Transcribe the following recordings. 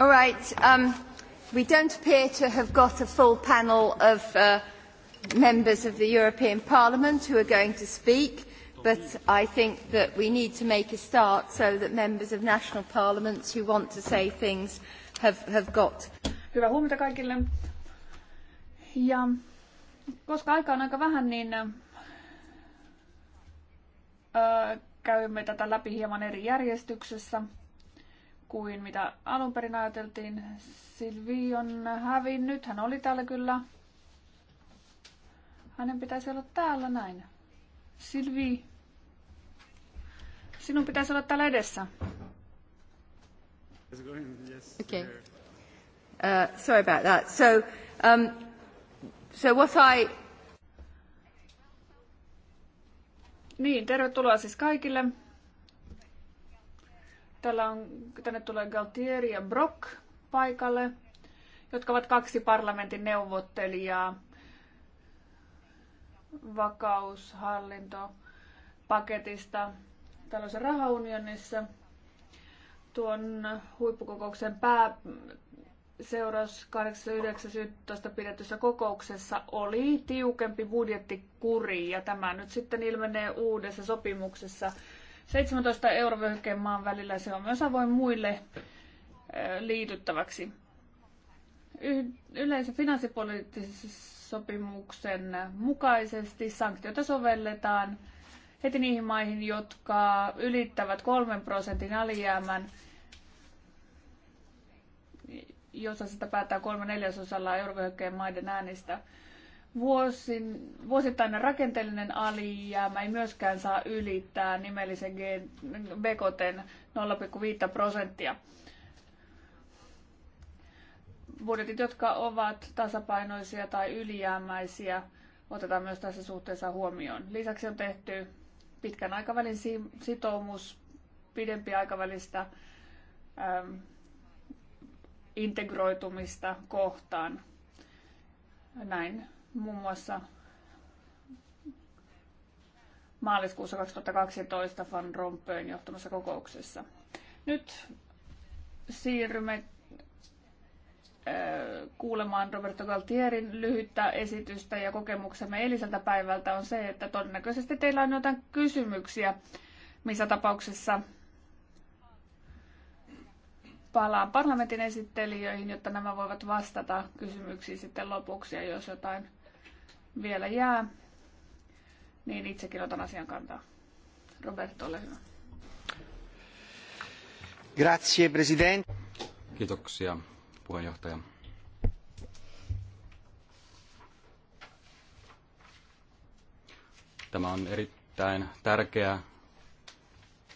All right. Um, we don't appear to have got a full panel of uh, members of the European Parliament who are going to speak, but I think that we need to make a start so that members of national parliaments who want to say things have, have got. Hyvää huomenta kaikille. Ja koska aika on aika vähän, niin äh, käymme tätä läpi hieman eri järjestyksessä kuin mitä alun perin ajateltiin. Silvi on hävinnyt, hän oli täällä kyllä. Hänen pitäisi olla täällä näin. Silvi, sinun pitäisi olla täällä edessä. Okay. Uh, sorry about that. So, um, so what I Niin, tervetuloa siis kaikille. Täällä on, tänne tulee Galtieri ja Brock paikalle, jotka ovat kaksi parlamentin neuvottelijaa. Vakaushallintopaketista tällaisen rahaunionissa. Tuon huippukokouksen pää, seuraus 8.9.11 pidetyssä kokouksessa oli tiukempi budjettikuri ja tämä nyt sitten ilmenee uudessa sopimuksessa 17 eurovyöhykkeen maan välillä. Se on myös avoin muille liityttäväksi. Yleisen finanssipoliittisen sopimuksen mukaisesti sanktioita sovelletaan heti niihin maihin, jotka ylittävät 3 prosentin alijäämän jossa sitä päättää kolme neljäsosalla eurovyöhykkeen maiden äänistä. Vuosin, vuosittainen rakenteellinen alijäämä ei myöskään saa ylittää nimellisen BKTn 0,5 prosenttia. Budjetit, jotka ovat tasapainoisia tai ylijäämäisiä, otetaan myös tässä suhteessa huomioon. Lisäksi on tehty pitkän aikavälin sitoumus pidempiaikavälistä ähm, integroitumista kohtaan. Näin muun muassa maaliskuussa 2012 Van Rompuyn johtamassa kokouksessa. Nyt siirrymme kuulemaan Roberto Galtierin lyhyttä esitystä ja kokemuksemme eiliseltä päivältä on se, että todennäköisesti teillä on jotain kysymyksiä, missä tapauksessa palaan parlamentin esittelijöihin, jotta nämä voivat vastata kysymyksiin sitten lopuksi. Ja jos jotain vielä jää, niin itsekin otan asian kantaa. Roberto, ole hyvä. Grazie, president. Kiitoksia, puheenjohtaja. Tämä on erittäin tärkeä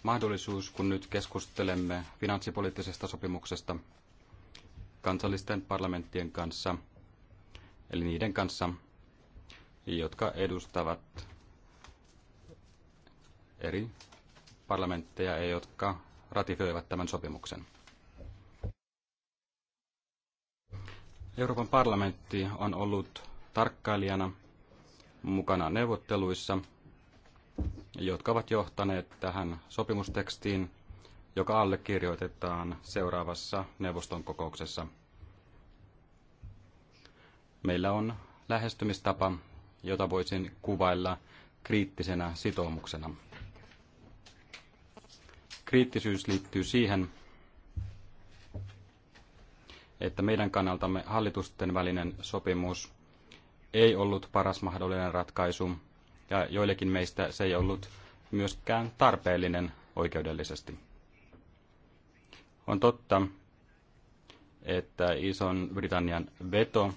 mahdollisuus, kun nyt keskustelemme finanssipoliittisesta sopimuksesta kansallisten parlamenttien kanssa, eli niiden kanssa, jotka edustavat eri parlamentteja ja jotka ratifioivat tämän sopimuksen. Euroopan parlamentti on ollut tarkkailijana mukana neuvotteluissa jotka ovat johtaneet tähän sopimustekstiin, joka allekirjoitetaan seuraavassa neuvoston kokouksessa. Meillä on lähestymistapa, jota voisin kuvailla kriittisenä sitoumuksena. Kriittisyys liittyy siihen, että meidän kannaltamme hallitusten välinen sopimus ei ollut paras mahdollinen ratkaisu – ja joillekin meistä se ei ollut myöskään tarpeellinen oikeudellisesti. On totta, että Ison Britannian veto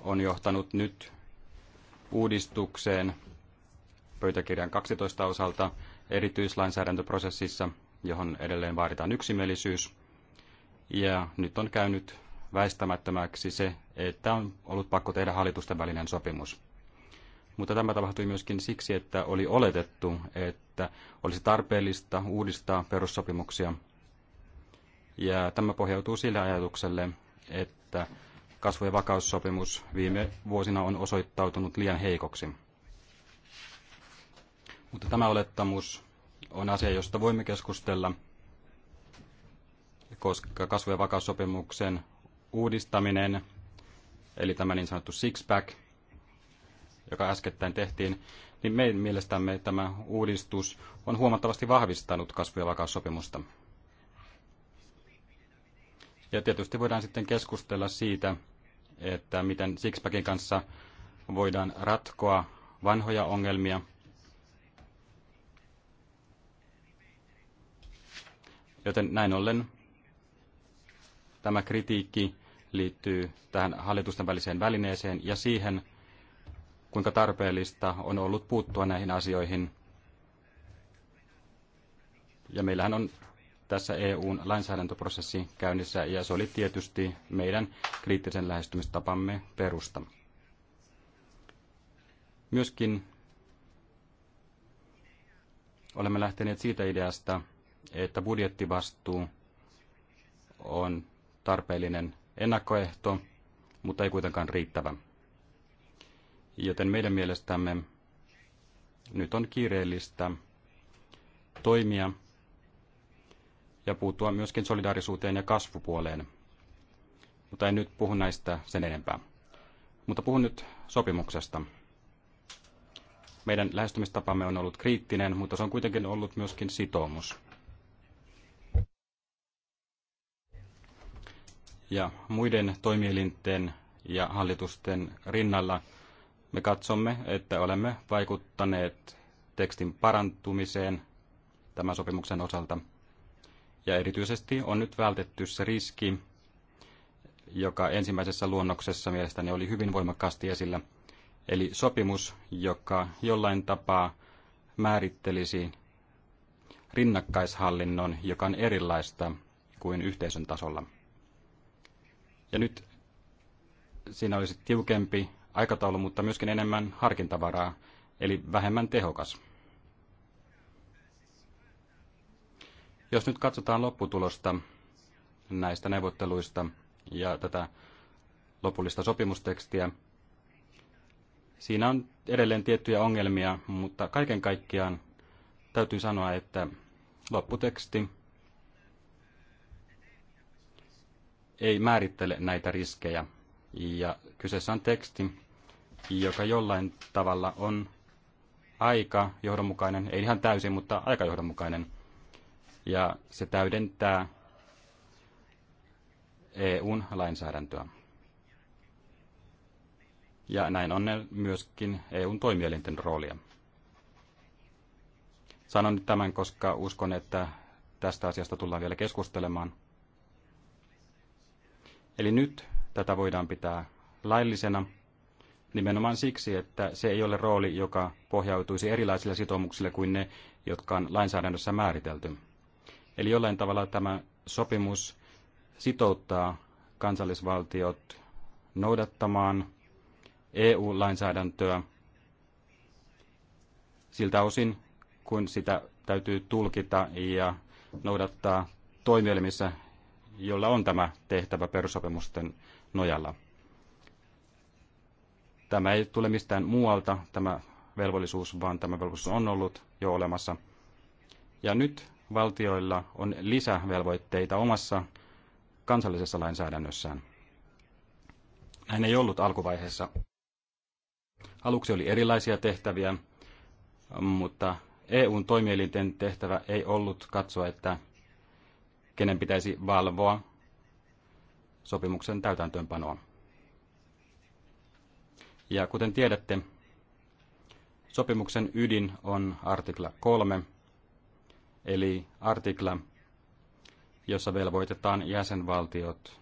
on johtanut nyt uudistukseen pöytäkirjan 12 osalta erityislainsäädäntöprosessissa, johon edelleen vaaditaan yksimielisyys. Ja nyt on käynyt väistämättömäksi se, että on ollut pakko tehdä hallitusten välinen sopimus. Mutta tämä tapahtui myöskin siksi, että oli oletettu, että olisi tarpeellista uudistaa perussopimuksia. Ja tämä pohjautuu sille ajatukselle, että kasvu- ja vakaussopimus viime vuosina on osoittautunut liian heikoksi. Mutta tämä olettamus on asia, josta voimme keskustella, koska kasvu- ja vakaussopimuksen uudistaminen, eli tämä niin sanottu six-pack, joka äskettäin tehtiin, niin meidän mielestämme tämä uudistus on huomattavasti vahvistanut kasvu- ja vakaussopimusta. Ja tietysti voidaan sitten keskustella siitä, että miten Sixpackin kanssa voidaan ratkoa vanhoja ongelmia. Joten näin ollen tämä kritiikki liittyy tähän hallitusten väliseen välineeseen ja siihen, kuinka tarpeellista on ollut puuttua näihin asioihin. Ja meillähän on tässä EUn lainsäädäntöprosessi käynnissä ja se oli tietysti meidän kriittisen lähestymistapamme perusta. Myöskin olemme lähteneet siitä ideasta, että budjettivastuu on tarpeellinen ennakkoehto, mutta ei kuitenkaan riittävä. Joten meidän mielestämme nyt on kiireellistä toimia ja puuttua myöskin solidaarisuuteen ja kasvupuoleen. Mutta en nyt puhu näistä sen enempää. Mutta puhun nyt sopimuksesta. Meidän lähestymistapamme on ollut kriittinen, mutta se on kuitenkin ollut myöskin sitoumus. Ja muiden toimielinten ja hallitusten rinnalla – me katsomme, että olemme vaikuttaneet tekstin parantumiseen tämän sopimuksen osalta. Ja erityisesti on nyt vältetty se riski, joka ensimmäisessä luonnoksessa mielestäni oli hyvin voimakkaasti esillä. Eli sopimus, joka jollain tapaa määrittelisi rinnakkaishallinnon, joka on erilaista kuin yhteisön tasolla. Ja nyt siinä olisi tiukempi aikataulu, mutta myöskin enemmän harkintavaraa, eli vähemmän tehokas. Jos nyt katsotaan lopputulosta näistä neuvotteluista ja tätä lopullista sopimustekstiä, siinä on edelleen tiettyjä ongelmia, mutta kaiken kaikkiaan täytyy sanoa, että lopputeksti ei määrittele näitä riskejä. Ja kyseessä on teksti, joka jollain tavalla on aika johdonmukainen, ei ihan täysin, mutta aika johdonmukainen. Ja se täydentää EUn lainsäädäntöä. Ja näin on ne myöskin EUn toimielinten roolia. Sanon nyt tämän, koska uskon, että tästä asiasta tullaan vielä keskustelemaan. Eli nyt tätä voidaan pitää laillisena nimenomaan siksi, että se ei ole rooli, joka pohjautuisi erilaisille sitoumuksille kuin ne, jotka on lainsäädännössä määritelty. Eli jollain tavalla tämä sopimus sitouttaa kansallisvaltiot noudattamaan EU-lainsäädäntöä siltä osin, kun sitä täytyy tulkita ja noudattaa toimielimissä, jolla on tämä tehtävä perussopimusten nojalla. Tämä ei tule mistään muualta, tämä velvollisuus, vaan tämä velvollisuus on ollut jo olemassa. Ja nyt valtioilla on lisävelvoitteita omassa kansallisessa lainsäädännössään. Näin ei ollut alkuvaiheessa. Aluksi oli erilaisia tehtäviä, mutta EUn toimielinten tehtävä ei ollut katsoa, että kenen pitäisi valvoa sopimuksen täytäntöönpanoa. Ja kuten tiedätte, sopimuksen ydin on artikla 3, eli artikla, jossa velvoitetaan jäsenvaltiot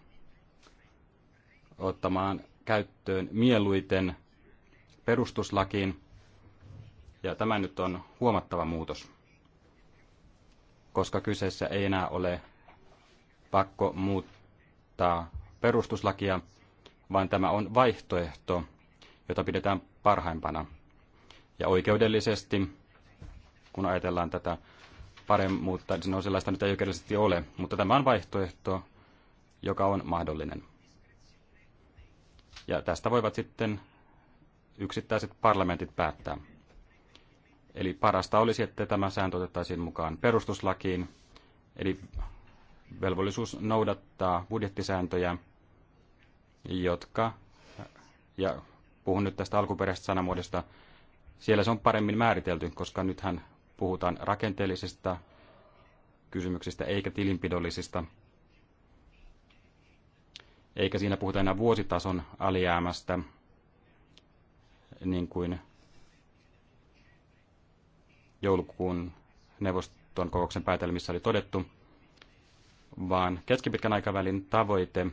ottamaan käyttöön mieluiten perustuslakiin. Ja tämä nyt on huomattava muutos, koska kyseessä ei enää ole pakko muuttaa perustuslakia, vaan tämä on vaihtoehto – jota pidetään parhaimpana. Ja oikeudellisesti, kun ajatellaan tätä paremmuutta, on niin no, sellaista nyt ei oikeudellisesti ole, mutta tämä on vaihtoehto, joka on mahdollinen. Ja tästä voivat sitten yksittäiset parlamentit päättää. Eli parasta olisi, että tämä sääntö otettaisiin mukaan perustuslakiin, eli velvollisuus noudattaa budjettisääntöjä, jotka ja puhun nyt tästä alkuperäisestä sanamuodosta, siellä se on paremmin määritelty, koska nythän puhutaan rakenteellisista kysymyksistä eikä tilinpidollisista. Eikä siinä puhuta enää vuositason alijäämästä, niin kuin joulukuun neuvoston kokouksen päätelmissä oli todettu, vaan keskipitkän aikavälin tavoite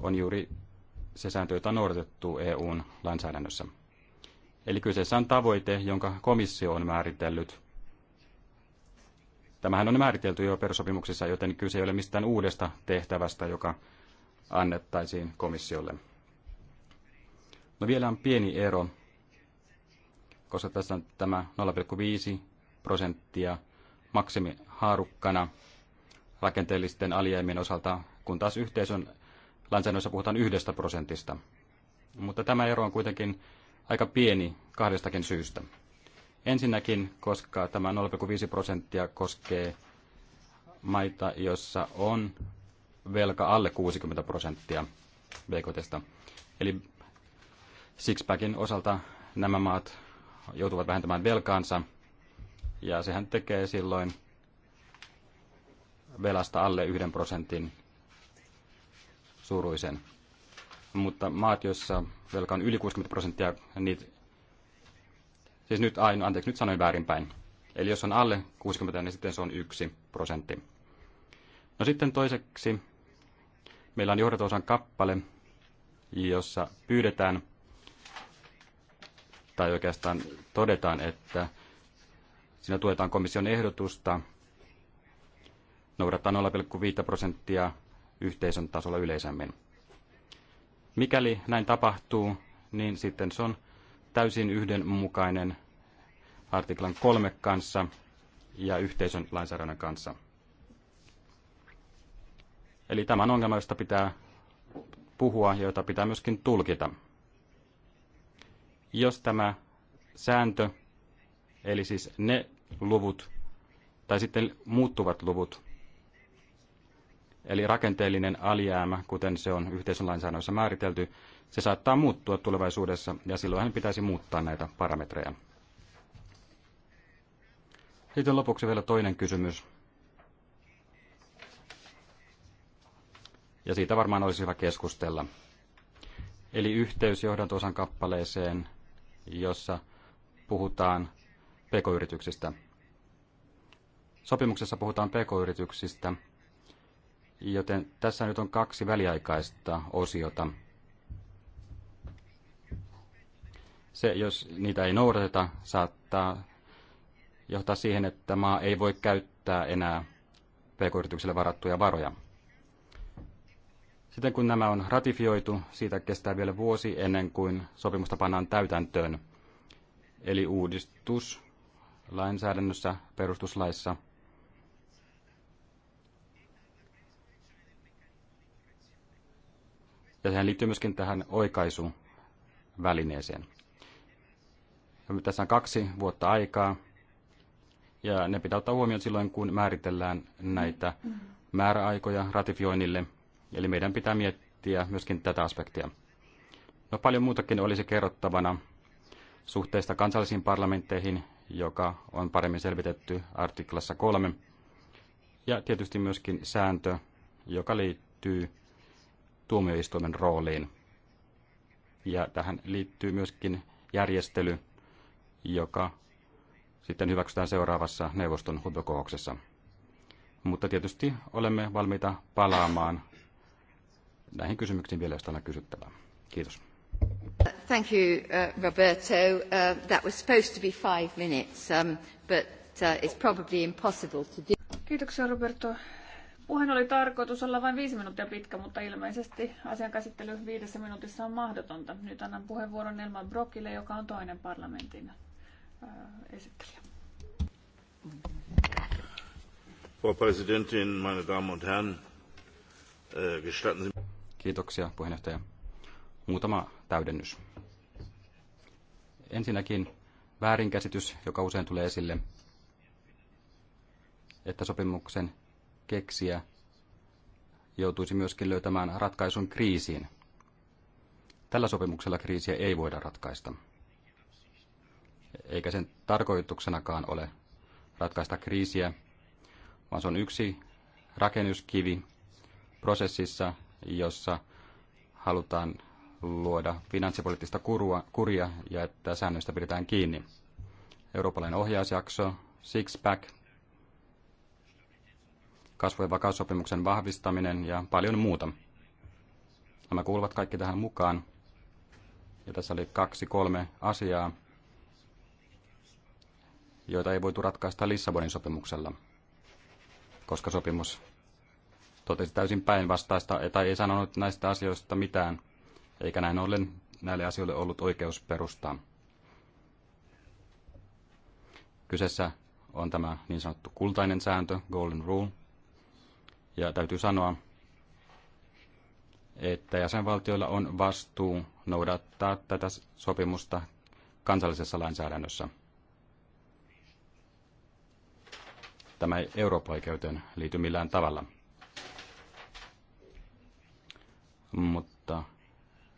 on juuri se sääntö, jota on noudatettu EUn lainsäädännössä. Eli kyseessä on tavoite, jonka komissio on määritellyt. Tämähän on määritelty jo perussopimuksissa, joten kyse ei ole mistään uudesta tehtävästä, joka annettaisiin komissiolle. No vielä on pieni ero, koska tässä on tämä 0,5 prosenttia maksimihaarukkana rakenteellisten alijäämien osalta, kun taas yhteisön lainsäädännössä puhutaan yhdestä prosentista. Mutta tämä ero on kuitenkin aika pieni kahdestakin syystä. Ensinnäkin, koska tämä 0,5 prosenttia koskee maita, joissa on velka alle 60 prosenttia BKTstä. Eli Sixpackin osalta nämä maat joutuvat vähentämään velkaansa, ja sehän tekee silloin velasta alle yhden prosentin suuruisen. Mutta maat, joissa velka on yli 60 prosenttia, niitä, siis nyt, ai, no, anteeksi, nyt sanoin väärinpäin. Eli jos on alle 60, niin sitten se on 1 prosentti. No sitten toiseksi meillä on johdatosan kappale, jossa pyydetään tai oikeastaan todetaan, että siinä tuetaan komission ehdotusta noudattaa 0,5 prosenttia yhteisön tasolla yleisemmin. Mikäli näin tapahtuu, niin sitten se on täysin yhdenmukainen artiklan kolme kanssa ja yhteisön lainsäädännön kanssa. Eli tämä on ongelma, josta pitää puhua ja jota pitää myöskin tulkita. Jos tämä sääntö, eli siis ne luvut, tai sitten muuttuvat luvut, Eli rakenteellinen alijäämä, kuten se on yhteisön lainsäädännössä määritelty, se saattaa muuttua tulevaisuudessa ja silloin pitäisi muuttaa näitä parametreja. Sitten lopuksi vielä toinen kysymys. Ja siitä varmaan olisi hyvä keskustella. Eli yhteys johdantosan kappaleeseen, jossa puhutaan pk-yrityksistä. Sopimuksessa puhutaan pk-yrityksistä – Joten tässä nyt on kaksi väliaikaista osiota. Se, jos niitä ei noudateta, saattaa johtaa siihen, että maa ei voi käyttää enää pk-yritykselle varattuja varoja. Sitten kun nämä on ratifioitu, siitä kestää vielä vuosi ennen kuin sopimusta pannaan täytäntöön. Eli uudistus lainsäädännössä, perustuslaissa – Ja sehän liittyy myöskin tähän oikaisuvälineeseen. Ja tässä on kaksi vuotta aikaa, ja ne pitää ottaa huomioon silloin, kun määritellään näitä määräaikoja ratifioinnille. Eli meidän pitää miettiä myöskin tätä aspektia. No paljon muutakin olisi kerrottavana suhteesta kansallisiin parlamentteihin, joka on paremmin selvitetty artiklassa kolme. Ja tietysti myöskin sääntö, joka liittyy tuomioistuimen rooliin. Ja tähän liittyy myöskin järjestely, joka sitten hyväksytään seuraavassa neuvoston huippukokouksessa. Mutta tietysti olemme valmiita palaamaan näihin kysymyksiin vielä, jos on kysyttävää. Kiitos. Thank you, uh, Roberto. Uh, that was supposed to be five minutes, um, but uh, it's probably impossible to do. Kiitoksia, Roberto. Puheen oli tarkoitus olla vain viisi minuuttia pitkä, mutta ilmeisesti asian käsittely viidessä minuutissa on mahdotonta. Nyt annan puheenvuoron Elman Brokille, joka on toinen parlamentin äh, esittelijä. Frau Präsidentin, meine Damen und Herren, äh, gestatten Sie... Kiitoksia puheenjohtaja. Muutama täydennys. Ensinnäkin väärinkäsitys, joka usein tulee esille, että sopimuksen keksiä joutuisi myöskin löytämään ratkaisun kriisiin. Tällä sopimuksella kriisiä ei voida ratkaista. Eikä sen tarkoituksenakaan ole ratkaista kriisiä, vaan se on yksi rakennuskivi prosessissa, jossa halutaan luoda finanssipoliittista kurua, kuria ja että säännöistä pidetään kiinni. Eurooppalainen ohjausjakso, six-pack kasvu- ja vakaussopimuksen vahvistaminen ja paljon muuta. Nämä kuuluvat kaikki tähän mukaan. Ja tässä oli kaksi, kolme asiaa, joita ei voitu ratkaista Lissabonin sopimuksella, koska sopimus totesi täysin päinvastaista tai ei sanonut näistä asioista mitään, eikä näin ollen näille asioille ollut oikeus perustaa. Kyseessä on tämä niin sanottu kultainen sääntö, golden rule, ja täytyy sanoa, että jäsenvaltioilla on vastuu noudattaa tätä sopimusta kansallisessa lainsäädännössä. Tämä ei eurooppa liity millään tavalla. Mutta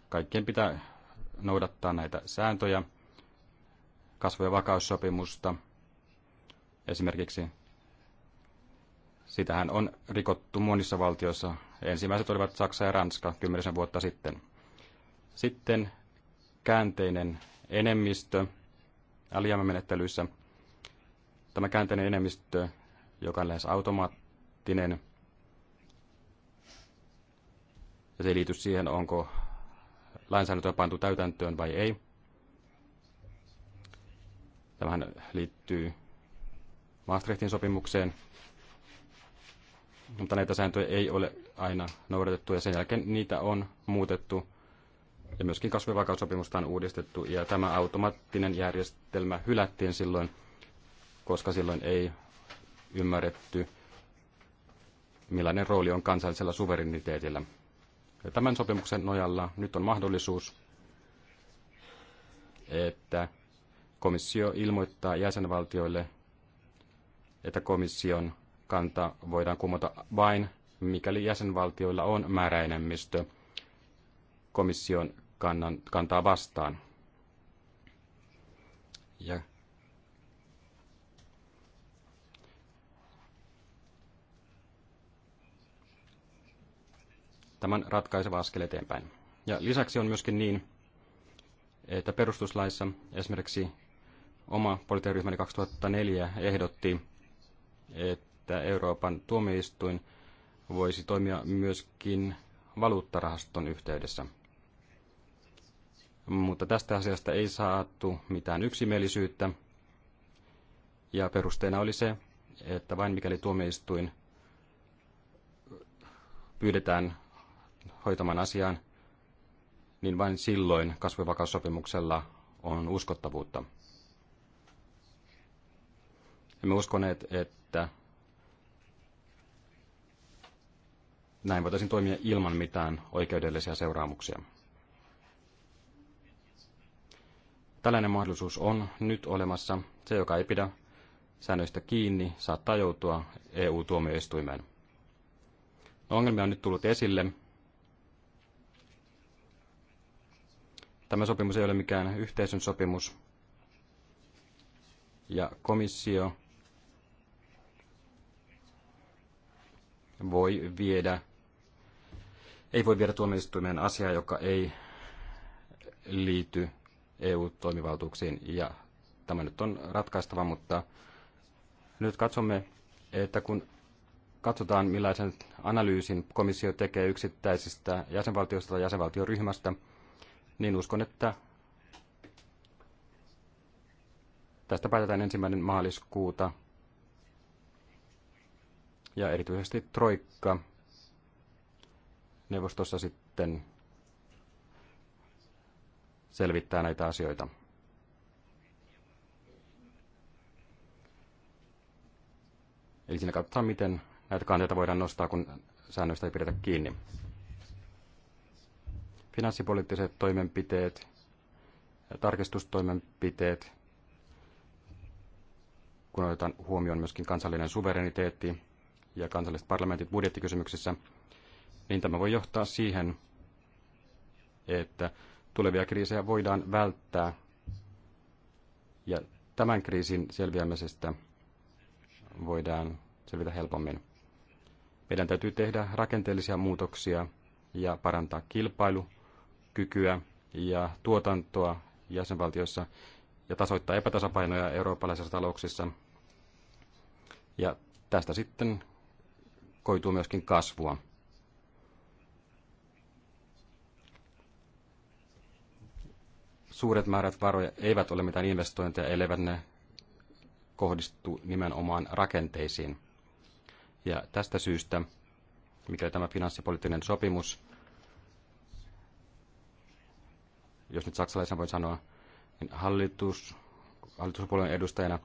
kaikkien pitää noudattaa näitä sääntöjä, kasvu- ja vakaussopimusta, esimerkiksi Sitähän on rikottu monissa valtioissa. Ensimmäiset olivat Saksa ja Ranska kymmenisen vuotta sitten. Sitten käänteinen enemmistö alijäämämenettelyissä. Tämä käänteinen enemmistö, joka on lähes automaattinen, ja se ei liity siihen, onko lainsäädäntöä pantu täytäntöön vai ei. Tämähän liittyy Maastrichtin sopimukseen, mutta näitä sääntöjä ei ole aina noudatettu ja sen jälkeen niitä on muutettu ja myöskin kasvivakaussopimusta on uudistettu ja tämä automaattinen järjestelmä hylättiin silloin, koska silloin ei ymmärretty, millainen rooli on kansallisella suvereniteetillä. Ja tämän sopimuksen nojalla nyt on mahdollisuus, että komissio ilmoittaa jäsenvaltioille, että komission kanta voidaan kumota vain, mikäli jäsenvaltioilla on määräenemmistö komission kannan, kantaa vastaan. Ja tämän ratkaiseva askel eteenpäin. Ja lisäksi on myöskin niin, että perustuslaissa esimerkiksi oma poliittiryhmäni 2004 ehdotti, että että Euroopan tuomioistuin voisi toimia myöskin valuuttarahaston yhteydessä. Mutta tästä asiasta ei saatu mitään yksimielisyyttä, ja perusteena oli se, että vain mikäli tuomioistuin pyydetään hoitamaan asiaan, niin vain silloin kasvivakaussopimuksella on uskottavuutta. Emme uskoneet, että näin voitaisiin toimia ilman mitään oikeudellisia seuraamuksia. Tällainen mahdollisuus on nyt olemassa. Se, joka ei pidä säännöistä kiinni, saattaa joutua EU-tuomioistuimeen. No, ongelmia on nyt tullut esille. Tämä sopimus ei ole mikään yhteisön sopimus. Ja komissio voi viedä ei voi viedä tuomioistuimeen asiaa, joka ei liity EU-toimivaltuuksiin. Ja tämä nyt on ratkaistava, mutta nyt katsomme, että kun katsotaan millaisen analyysin komissio tekee yksittäisistä jäsenvaltioista tai jäsenvaltioryhmästä, niin uskon, että tästä päätetään ensimmäinen maaliskuuta. Ja erityisesti Troikka neuvostossa sitten selvittää näitä asioita. Eli siinä katsotaan, miten näitä kanteita voidaan nostaa, kun säännöistä ei pidetä kiinni. Finanssipoliittiset toimenpiteet, tarkistustoimenpiteet, kun otetaan huomioon myöskin kansallinen suvereniteetti ja kansalliset parlamentit budjettikysymyksissä, niin tämä voi johtaa siihen, että tulevia kriisejä voidaan välttää ja tämän kriisin selviämisestä voidaan selvitä helpommin. Meidän täytyy tehdä rakenteellisia muutoksia ja parantaa kilpailukykyä ja tuotantoa jäsenvaltioissa ja tasoittaa epätasapainoja eurooppalaisissa talouksissa. Ja tästä sitten koituu myöskin kasvua. suuret määrät varoja eivät ole mitään investointeja, elleivät ne kohdistu nimenomaan rakenteisiin. Ja tästä syystä, mikä tämä finanssipoliittinen sopimus, jos nyt saksalaisena voi sanoa, niin hallitus, hallituspuolueen edustajana,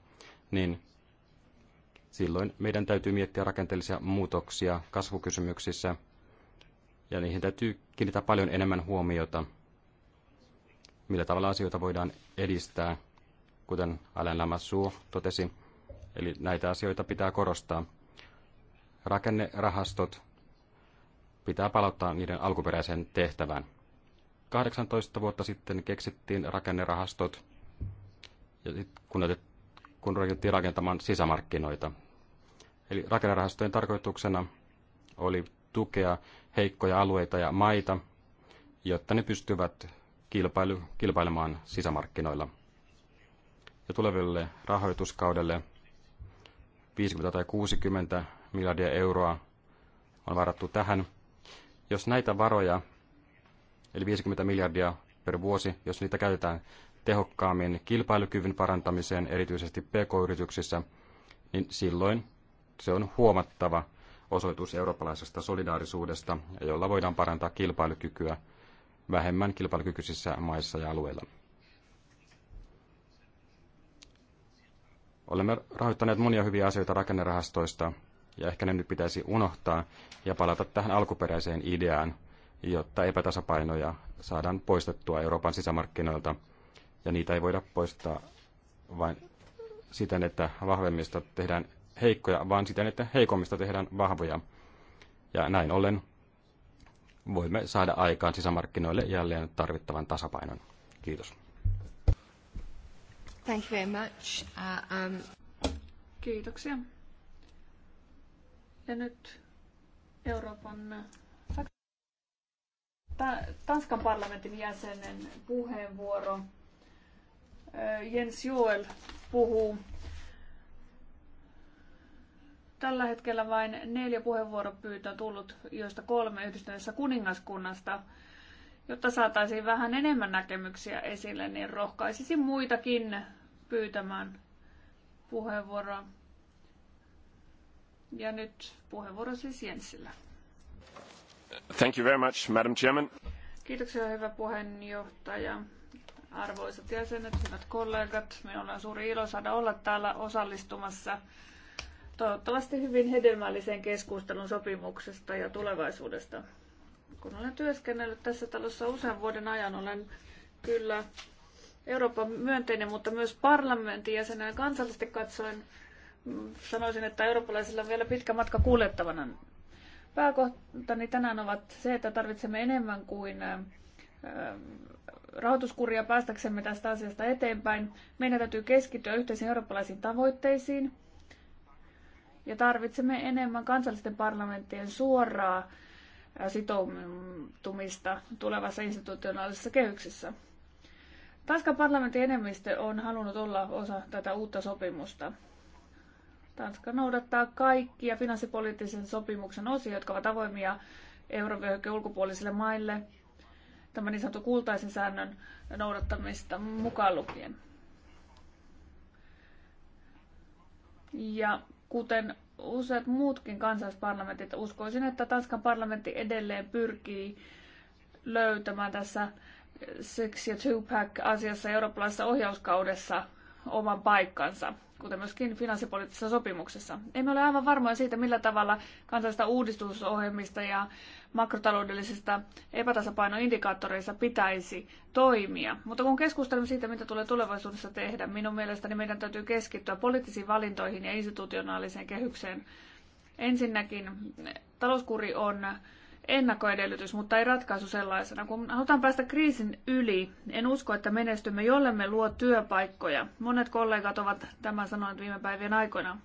niin silloin meidän täytyy miettiä rakenteellisia muutoksia kasvukysymyksissä, ja niihin täytyy kiinnittää paljon enemmän huomiota – millä tavalla asioita voidaan edistää, kuten Alain Lamassou totesi. Eli näitä asioita pitää korostaa. Rakennerahastot pitää palauttaa niiden alkuperäiseen tehtävään. 18 vuotta sitten keksittiin rakennerahastot, ja kun, kun ruvettiin rakentamaan sisämarkkinoita. Eli rakennerahastojen tarkoituksena oli tukea heikkoja alueita ja maita, jotta ne pystyvät kilpailu, kilpailemaan sisämarkkinoilla. Ja tuleville rahoituskaudelle 50 tai 60 miljardia euroa on varattu tähän. Jos näitä varoja, eli 50 miljardia per vuosi, jos niitä käytetään tehokkaammin kilpailukyvyn parantamiseen, erityisesti pk-yrityksissä, niin silloin se on huomattava osoitus eurooppalaisesta solidaarisuudesta, jolla voidaan parantaa kilpailukykyä vähemmän kilpailukykyisissä maissa ja alueilla. Olemme rahoittaneet monia hyviä asioita rakennerahastoista, ja ehkä ne nyt pitäisi unohtaa ja palata tähän alkuperäiseen ideaan, jotta epätasapainoja saadaan poistettua Euroopan sisämarkkinoilta, ja niitä ei voida poistaa vain siten, että vahvemmista tehdään heikkoja, vaan siten, että heikommista tehdään vahvoja. Ja näin ollen voimme saada aikaan sisämarkkinoille jälleen tarvittavan tasapainon. Kiitos. Thank you very much. Uh, um... Kiitoksia. Ja nyt Euroopan Tanskan parlamentin jäsenen puheenvuoro. Jens Joel puhuu Tällä hetkellä vain neljä puheenvuoropyyntöä tullut, joista kolme yhdistyneessä kuningaskunnasta. Jotta saataisiin vähän enemmän näkemyksiä esille, niin rohkaisisin muitakin pyytämään puheenvuoroa. Ja nyt puheenvuoro siis Jensillä. Thank you very much, Madam Chairman. Kiitoksia, hyvä puheenjohtaja. Arvoisat jäsenet, hyvät kollegat, minulla on suuri ilo saada olla täällä osallistumassa toivottavasti hyvin hedelmällisen keskustelun sopimuksesta ja tulevaisuudesta. Kun olen työskennellyt tässä talossa usean vuoden ajan, olen kyllä Euroopan myönteinen, mutta myös parlamentin jäsenä ja kansallisesti katsoen mm, sanoisin, että eurooppalaisilla on vielä pitkä matka kuljettavana. Pääkohtani tänään ovat se, että tarvitsemme enemmän kuin ähm, rahoituskuria päästäksemme tästä asiasta eteenpäin. Meidän täytyy keskittyä yhteisiin eurooppalaisiin tavoitteisiin, ja tarvitsemme enemmän kansallisten parlamenttien suoraa sitoutumista tulevassa institutionaalisessa kehyksessä. Tanskan parlamentin enemmistö on halunnut olla osa tätä uutta sopimusta. Tanska noudattaa kaikkia finanssipoliittisen sopimuksen osia, jotka ovat avoimia eurovyöhykkeen ulkopuolisille maille, tämän niin sanotun kultaisen säännön noudattamista mukaan lukien. Ja kuten useat muutkin kansallisparlamentit, uskoisin, että Tanskan parlamentti edelleen pyrkii löytämään tässä Six ja Two-Pack-asiassa eurooppalaisessa ohjauskaudessa oman paikkansa, kuten myöskin finanssipoliittisessa sopimuksessa. Emme ole aivan varmoja siitä, millä tavalla kansallista uudistusohjelmista ja makrotaloudellisista epätasapainoindikaattoreista pitäisi toimia. Mutta kun keskustelemme siitä, mitä tulee tulevaisuudessa tehdä, minun mielestäni meidän täytyy keskittyä poliittisiin valintoihin ja institutionaaliseen kehykseen. Ensinnäkin talouskuri on ennakkoedellytys, mutta ei ratkaisu sellaisena. Kun halutaan päästä kriisin yli, en usko, että menestymme, jollemme luo työpaikkoja. Monet kollegat ovat tämän sanoneet viime päivien aikoina.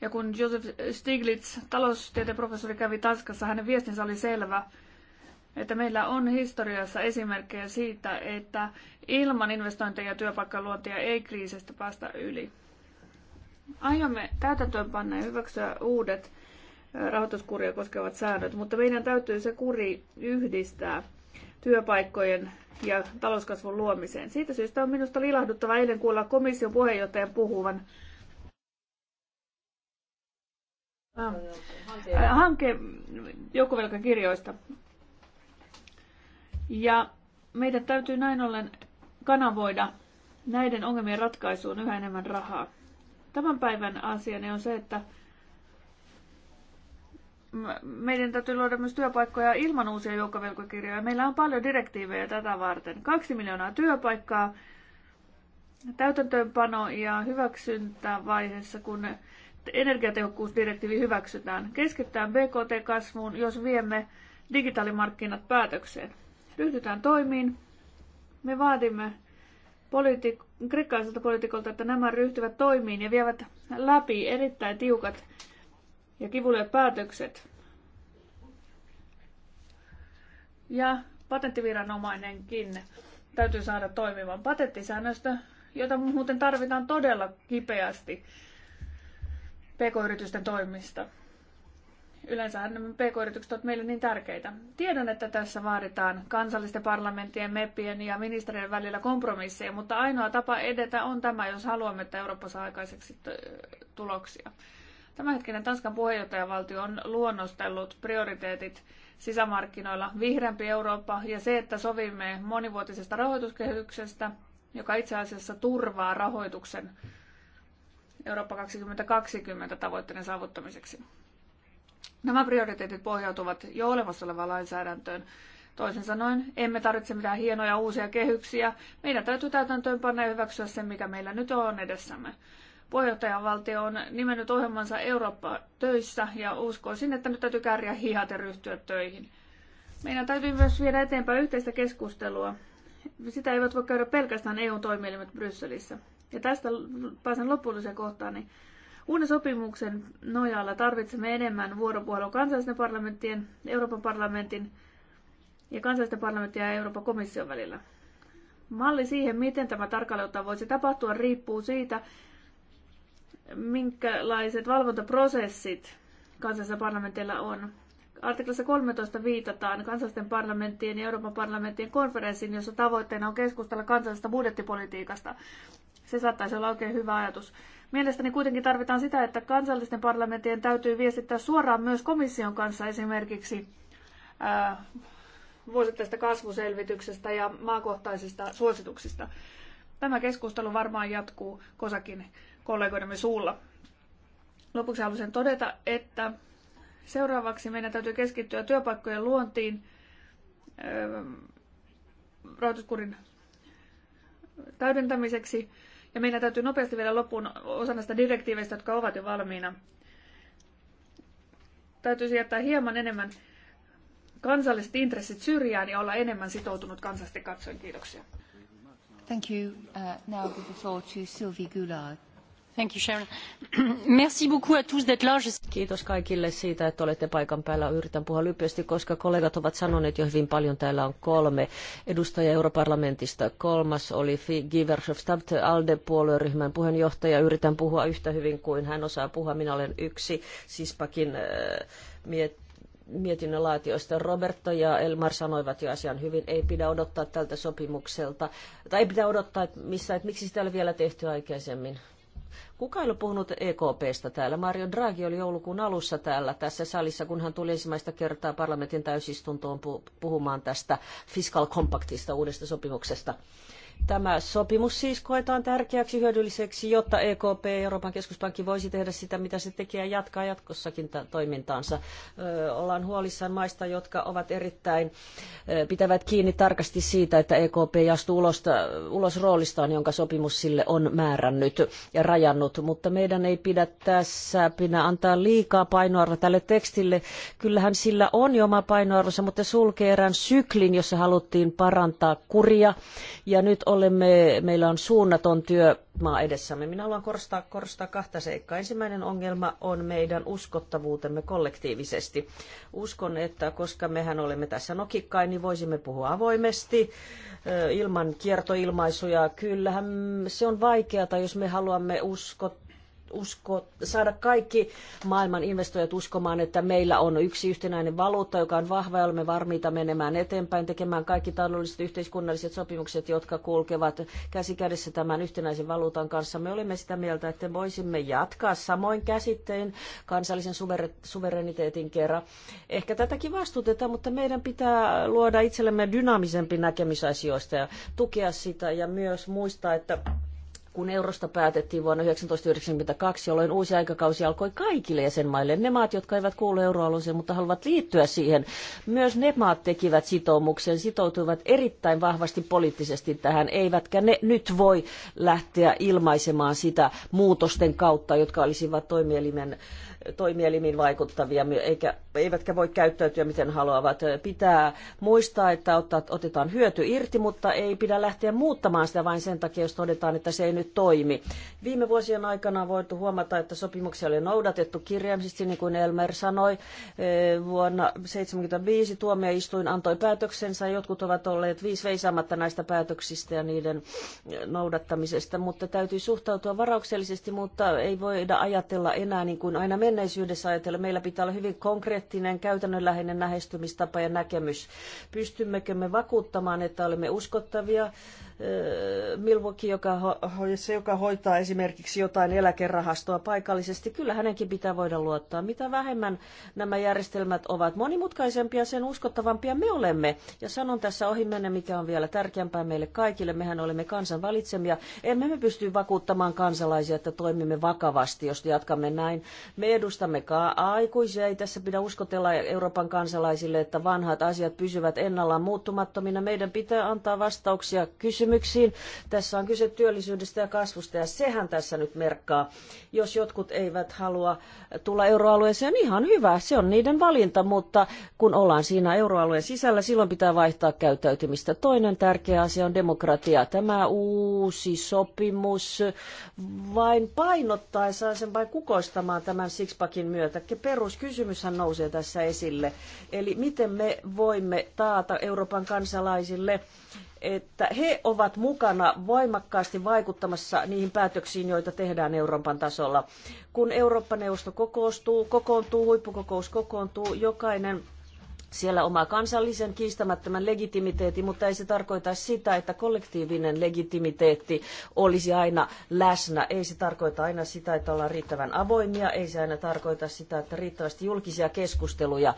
Ja kun Joseph Stiglitz, taloustieteen professori, kävi Tanskassa, hänen viestinsä oli selvä, että meillä on historiassa esimerkkejä siitä, että ilman investointeja ja työpaikkaluontia ei kriisistä päästä yli. Aiomme täytäntöönpanna ja hyväksyä uudet rahoituskuria koskevat säännöt, mutta meidän täytyy se kuri yhdistää työpaikkojen ja talouskasvun luomiseen. Siitä syystä on minusta lilahduttava eilen kuulla komission puheenjohtajan puhuvan äh, hanke joukkovelkakirjoista. Ja meidän täytyy näin ollen kanavoida näiden ongelmien ratkaisuun yhä enemmän rahaa. Tämän päivän asiani on se, että meidän täytyy luoda myös työpaikkoja ilman uusia joukkovelkakirjoja. Meillä on paljon direktiivejä tätä varten. Kaksi miljoonaa työpaikkaa täytäntöönpano- ja vaiheessa, kun energiatehokkuusdirektiivi hyväksytään. Keskitytään BKT-kasvuun, jos viemme digitaalimarkkinat päätökseen. Ryhdytään toimiin. Me vaadimme poliitik- kreikkalaiselta poliitikolta, että nämä ryhtyvät toimiin ja vievät läpi erittäin tiukat ja kivulle päätökset. Ja patenttiviranomainenkin täytyy saada toimivan patenttisäännöstä, jota muuten tarvitaan todella kipeästi pk-yritysten toimista. Yleensä nämä pk-yritykset ovat meille niin tärkeitä. Tiedän, että tässä vaaditaan kansallisten parlamenttien, MEPien ja ministerien välillä kompromisseja, mutta ainoa tapa edetä on tämä, jos haluamme, että Eurooppa saa aikaiseksi tuloksia. Tämänhetkinen Tanskan puheenjohtajavaltio on luonnostellut prioriteetit sisämarkkinoilla vihreämpi Eurooppa ja se, että sovimme monivuotisesta rahoituskehyksestä, joka itse asiassa turvaa rahoituksen Eurooppa 2020 tavoitteiden saavuttamiseksi. Nämä prioriteetit pohjautuvat jo olemassa olevaan lainsäädäntöön. Toisin sanoen, emme tarvitse mitään hienoja uusia kehyksiä. Meidän täytyy täytäntöönpanna ja hyväksyä se, mikä meillä nyt on edessämme puheenjohtajavaltio on nimennyt ohjelmansa Eurooppa töissä ja uskoisin, että nyt täytyy kärjää hihat ja ryhtyä töihin. Meidän täytyy myös viedä eteenpäin yhteistä keskustelua. Sitä eivät voi käydä pelkästään EU-toimielimet Brysselissä. Ja tästä pääsen lopulliseen kohtaan. Niin uuden sopimuksen nojalla tarvitsemme enemmän vuoropuhelua kansallisten parlamenttien, Euroopan parlamentin ja kansallisten parlamenttien ja Euroopan komission välillä. Malli siihen, miten tämä tarkalleen voisi tapahtua, riippuu siitä, minkälaiset valvontaprosessit kansallisilla parlamenteilla on. Artiklassa 13 viitataan kansallisten parlamenttien ja Euroopan parlamenttien konferenssiin, jossa tavoitteena on keskustella kansallisesta budjettipolitiikasta. Se saattaisi olla oikein hyvä ajatus. Mielestäni kuitenkin tarvitaan sitä, että kansallisten parlamenttien täytyy viestittää suoraan myös komission kanssa esimerkiksi ää, vuosittaisesta kasvuselvityksestä ja maakohtaisista suosituksista. Tämä keskustelu varmaan jatkuu kosakin kollegoidemme suulla. Lopuksi haluaisin todeta, että seuraavaksi meidän täytyy keskittyä työpaikkojen luontiin, rahoituskurin täydentämiseksi. Ja meidän täytyy nopeasti vielä loppuun osa näistä direktiiveistä, jotka ovat jo valmiina. Täytyy jättää hieman enemmän kansalliset intressit syrjään ja olla enemmän sitoutunut kansallisesti katsoen. Kiitoksia. Thank you. Uh, now the floor to Sylvie Goulard. Kiitos kaikille siitä, että olette paikan päällä. Yritän puhua lyhyesti, koska kollegat ovat sanoneet jo hyvin paljon. Täällä on kolme edustajaa parlamentista Kolmas oli verhofstadt ALDE-puolueryhmän puheenjohtaja. Yritän puhua yhtä hyvin kuin hän osaa puhua. Minä olen yksi Sispakin pakin äh, miet mietinnön laatioista. Roberto ja Elmar sanoivat jo asian hyvin. Ei pidä odottaa tältä sopimukselta, tai ei pidä odottaa, että missä, että miksi sitä ei ole vielä tehty aikaisemmin. Kuka ei ole puhunut EKPstä täällä? Mario Draghi oli joulukuun alussa täällä tässä salissa, kun hän tuli ensimmäistä kertaa parlamentin täysistuntoon puhumaan tästä fiscal compactista uudesta sopimuksesta. Tämä sopimus siis koetaan tärkeäksi hyödylliseksi, jotta EKP, Euroopan keskuspankki, voisi tehdä sitä, mitä se tekee ja jatkaa jatkossakin toimintaansa. Ö, ollaan huolissaan maista, jotka ovat erittäin, ö, pitävät kiinni tarkasti siitä, että EKP astuu ulosta ulos roolistaan, jonka sopimus sille on määrännyt ja rajannut. Mutta meidän ei pidä tässä pidä antaa liikaa painoarvoa tälle tekstille. Kyllähän sillä on jo oma painoarvonsa, mutta sulkee erään syklin, jossa haluttiin parantaa kuria. Ja nyt olemme, meillä on suunnaton työmaa edessämme. Minä haluan korostaa, korostaa kahta seikkaa. Ensimmäinen ongelma on meidän uskottavuutemme kollektiivisesti. Uskon, että koska mehän olemme tässä nokikkain, niin voisimme puhua avoimesti ilman kiertoilmaisuja. Kyllähän se on vaikeaa, jos me haluamme uskottaa usko, saada kaikki maailman investoijat uskomaan, että meillä on yksi yhtenäinen valuutta, joka on vahva ja olemme varmiita menemään eteenpäin, tekemään kaikki taloudelliset yhteiskunnalliset sopimukset, jotka kulkevat käsi kädessä tämän yhtenäisen valuutan kanssa. Me olemme sitä mieltä, että voisimme jatkaa samoin käsitteen kansallisen suver- suvereniteetin kerran. Ehkä tätäkin vastutetaan, mutta meidän pitää luoda itsellemme dynaamisempi näkemys asioista ja tukea sitä ja myös muistaa, että kun eurosta päätettiin vuonna 1992, jolloin uusi aikakausi alkoi kaikille jäsenmaille. Ne maat, jotka eivät kuulu euroalueeseen, mutta haluavat liittyä siihen, myös ne maat tekivät sitoumuksen, sitoutuivat erittäin vahvasti poliittisesti tähän, eivätkä ne nyt voi lähteä ilmaisemaan sitä muutosten kautta, jotka olisivat toimielimen äh, toimielimiin vaikuttavia, eikä, eivätkä voi käyttäytyä miten haluavat. Pitää muistaa, että ottaa, otetaan hyöty irti, mutta ei pidä lähteä muuttamaan sitä vain sen takia, jos todetaan, että se ei nyt toimi. Viime vuosien aikana on voitu huomata, että sopimuksia oli noudatettu kirjaimisesti, niin kuin Elmer sanoi. E, vuonna 1975 tuomioistuin antoi päätöksensä. Jotkut ovat olleet viisi veisaamatta näistä päätöksistä ja niiden noudattamisesta, mutta täytyy suhtautua varauksellisesti, mutta ei voida ajatella enää niin kuin aina mennä menneisyydessä ajatellen meillä pitää olla hyvin konkreettinen, käytännönläheinen lähestymistapa ja näkemys. Pystymmekö me vakuuttamaan, että olemme uskottavia Äh, Milwaukee, joka, se, joka hoitaa esimerkiksi jotain eläkerahastoa paikallisesti, kyllä hänenkin pitää voida luottaa. Mitä vähemmän nämä järjestelmät ovat monimutkaisempia, sen uskottavampia me olemme. Ja sanon tässä ohimenne, mikä on vielä tärkeämpää meille kaikille. Mehän olemme kansan valitsemia. Emme me pysty vakuuttamaan kansalaisia, että toimimme vakavasti, jos jatkamme näin. Me edustamme aikuisia. Ei tässä pidä uskotella Euroopan kansalaisille, että vanhat asiat pysyvät ennallaan muuttumattomina. Meidän pitää antaa vastauksia kysymyksiin kysymyksiin. Tässä on kyse työllisyydestä ja kasvusta ja sehän tässä nyt merkkaa. Jos jotkut eivät halua tulla euroalueeseen, niin ihan hyvä, se on niiden valinta, mutta kun ollaan siinä euroalueen sisällä, silloin pitää vaihtaa käyttäytymistä. Toinen tärkeä asia on demokratia. Tämä uusi sopimus vain painottaessaan sen vain kukoistamaan tämän Sixpackin myötä. Peruskysymyshän nousee tässä esille. Eli miten me voimme taata Euroopan kansalaisille että he ovat mukana voimakkaasti vaikuttamassa niihin päätöksiin, joita tehdään Euroopan tasolla. Kun Eurooppa-neuvosto kokoontuu, huippukokous kokoontuu, jokainen siellä omaa kansallisen kiistämättömän legitimiteetin, mutta ei se tarkoita sitä, että kollektiivinen legitimiteetti olisi aina läsnä. Ei se tarkoita aina sitä, että ollaan riittävän avoimia, ei se aina tarkoita sitä, että riittävästi julkisia keskusteluja.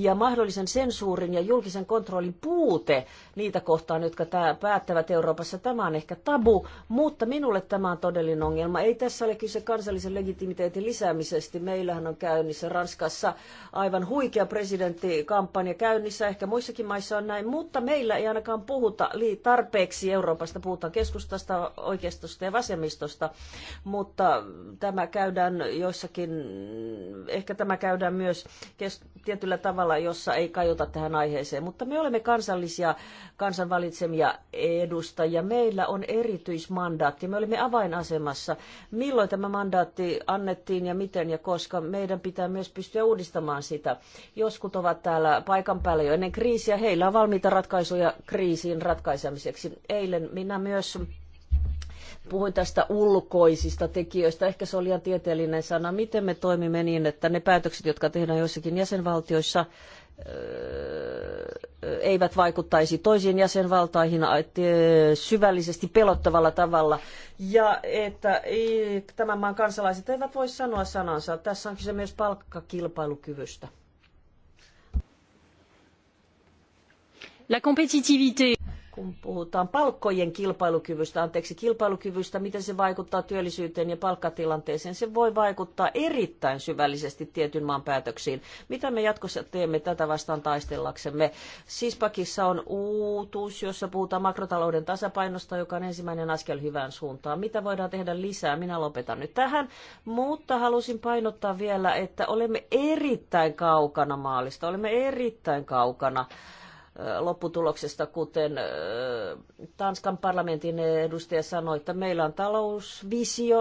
Ja mahdollisen sensuurin ja julkisen kontrollin puute niitä kohtaan, jotka tää päättävät Euroopassa, tämä on ehkä tabu, mutta minulle tämä on todellinen ongelma. Ei tässä ole kyse kansallisen legitimiteetin lisäämisestä. Meillähän on käynnissä Ranskassa aivan huikea presidentti kampanja käynnissä, ehkä muissakin maissa on näin, mutta meillä ei ainakaan puhuta tarpeeksi Euroopasta, puhutaan keskustasta, oikeistosta ja vasemmistosta, mutta tämä käydään joissakin, ehkä tämä käydään myös kes- tietyllä tavalla, jossa ei kajota tähän aiheeseen, mutta me olemme kansallisia kansan valitsemia edustajia, meillä on erityismandaatti, me olemme avainasemassa, milloin tämä mandaatti annettiin ja miten ja koska, meidän pitää myös pystyä uudistamaan sitä. Joskut ovat täällä täällä paikan päällä jo ennen kriisiä. Heillä on valmiita ratkaisuja kriisiin ratkaisemiseksi. Eilen minä myös puhuin tästä ulkoisista tekijöistä. Ehkä se oli ihan tieteellinen sana. Miten me toimimme niin, että ne päätökset, jotka tehdään joissakin jäsenvaltioissa, äh, eivät vaikuttaisi toisiin jäsenvaltaihin äh, syvällisesti pelottavalla tavalla. Ja että tämän maan kansalaiset eivät voi sanoa sanansa. Tässä on kyse myös palkkakilpailukyvystä. la compétitivité kun puhutaan palkkojen kilpailukyvystä, anteeksi, kilpailukyvystä, miten se vaikuttaa työllisyyteen ja palkkatilanteeseen, se voi vaikuttaa erittäin syvällisesti tietyn maan päätöksiin. Mitä me jatkossa teemme tätä vastaan taistellaksemme? Sispakissa on uutuus, jossa puhutaan makrotalouden tasapainosta, joka on ensimmäinen askel hyvään suuntaan. Mitä voidaan tehdä lisää? Minä lopetan nyt tähän, mutta halusin painottaa vielä, että olemme erittäin kaukana maalista, olemme erittäin kaukana lopputuloksesta, kuten Tanskan parlamentin edustaja sanoi, että meillä on talousvisio,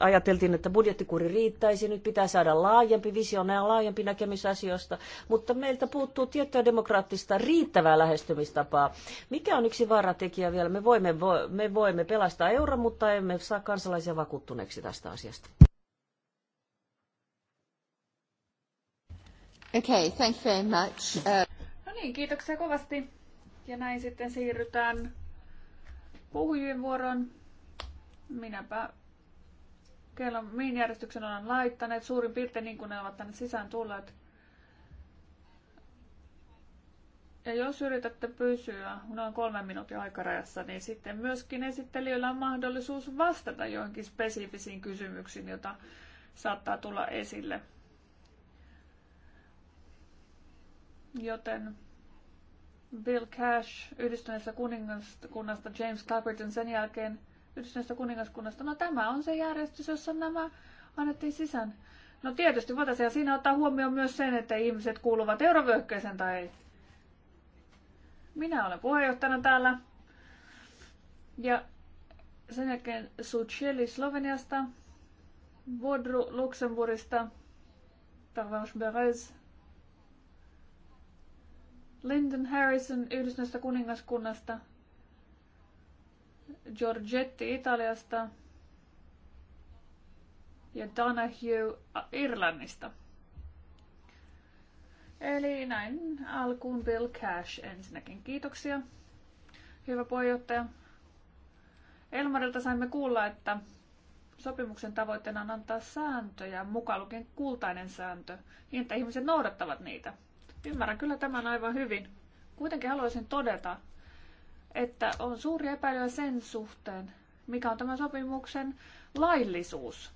ajateltiin, että budjettikuri riittäisi, nyt pitää saada laajempi visio, nämä laajempi näkemys asioista, mutta meiltä puuttuu tiettyä demokraattista riittävää lähestymistapaa. Mikä on yksi vaaratekijä vielä? Me voimme, me voimme pelastaa euron, mutta emme saa kansalaisia vakuuttuneeksi tästä asiasta. Okay, thank you very much. Uh, no niin, kiitoksia kovasti. Ja näin sitten siirrytään puhujien vuoroon. Minäpä kello mihin järjestyksen olen laittaneet, suurin piirtein niin kuin ne ovat tänne sisään tulleet. Ja jos yritätte pysyä noin kolmen minuutin aikarajassa, niin sitten myöskin esittelijöillä on mahdollisuus vastata joihinkin spesifisiin kysymyksiin, joita saattaa tulla esille. Joten Bill Cash yhdistyneestä kuningaskunnasta, James Clapperton sen jälkeen yhdistyneestä kuningaskunnasta. No tämä on se järjestys, jossa nämä annettiin sisään. No tietysti voitaisiin siinä ottaa huomioon myös sen, että ihmiset kuuluvat eurovyöhykkeeseen tai ei. Minä olen puheenjohtajana täällä. Ja sen jälkeen Sucheli Sloveniasta, Vodru Luxemburgista, Pervenche Berez Lyndon Harrison Yhdistyneestä kuningaskunnasta, Giorgetti Italiasta ja Donahue Irlannista. Eli näin alkuun Bill Cash ensinnäkin. Kiitoksia, hyvä puheenjohtaja. Elmarilta saimme kuulla, että sopimuksen tavoitteena on antaa sääntöjä, mukaan lukien kultainen sääntö, niin että ihmiset noudattavat niitä. Ymmärrän kyllä tämän aivan hyvin. Kuitenkin haluaisin todeta, että on suuri epäilyä sen suhteen, mikä on tämän sopimuksen laillisuus.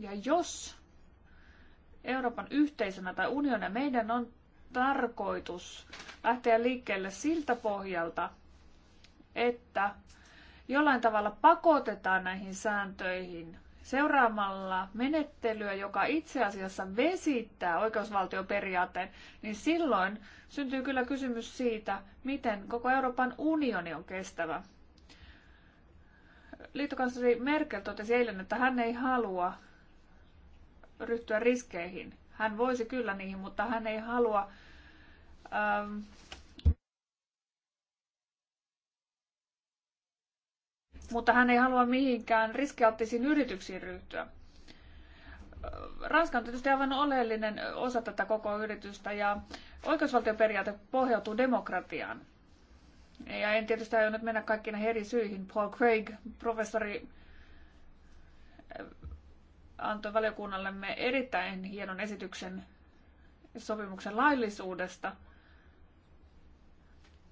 Ja jos Euroopan yhteisönä tai unionina meidän on tarkoitus lähteä liikkeelle siltä pohjalta, että jollain tavalla pakotetaan näihin sääntöihin seuraamalla menettelyä, joka itse asiassa vesittää oikeusvaltioperiaatteen, niin silloin syntyy kyllä kysymys siitä, miten koko Euroopan unioni on kestävä. Liittokansleri Merkel totesi eilen, että hän ei halua ryhtyä riskeihin. Hän voisi kyllä niihin, mutta hän ei halua ähm, mutta hän ei halua mihinkään riskialttisiin yrityksiin ryhtyä. Ranska on tietysti aivan oleellinen osa tätä koko yritystä ja oikeusvaltioperiaate pohjautuu demokratiaan. Ja en tietysti aio nyt mennä kaikkiin näihin eri syihin. Paul Craig, professori, antoi valiokunnallemme erittäin hienon esityksen sopimuksen laillisuudesta –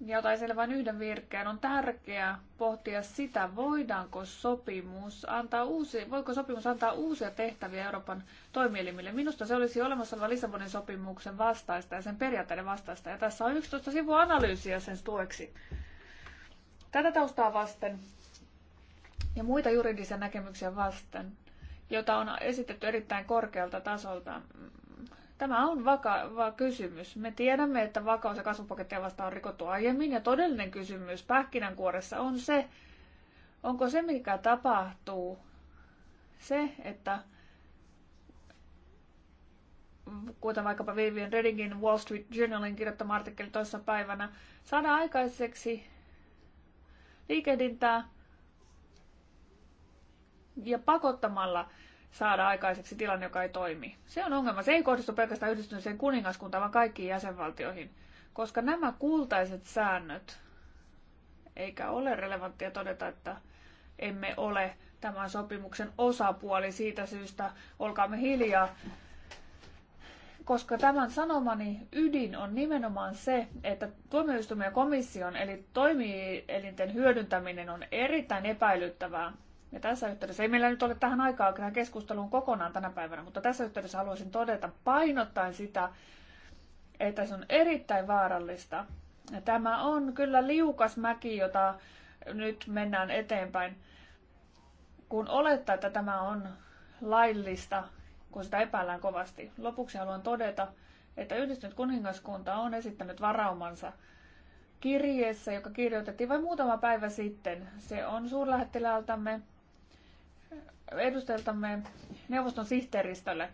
ja otan esille vain yhden virkkeen, on tärkeää pohtia sitä, voidaanko sopimus antaa uusi, voiko sopimus antaa uusia tehtäviä Euroopan toimielimille. Minusta se olisi olemassa oleva Lissabonin sopimuksen vastaista ja sen periaatteiden vastaista. Ja tässä on 11 sivua analyysiä sen tueksi. Tätä taustaa vasten ja muita juridisia näkemyksiä vasten, joita on esitetty erittäin korkealta tasolta, Tämä on vakava kysymys. Me tiedämme, että vakaus- ja kasvupakettia vastaan on rikottu aiemmin, ja todellinen kysymys pähkinänkuoressa on se, onko se, mikä tapahtuu, se, että kuten vaikkapa Vivian Reddingin Wall Street Journalin kirjoittama artikkeli toisessa päivänä, saada aikaiseksi liikehdintää ja pakottamalla saada aikaiseksi tilanne, joka ei toimi. Se on ongelma. Se ei kohdistu pelkästään yhdistyneeseen kuningaskuntaan, vaan kaikkiin jäsenvaltioihin. Koska nämä kultaiset säännöt, eikä ole relevanttia todeta, että emme ole tämän sopimuksen osapuoli siitä syystä, olkaamme hiljaa, koska tämän sanomani ydin on nimenomaan se, että tuomioistuimen ja komission eli toimielinten hyödyntäminen on erittäin epäilyttävää ja tässä yhteydessä, ei meillä nyt ole tähän aikaa tähän keskusteluun kokonaan tänä päivänä, mutta tässä yhteydessä haluaisin todeta painottaen sitä, että se on erittäin vaarallista. Ja tämä on kyllä liukas mäki, jota nyt mennään eteenpäin. Kun olettaa, että tämä on laillista, kun sitä epäillään kovasti. Lopuksi haluan todeta, että yhdistynyt kuningaskunta on esittänyt varaumansa kirjeessä, joka kirjoitettiin vain muutama päivä sitten. Se on suurlähettiläältämme edustajaltamme neuvoston sihteeristölle,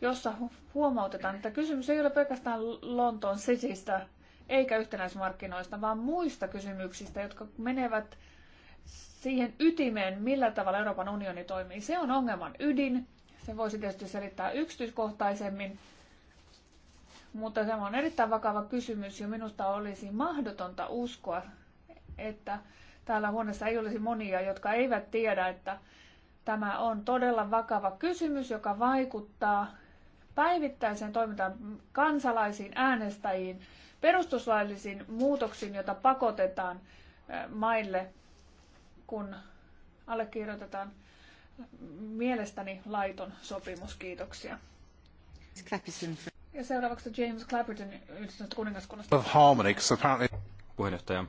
jossa huomautetaan, että kysymys ei ole pelkästään Lontoon sisistä eikä yhtenäismarkkinoista, vaan muista kysymyksistä, jotka menevät siihen ytimeen, millä tavalla Euroopan unioni toimii. Se on ongelman ydin. Se voisi tietysti selittää yksityiskohtaisemmin, mutta tämä on erittäin vakava kysymys ja minusta olisi mahdotonta uskoa, että täällä huoneessa ei olisi monia, jotka eivät tiedä, että Tämä on todella vakava kysymys, joka vaikuttaa päivittäiseen toimintaan kansalaisiin, äänestäjiin, perustuslaillisiin muutoksiin, joita pakotetaan maille, kun allekirjoitetaan mielestäni laiton sopimus. Kiitoksia. Ja seuraavaksi James Clapperton yhdistyneestä kuningaskunnasta. Of apparently. Puheenjohtaja.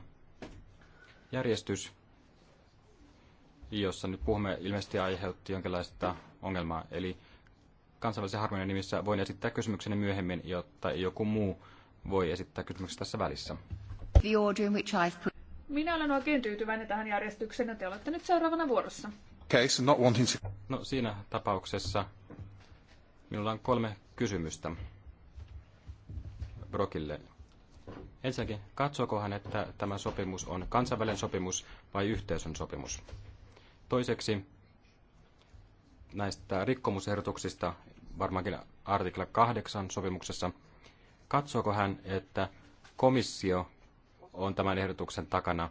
Järjestys jossa nyt puhumme, ilmeisesti aiheutti jonkinlaista ongelmaa. Eli kansainvälisen harmonian nimissä voin esittää kysymykseni myöhemmin, jotta joku muu voi esittää kysymyksen tässä välissä. Minä olen oikein tyytyväinen tähän järjestykseen ja te olette nyt seuraavana vuorossa. Okay, so not wanting to... No siinä tapauksessa minulla on kolme kysymystä Brokille. Ensinnäkin, katsookohan, että tämä sopimus on kansainvälinen sopimus vai yhteisön sopimus? Toiseksi näistä rikkomusehdotuksista, varmaankin artikla 8 sopimuksessa, katsooko hän, että komissio on tämän ehdotuksen takana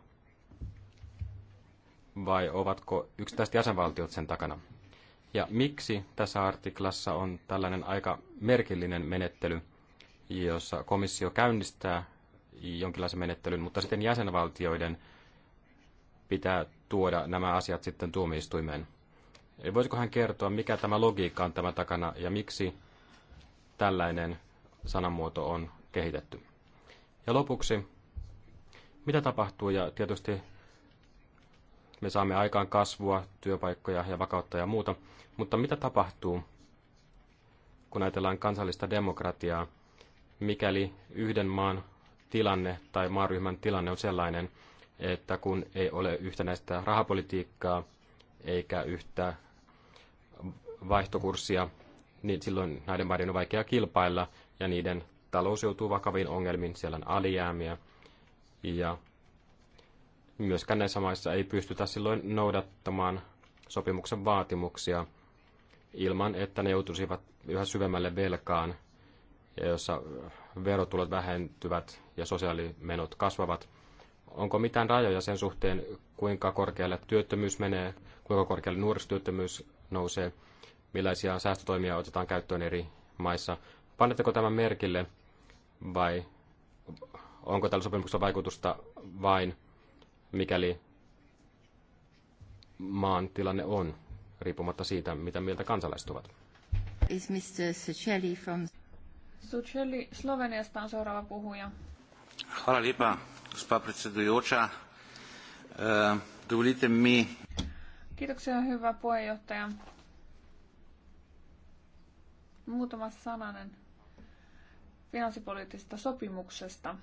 vai ovatko yksittäiset jäsenvaltiot sen takana? Ja miksi tässä artiklassa on tällainen aika merkillinen menettely, jossa komissio käynnistää jonkinlaisen menettelyn, mutta sitten jäsenvaltioiden pitää tuoda nämä asiat sitten tuomioistuimeen. Eli voisiko hän kertoa, mikä tämä logiikka on tämä takana ja miksi tällainen sanamuoto on kehitetty? Ja lopuksi, mitä tapahtuu? Ja tietysti me saamme aikaan kasvua, työpaikkoja ja vakautta ja muuta, mutta mitä tapahtuu, kun ajatellaan kansallista demokratiaa, mikäli yhden maan tilanne tai maaryhmän tilanne on sellainen, että kun ei ole yhtenäistä rahapolitiikkaa eikä yhtä vaihtokurssia, niin silloin näiden maiden on vaikea kilpailla ja niiden talous joutuu vakaviin ongelmiin, siellä on alijäämiä ja myöskään näissä maissa ei pystytä silloin noudattamaan sopimuksen vaatimuksia ilman, että ne joutuisivat yhä syvemmälle velkaan, jossa verotulot vähentyvät ja sosiaalimenot kasvavat onko mitään rajoja sen suhteen, kuinka korkealle työttömyys menee, kuinka korkealle nuorisotyöttömyys nousee, millaisia säästötoimia otetaan käyttöön eri maissa. Panetteko tämän merkille vai onko tällä sopimuksella vaikutusta vain mikäli maan tilanne on, riippumatta siitä, mitä mieltä kansalaiset ovat? Is Mr. Sucelli from... Sucelli Sloveniasta on seuraava puhuja. Hvala lipa gospa predsedujoča. Eh, dovolite mi... Kiitoksia, hyvä puheenjohtaja. Muutama sananen finanssipoliittisesta sopimuksesta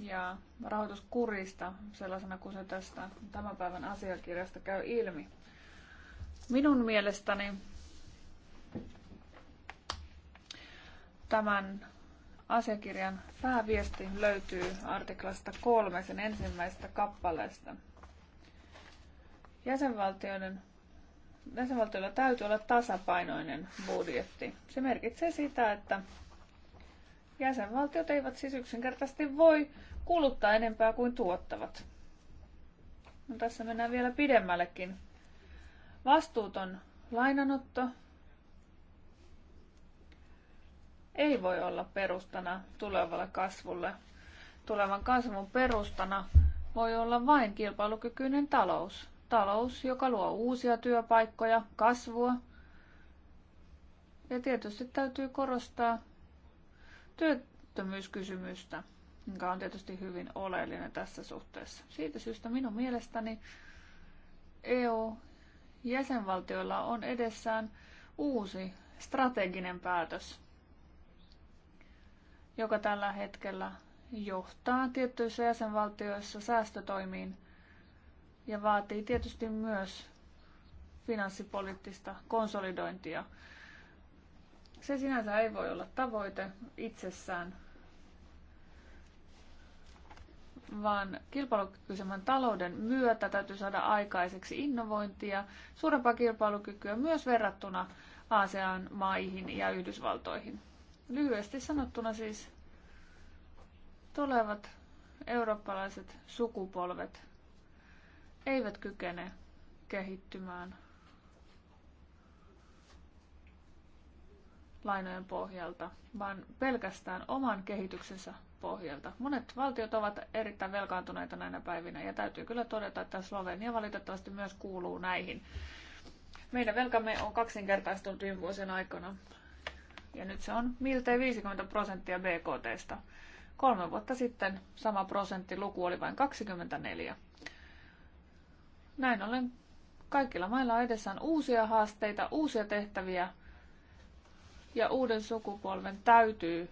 ja rahoituskurista sellaisena kuin se tästä tämän päivän asiakirjasta käy ilmi. Minun mielestäni tämän Asiakirjan pääviesti löytyy artiklasta kolme sen ensimmäisestä kappaleesta. Jäsenvaltioiden jäsenvaltioilla täytyy olla tasapainoinen budjetti. Se merkitsee sitä, että jäsenvaltiot eivät siis yksinkertaisesti voi kuluttaa enempää kuin tuottavat. No, tässä mennään vielä pidemmällekin. Vastuuton lainanotto ei voi olla perustana tulevalle kasvulle. Tulevan kasvun perustana voi olla vain kilpailukykyinen talous. Talous, joka luo uusia työpaikkoja, kasvua. Ja tietysti täytyy korostaa työttömyyskysymystä, joka on tietysti hyvin oleellinen tässä suhteessa. Siitä syystä minun mielestäni EU-jäsenvaltioilla on edessään uusi strateginen päätös joka tällä hetkellä johtaa tiettyissä jäsenvaltioissa säästötoimiin ja vaatii tietysti myös finanssipoliittista konsolidointia. Se sinänsä ei voi olla tavoite itsessään, vaan kilpailukykyisemmän talouden myötä täytyy saada aikaiseksi innovointia, suurempaa kilpailukykyä myös verrattuna Aasian maihin ja Yhdysvaltoihin. Lyhyesti sanottuna siis tulevat eurooppalaiset sukupolvet eivät kykene kehittymään lainojen pohjalta, vaan pelkästään oman kehityksensä pohjalta. Monet valtiot ovat erittäin velkaantuneita näinä päivinä ja täytyy kyllä todeta, että Slovenia valitettavasti myös kuuluu näihin. Meidän velkamme on kaksinkertaistunut viime vuosien aikana ja nyt se on miltei 50 prosenttia BKTstä. Kolme vuotta sitten sama prosenttiluku oli vain 24. Näin ollen kaikilla mailla on edessään uusia haasteita, uusia tehtäviä ja uuden sukupolven täytyy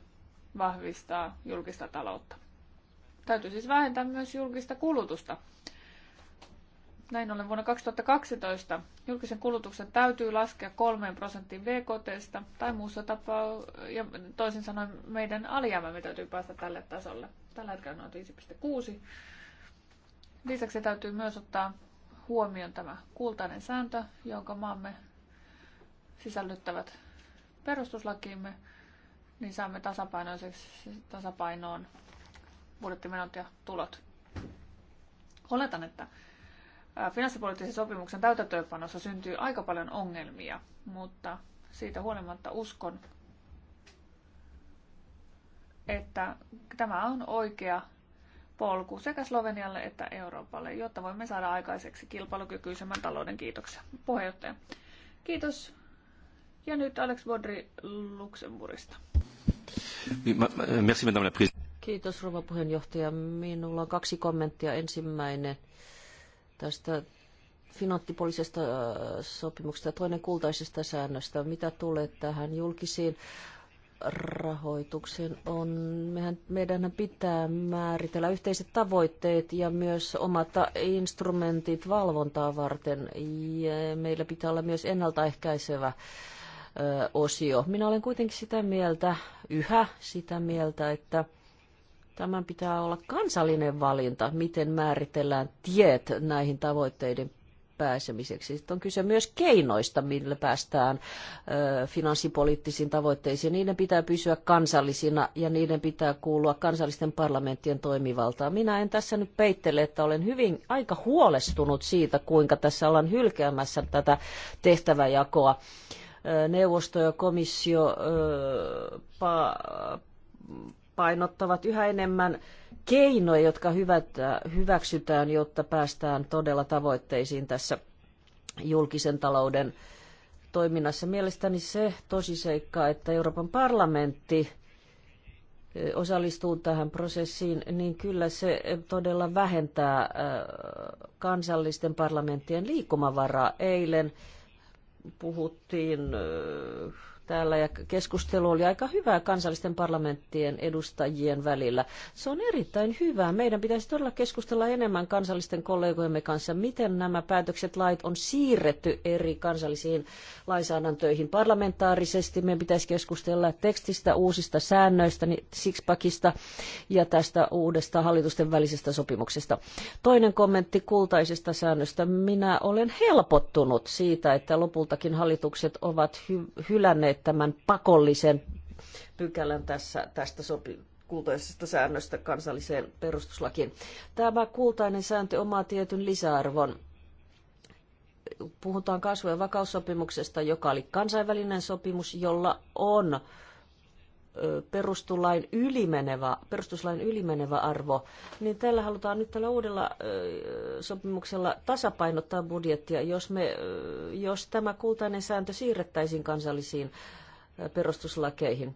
vahvistaa julkista taloutta. Täytyy siis vähentää myös julkista kulutusta. Näin ollen vuonna 2012 julkisen kulutuksen täytyy laskea 3 prosenttiin VKTstä tai muussa tapauksessa, ja toisin sanoen meidän alijäämämme täytyy päästä tälle tasolle. Tällä hetkellä noin 5,6. Lisäksi täytyy myös ottaa huomioon tämä kultainen sääntö, jonka maamme sisällyttävät perustuslakiimme, niin saamme tasapainoiseksi tasapainoon budjettimenot ja tulot. Oletan, että finanssipoliittisen sopimuksen täytäntöönpanossa syntyy aika paljon ongelmia, mutta siitä huolimatta uskon, että tämä on oikea polku sekä Slovenialle että Euroopalle, jotta voimme saada aikaiseksi kilpailukykyisemmän talouden. Kiitoksia puheenjohtaja. Kiitos. Ja nyt Alex Bodri Luxemburgista. Kiitos rouva puheenjohtaja. Minulla on kaksi kommenttia. Ensimmäinen tästä finanssipoliisesta äh, sopimuksesta ja toinen kultaisesta säännöstä. Mitä tulee tähän julkisiin rahoituksen on, mehän, meidän pitää määritellä yhteiset tavoitteet ja myös omat instrumentit valvontaa varten. Ja meillä pitää olla myös ennaltaehkäisevä ö, äh, osio. Minä olen kuitenkin sitä mieltä, yhä sitä mieltä, että Tämän pitää olla kansallinen valinta, miten määritellään tiet näihin tavoitteiden pääsemiseksi. Sitten on kyse myös keinoista, millä päästään ö, finanssipoliittisiin tavoitteisiin. Niiden pitää pysyä kansallisina ja niiden pitää kuulua kansallisten parlamenttien toimivaltaan. Minä en tässä nyt peittele, että olen hyvin aika huolestunut siitä, kuinka tässä ollaan hylkäämässä tätä tehtäväjakoa. Neuvosto ja komissio ö, pa, painottavat yhä enemmän keinoja, jotka hyvät, äh, hyväksytään, jotta päästään todella tavoitteisiin tässä julkisen talouden toiminnassa. Mielestäni se tosiseikka, että Euroopan parlamentti äh, osallistuu tähän prosessiin, niin kyllä se todella vähentää äh, kansallisten parlamenttien liikkumavaraa. Eilen puhuttiin täällä ja keskustelu oli aika hyvää kansallisten parlamenttien edustajien välillä. Se on erittäin hyvää. Meidän pitäisi todella keskustella enemmän kansallisten kollegojemme kanssa, miten nämä päätökset lait on siirretty eri kansallisiin lainsäädäntöihin parlamentaarisesti. Meidän pitäisi keskustella tekstistä, uusista säännöistä, niin sixpackista ja tästä uudesta hallitusten välisestä sopimuksesta. Toinen kommentti kultaisesta säännöstä. Minä olen helpottunut siitä, että lopultakin hallitukset ovat hy- hylänneet tämän pakollisen pykälän tässä, tästä sopi, kultaisesta säännöstä kansalliseen perustuslakiin. Tämä kultainen sääntö omaa tietyn lisäarvon. Puhutaan kasvu- ja vakaussopimuksesta, joka oli kansainvälinen sopimus, jolla on Perustuslain ylimenevä, perustuslain ylimenevä arvo, niin tällä halutaan nyt tällä uudella sopimuksella tasapainottaa budjettia, jos, me, jos tämä kultainen sääntö siirrettäisiin kansallisiin perustuslakeihin.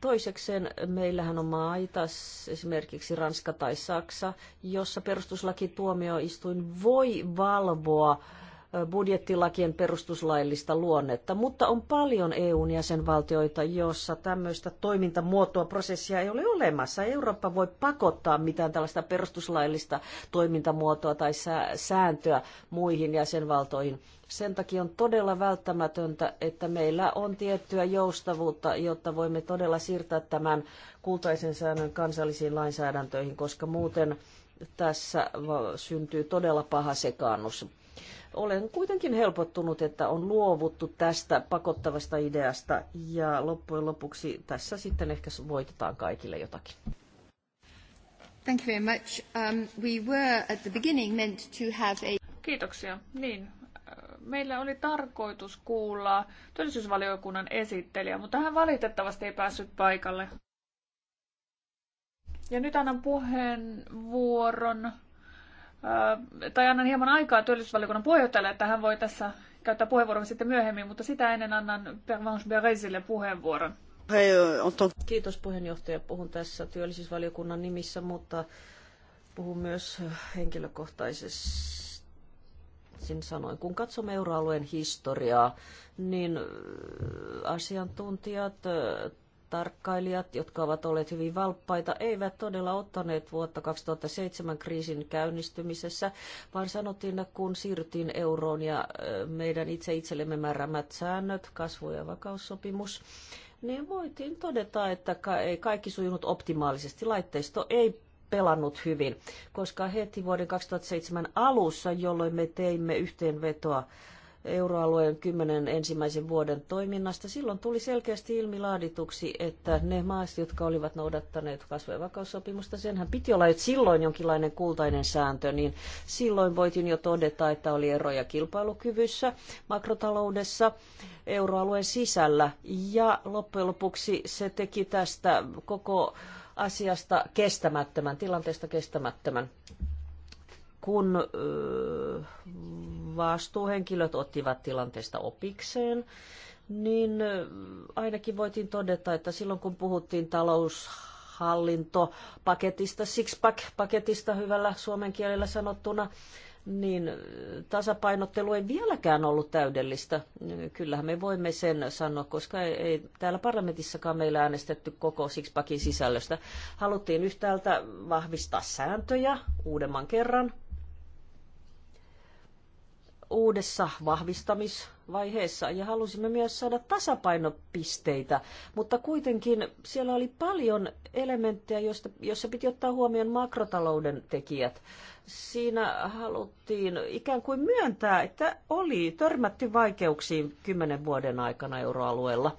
Toisekseen meillähän on maita, esimerkiksi Ranska tai Saksa, jossa perustuslakituomioistuin voi valvoa äh, budjettilakien perustuslaillista luonnetta, mutta on paljon EUn jäsenvaltioita, joissa tämmöistä toimintamuotoa, prosessia ei ole olemassa. Eurooppa voi pakottaa mitään tällaista perustuslaillista toimintamuotoa tai sääntöä muihin jäsenvaltoihin. Sen takia on todella välttämätöntä, että meillä on tiettyä joustavuutta, jotta voimme todella siirtää tämän kultaisen säännön kansallisiin lainsäädäntöihin, koska muuten tässä syntyy todella paha sekaannus olen kuitenkin helpottunut, että on luovuttu tästä pakottavasta ideasta ja loppujen lopuksi tässä sitten ehkä voitetaan kaikille jotakin. Thank you very much. Um, we were at the beginning meant to have a... Kiitoksia. Niin, äh, meillä oli tarkoitus kuulla työllisyysvaliokunnan esittelijä, mutta hän valitettavasti ei päässyt paikalle. Ja nyt annan puheenvuoron tai annan hieman aikaa työllisyysvaliokunnan puheenjohtajalle, että hän voi tässä käyttää puheenvuoron sitten myöhemmin, mutta sitä ennen annan Pervenche Beresille puheenvuoron. Euh, Kiitos puheenjohtaja. Puhun tässä työllisyysvaliokunnan nimissä, mutta puhun myös henkilökohtaisesti sanoin. Kun katsomme euroalueen historiaa, niin asiantuntijat tarkkailijat, jotka ovat olleet hyvin valppaita, eivät todella ottaneet vuotta 2007 kriisin käynnistymisessä, vaan sanottiin, että kun siirryttiin euroon ja meidän itse itsellemme määrämät säännöt, kasvu- ja vakaussopimus, niin voitiin todeta, että ei kaikki sujunut optimaalisesti. Laitteisto ei pelannut hyvin, koska heti vuoden 2007 alussa, jolloin me teimme yhteenvetoa euroalueen kymmenen ensimmäisen vuoden toiminnasta. Silloin tuli selkeästi ilmi laadituksi, että ne maat, jotka olivat noudattaneet kasvu- ja vakaussopimusta, senhän piti olla jo silloin jonkinlainen kultainen sääntö, niin silloin voitiin jo todeta, että oli eroja kilpailukyvyssä, makrotaloudessa, euroalueen sisällä. Ja loppujen lopuksi se teki tästä koko asiasta kestämättömän, tilanteesta kestämättömän kun vastuuhenkilöt ottivat tilanteesta opikseen, niin ainakin voitiin todeta, että silloin kun puhuttiin taloushallintopaketista, six-pack-paketista hyvällä suomen kielellä sanottuna, niin tasapainottelu ei vieläkään ollut täydellistä. Kyllähän me voimme sen sanoa, koska ei, ei täällä parlamentissakaan meillä äänestetty koko Sixpackin sisällöstä. Haluttiin yhtäältä vahvistaa sääntöjä uudemman kerran, uudessa vahvistamisvaiheessa ja halusimme myös saada tasapainopisteitä, mutta kuitenkin siellä oli paljon elementtejä, joista, joissa piti ottaa huomioon makrotalouden tekijät. Siinä haluttiin ikään kuin myöntää, että oli törmätty vaikeuksiin kymmenen vuoden aikana euroalueella.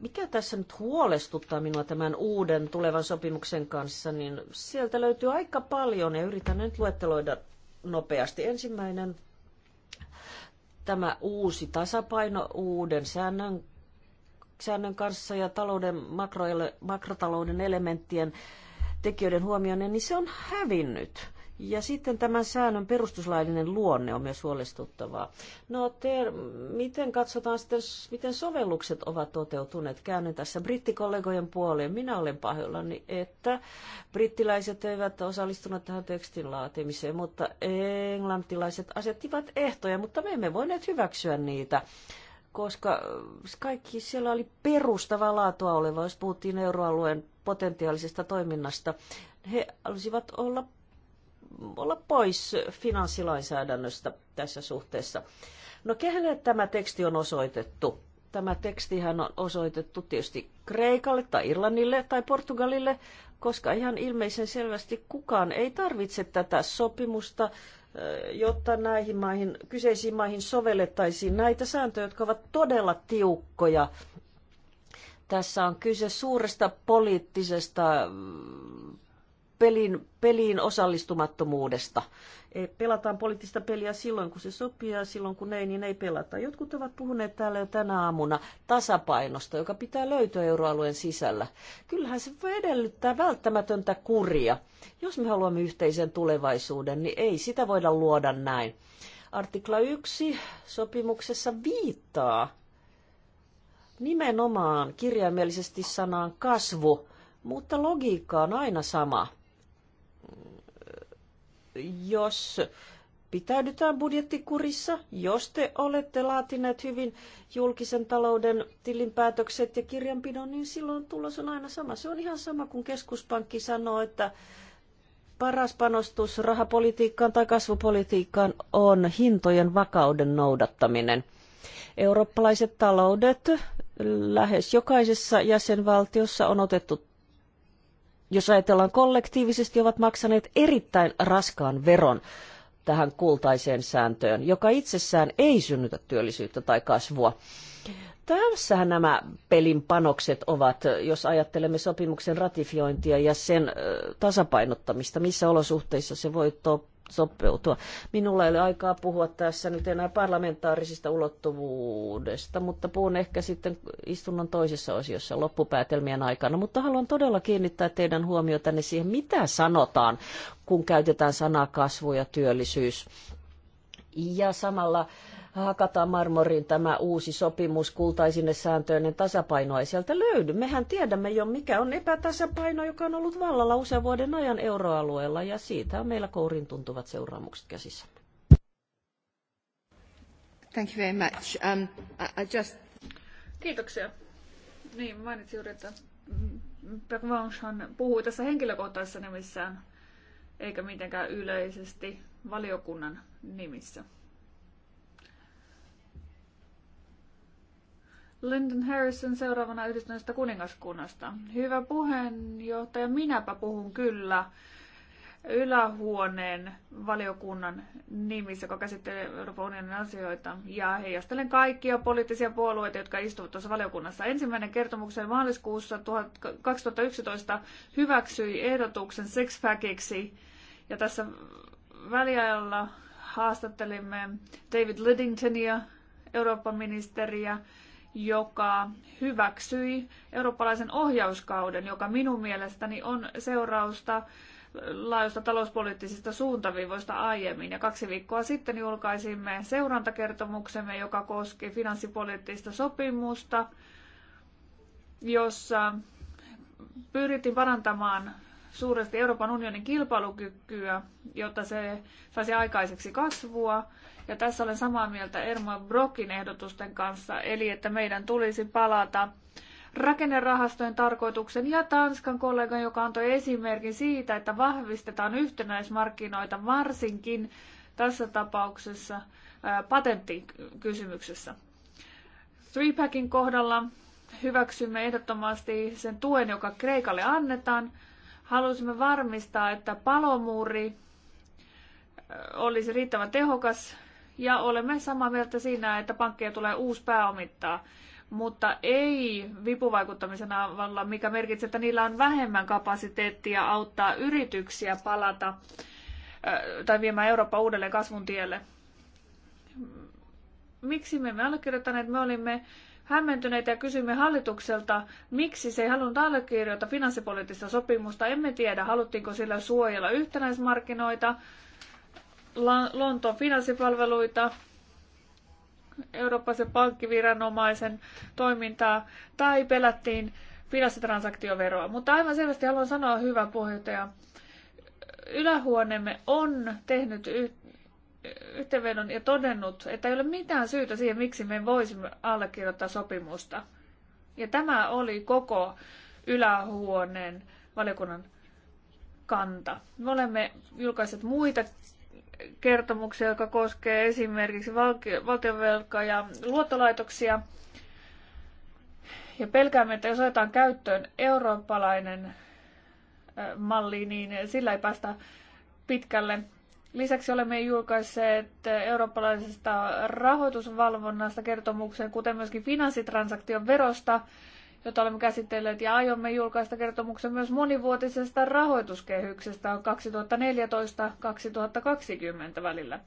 Mikä tässä nyt huolestuttaa minua tämän uuden tulevan sopimuksen kanssa, niin sieltä löytyy aika paljon ja yritän nyt luetteloida nopeasti. Ensimmäinen, tämä uusi tasapaino uuden säännön, säännön kanssa ja talouden makro, makrotalouden elementtien tekijöiden huomioon, niin se on hävinnyt ja sitten tämän säännön perustuslaillinen luonne on myös huolestuttavaa. No, te, miten katsotaan sitten, miten sovellukset ovat toteutuneet? Käännyn tässä brittikollegojen puoleen. Minä olen pahoillani, että brittiläiset eivät osallistuneet tähän tekstin laatimiseen, mutta englantilaiset asettivat ehtoja, mutta me emme voineet hyväksyä niitä koska kaikki siellä oli perustavaa laatua oleva, jos puhuttiin euroalueen potentiaalisesta toiminnasta. He halusivat olla olla pois finanssilainsäädännöstä tässä suhteessa. No kehelle tämä teksti on osoitettu? Tämä tekstihän on osoitettu tietysti Kreikalle tai Irlannille tai Portugalille, koska ihan ilmeisen selvästi kukaan ei tarvitse tätä sopimusta, jotta näihin maihin, kyseisiin maihin sovellettaisiin näitä sääntöjä, jotka ovat todella tiukkoja tässä on kyse suuresta poliittisesta pelin, peliin osallistumattomuudesta. E, pelataan poliittista peliä silloin, kun se sopii ja silloin, kun ei, niin ei pelata. Jotkut ovat puhuneet täällä jo tänä aamuna tasapainosta, joka pitää löytyä euroalueen sisällä. Kyllähän se edellyttää välttämätöntä kuria. Jos me haluamme yhteisen tulevaisuuden, niin ei sitä voida luoda näin. Artikla 1 sopimuksessa viittaa nimenomaan kirjaimellisesti sanaan kasvu, mutta logiikka on aina sama – jos pitäydytään budjettikurissa, jos te olette laatineet hyvin julkisen talouden tilinpäätökset ja kirjanpidon, niin silloin tulos on aina sama. Se on ihan sama, kuin keskuspankki sanoo, että paras panostus rahapolitiikkaan tai kasvupolitiikkaan on hintojen vakauden noudattaminen. Eurooppalaiset taloudet lähes jokaisessa jäsenvaltiossa on otettu jos ajatellaan kollektiivisesti, ovat maksaneet erittäin raskaan veron tähän kultaiseen sääntöön, joka itsessään ei synnytä työllisyyttä tai kasvua. Tässähän nämä pelin panokset ovat, jos ajattelemme sopimuksen ratifiointia ja sen tasapainottamista, missä olosuhteissa se voi sopeutua. Minulla ei ole aikaa puhua tässä nyt enää parlamentaarisista ulottuvuudesta, mutta puhun ehkä sitten istunnon toisessa osiossa loppupäätelmien aikana. Mutta haluan todella kiinnittää teidän huomiotanne siihen, mitä sanotaan, kun käytetään sanaa kasvu ja työllisyys. Ja samalla äh, hakata marmoriin tämä uusi sopimus kultaisine sääntöinen tasapaino ei sieltä löydy. Mehän tiedämme jo, mikä on epätasapaino, joka on ollut vallalla usean vuoden ajan euroalueella, ja siitä on meillä kourin tuntuvat seuraamukset käsissä. Thank you very much. Um, I, just... Kiitoksia. Niin, mainitsin juuri, että Pervanshan puhui tässä henkilökohtaisessa nimissään, eikä mitenkään yleisesti valiokunnan nimissä. Lyndon Harrison seuraavana yhdistyneestä kuningaskunnasta. Hyvä puheenjohtaja, minäpä puhun kyllä ylähuoneen valiokunnan nimissä, joka käsittelee Euroopan unionin asioita. Ja heijastelen kaikkia poliittisia puolueita, jotka istuvat tuossa valiokunnassa. Ensimmäinen kertomuksen maaliskuussa 2011 hyväksyi ehdotuksen sexpackiksi. Ja tässä väliajalla haastattelimme David Liddingtonia, Eurooppa-ministeriä, joka hyväksyi eurooppalaisen ohjauskauden, joka minun mielestäni on seurausta laajoista talouspoliittisista suuntaviivoista aiemmin. Ja kaksi viikkoa sitten julkaisimme seurantakertomuksemme, joka koski finanssipoliittista sopimusta, jossa pyrittiin parantamaan suuresti Euroopan unionin kilpailukykyä, jotta se saisi aikaiseksi kasvua ja tässä olen samaa mieltä Erma Brokin ehdotusten kanssa, eli että meidän tulisi palata rakennerahastojen tarkoituksen ja Tanskan kollegan, joka antoi esimerkin siitä, että vahvistetaan yhtenäismarkkinoita varsinkin tässä tapauksessa patenttikysymyksessä. Threepackin kohdalla hyväksymme ehdottomasti sen tuen, joka Kreikalle annetaan. Halusimme varmistaa, että palomuuri olisi riittävän tehokas ja olemme samaa mieltä siinä, että pankkeja tulee uusi pääomittaa, mutta ei vipuvaikuttamisen avalla, mikä merkitsee, että niillä on vähemmän kapasiteettia auttaa yrityksiä palata tai viemään Eurooppa uudelleen kasvun tielle. Miksi me emme allekirjoittaneet? Me olimme hämmentyneitä ja kysymme hallitukselta, miksi se ei halunnut allekirjoittaa finanssipoliittista sopimusta. Emme tiedä, haluttiinko sillä suojella yhtenäismarkkinoita Lontoon finanssipalveluita, Euroopan pankkiviranomaisen toimintaa tai pelättiin finanssitransaktioveroa. Mutta aivan selvästi haluan sanoa, hyvä puheenjohtaja, ylähuoneemme on tehnyt yhteenvedon ja todennut, että ei ole mitään syytä siihen, miksi me voisimme allekirjoittaa sopimusta. Ja tämä oli koko ylähuoneen valiokunnan kanta. Me olemme julkaiset muita kertomuksia, joka koskee esimerkiksi valtio, valtionvelkaa ja luottolaitoksia. Ja pelkäämme, että jos otetaan käyttöön eurooppalainen malli, niin sillä ei päästä pitkälle. Lisäksi olemme julkaisseet eurooppalaisesta rahoitusvalvonnasta kertomuksen, kuten myöskin finanssitransaktion verosta, jota olemme käsitelleet, ja aiomme julkaista kertomuksen myös monivuotisesta rahoituskehyksestä 2014-2020 välillä.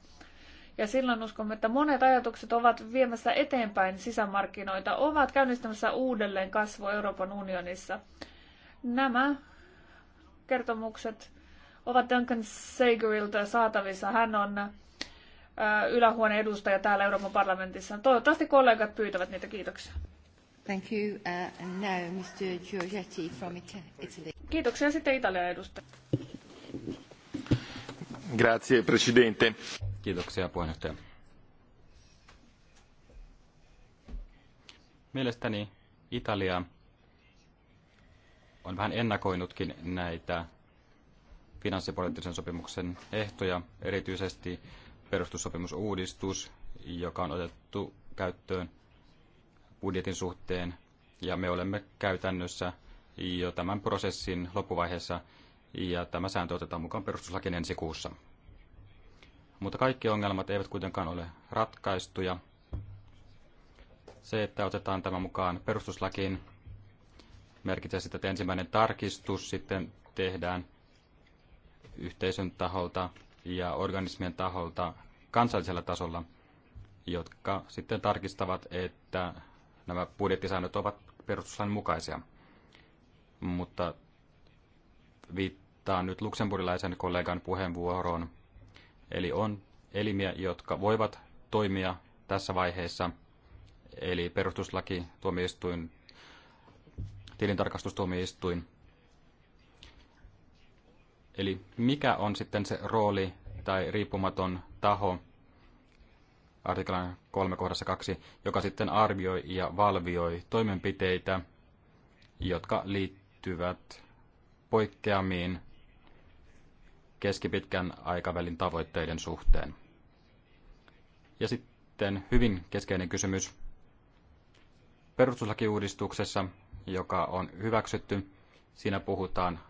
Ja silloin uskomme, että monet ajatukset ovat viemässä eteenpäin sisämarkkinoita, ovat käynnistämässä uudelleen kasvu Euroopan unionissa. Nämä kertomukset ovat Duncan Sagerilta saatavissa. Hän on ylähuoneen edustaja täällä Euroopan parlamentissa. Toivottavasti kollegat pyytävät niitä. Kiitoksia. Thank you. Uh, and now Mr. Giorgetti from Italy. Kiitoksia sitten Italian edustaja. Grazie, Presidente. Kiitoksia, puheenjohtaja. Mielestäni Italia on vähän ennakoinutkin näitä finanssipoliittisen sopimuksen ehtoja, erityisesti perustussopimusuudistus, joka on otettu käyttöön budjetin suhteen, ja me olemme käytännössä jo tämän prosessin loppuvaiheessa, ja tämä sääntö otetaan mukaan perustuslakin ensi kuussa. Mutta kaikki ongelmat eivät kuitenkaan ole ratkaistuja. Se, että otetaan tämä mukaan perustuslakiin, merkitsee sitä, että ensimmäinen tarkistus sitten tehdään yhteisön taholta ja organismien taholta kansallisella tasolla, jotka sitten tarkistavat, että Nämä budjettisäännöt ovat perustuslain mukaisia. Mutta viittaan nyt luksemburilaisen kollegan puheenvuoroon. Eli on elimiä, jotka voivat toimia tässä vaiheessa, eli perustuslaki, tuomioistuin, tilintarkastustuomioistuin. Eli mikä on sitten se rooli tai riippumaton taho, artiklan 3 kohdassa 2, joka sitten arvioi ja valvioi toimenpiteitä, jotka liittyvät poikkeamiin keskipitkän aikavälin tavoitteiden suhteen. Ja sitten hyvin keskeinen kysymys. Perustuslakiuudistuksessa, joka on hyväksytty, siinä puhutaan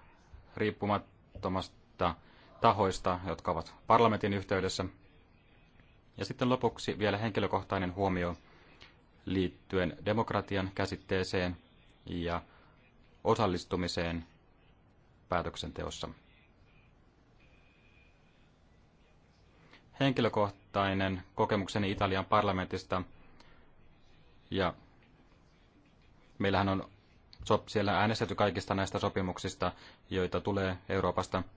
riippumattomasta tahoista, jotka ovat parlamentin yhteydessä – ja sitten lopuksi vielä henkilökohtainen huomio liittyen demokratian käsitteeseen ja osallistumiseen päätöksenteossa. Henkilökohtainen kokemukseni Italian parlamentista ja meillähän on siellä äänestetty kaikista näistä sopimuksista, joita tulee Euroopasta –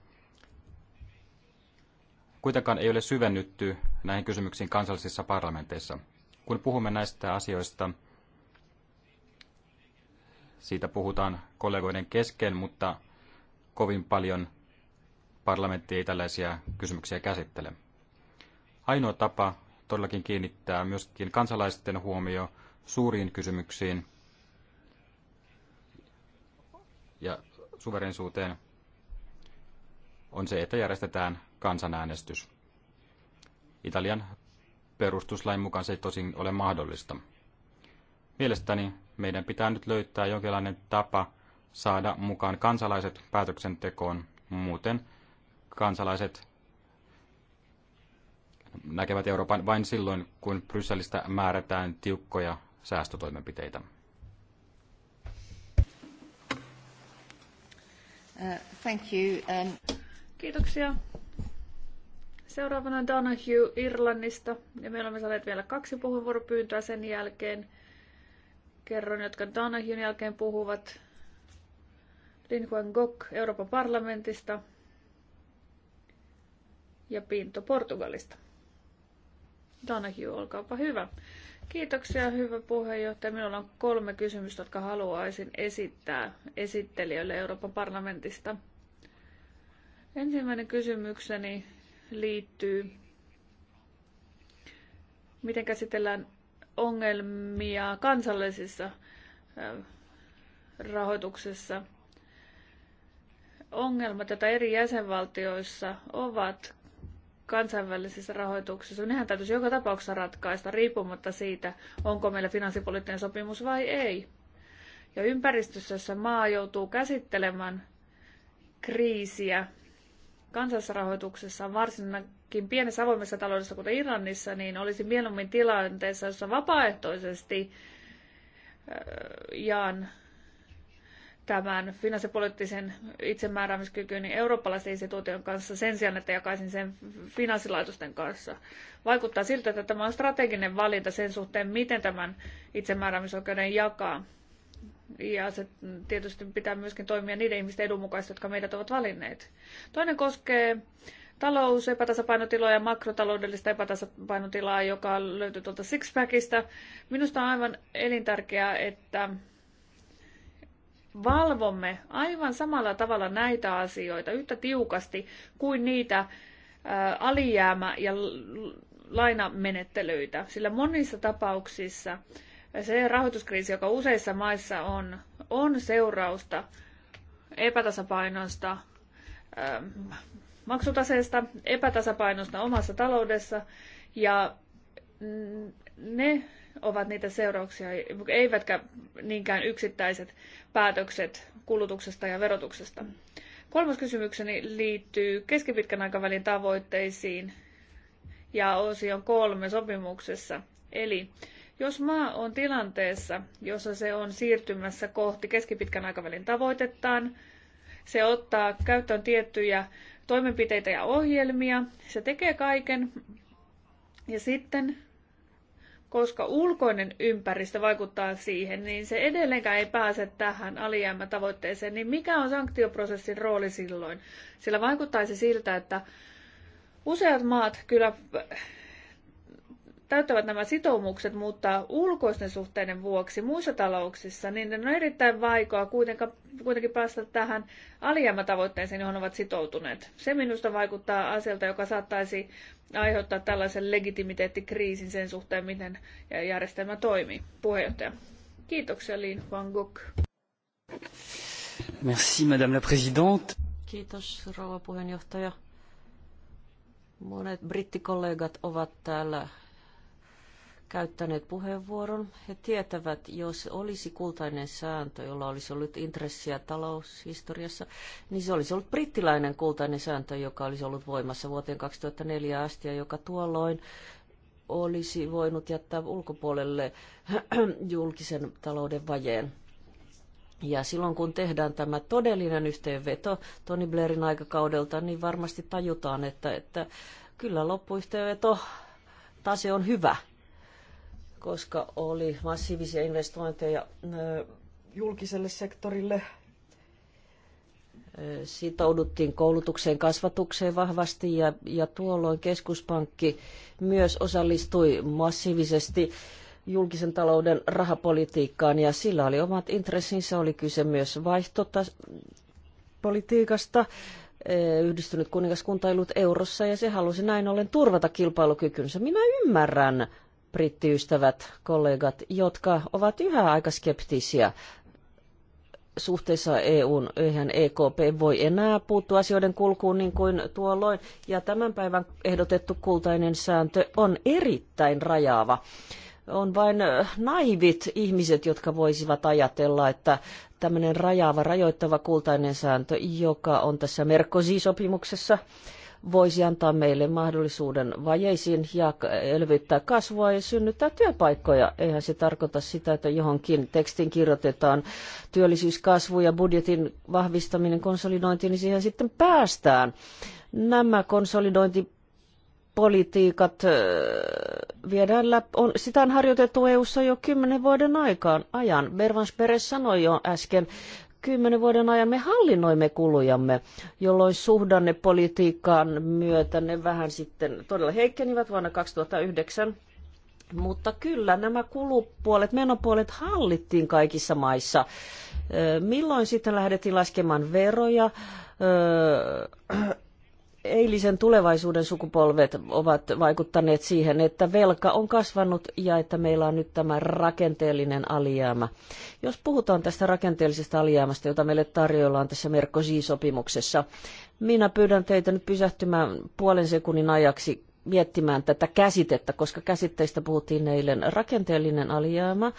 kuitenkaan ei ole syvennytty näihin kysymyksiin kansallisissa parlamenteissa. Kun puhumme näistä asioista, siitä puhutaan kollegoiden kesken, mutta kovin paljon parlamentti ei tällaisia kysymyksiä käsittele. Ainoa tapa todellakin kiinnittää myöskin kansalaisten huomio suuriin kysymyksiin ja suverensuuteen on se, että järjestetään kansanäänestys. Italian perustuslain mukaan se ei tosin ole mahdollista. Mielestäni meidän pitää nyt löytää jonkinlainen tapa saada mukaan kansalaiset päätöksentekoon, muuten kansalaiset näkevät Euroopan vain silloin, kun Brysselistä määrätään tiukkoja säästötoimenpiteitä. Uh, thank you. Kiitoksia. Seuraavana Donahue Irlannista ja me olemme saaneet vielä kaksi puheenvuoropyyntöä sen jälkeen. Kerron, jotka Donahuen jälkeen puhuvat. Lin Huang Gok Euroopan parlamentista ja Pinto Portugalista. Donahue, olkaapa hyvä. Kiitoksia, hyvä puheenjohtaja. Minulla on kolme kysymystä, jotka haluaisin esittää esittelijöille Euroopan parlamentista. Ensimmäinen kysymykseni liittyy, miten käsitellään ongelmia kansallisissa äh, rahoituksessa. Ongelmat, joita eri jäsenvaltioissa ovat kansainvälisissä rahoituksissa, nehän täytyisi joka tapauksessa ratkaista riippumatta siitä, onko meillä finanssipoliittinen sopimus vai ei. Ja ympäristössä, jossa maa joutuu käsittelemään kriisiä, rahoituksessa, varsinkin pienessä avoimessa taloudessa, kuten Irlannissa, niin olisi mieluummin tilanteessa, jossa vapaaehtoisesti jaan tämän finanssipoliittisen itsemääräämiskykyyn niin eurooppalaisen instituution kanssa sen sijaan, että jakaisin sen finanssilaitosten kanssa. Vaikuttaa siltä, että tämä on strateginen valinta sen suhteen, miten tämän itsemääräämisoikeuden jakaa. Ja se tietysti pitää myöskin toimia niiden ihmisten edun mukaisesti, jotka meidät ovat valinneet. Toinen koskee talous, ja makrotaloudellista epätasapainotilaa, joka löytyy tuolta Sixpackista. Minusta on aivan elintärkeää, että valvomme aivan samalla tavalla näitä asioita yhtä tiukasti kuin niitä alijäämä- ja lainamenettelyitä, sillä monissa tapauksissa – se rahoituskriisi, joka useissa maissa on, on seurausta epätasapainosta ähm, maksutaseesta, epätasapainosta omassa taloudessa ja ne ovat niitä seurauksia, eivätkä niinkään yksittäiset päätökset kulutuksesta ja verotuksesta. Kolmas kysymykseni liittyy keskipitkän aikavälin tavoitteisiin ja osion kolme sopimuksessa. Eli jos maa on tilanteessa, jossa se on siirtymässä kohti keskipitkän aikavälin tavoitettaan, se ottaa käyttöön tiettyjä toimenpiteitä ja ohjelmia, se tekee kaiken ja sitten koska ulkoinen ympäristö vaikuttaa siihen, niin se edelleenkään ei pääse tähän alijäämätavoitteeseen, niin mikä on sanktioprosessin rooli silloin? Sillä vaikuttaisi siltä, että useat maat kyllä täyttävät nämä sitoumukset, mutta ulkoisten suhteiden vuoksi muissa talouksissa, niin on erittäin vaikoa kuitenkin päästä tähän alijäämätavoitteeseen, johon ovat sitoutuneet. Se minusta vaikuttaa asialta, joka saattaisi aiheuttaa tällaisen legitimiteettikriisin sen suhteen, miten järjestelmä toimii. Puheenjohtaja. Kiitoksia, Lin Van Gogh. Merci, Madame la Présidente. Kiitos, rouva puheenjohtaja. Monet brittikollegat ovat täällä käyttäneet puheenvuoron. He tietävät, jos olisi kultainen sääntö, jolla olisi ollut intressiä taloushistoriassa, niin se olisi ollut brittiläinen kultainen sääntö, joka olisi ollut voimassa vuoteen 2004 asti ja joka tuolloin olisi voinut jättää ulkopuolelle julkisen talouden vajeen. Ja silloin kun tehdään tämä todellinen yhteenveto Tony Blairin aikakaudelta, niin varmasti tajutaan, että, että kyllä loppuyhteenveto tase on hyvä – koska oli massiivisia investointeja julkiselle sektorille. Sitouduttiin koulutukseen kasvatukseen vahvasti ja, ja tuolloin keskuspankki myös osallistui massiivisesti julkisen talouden rahapolitiikkaan ja sillä oli omat intressinsä. Oli kyse myös vaihtopolitiikasta. Yhdistynyt kuningaskunta ei ollut eurossa ja se halusi näin ollen turvata kilpailukykynsä. Minä ymmärrän brittiystävät, kollegat, jotka ovat yhä aika skeptisiä suhteessa EUn, eihän EKP voi enää puuttua asioiden kulkuun niin kuin tuolloin. Ja tämän päivän ehdotettu kultainen sääntö on erittäin rajaava. On vain naivit ihmiset, jotka voisivat ajatella, että tämmöinen rajaava, rajoittava kultainen sääntö, joka on tässä Merkosi-sopimuksessa, voisi antaa meille mahdollisuuden vajeisiin ja elvyttää kasvua ja synnyttää työpaikkoja. Eihän se tarkoita sitä, että johonkin tekstin kirjoitetaan työllisyyskasvu ja budjetin vahvistaminen, konsolidointi, niin siihen sitten päästään. Nämä konsolidointi politiikat viedään läpi. On, sitä on harjoitettu EU-ssa jo kymmenen vuoden aikaan ajan. Bervans Peres sanoi jo äsken, kymmenen vuoden ajan me hallinnoimme kulujamme, jolloin suhdannepolitiikan myötä ne vähän sitten todella heikkenivät vuonna 2009. Mutta kyllä nämä kulupuolet, menopuolet hallittiin kaikissa maissa. Milloin sitten lähdettiin laskemaan veroja? eilisen tulevaisuuden sukupolvet ovat vaikuttaneet siihen, että velka on kasvanut ja että meillä on nyt tämä rakenteellinen alijäämä. Jos puhutaan tästä rakenteellisesta alijäämästä, jota meille tarjoillaan tässä Merkosi-sopimuksessa, minä pyydän teitä nyt pysähtymään puolen sekunnin ajaksi miettimään tätä käsitettä, koska käsitteistä puhuttiin eilen. Rakenteellinen alijäämä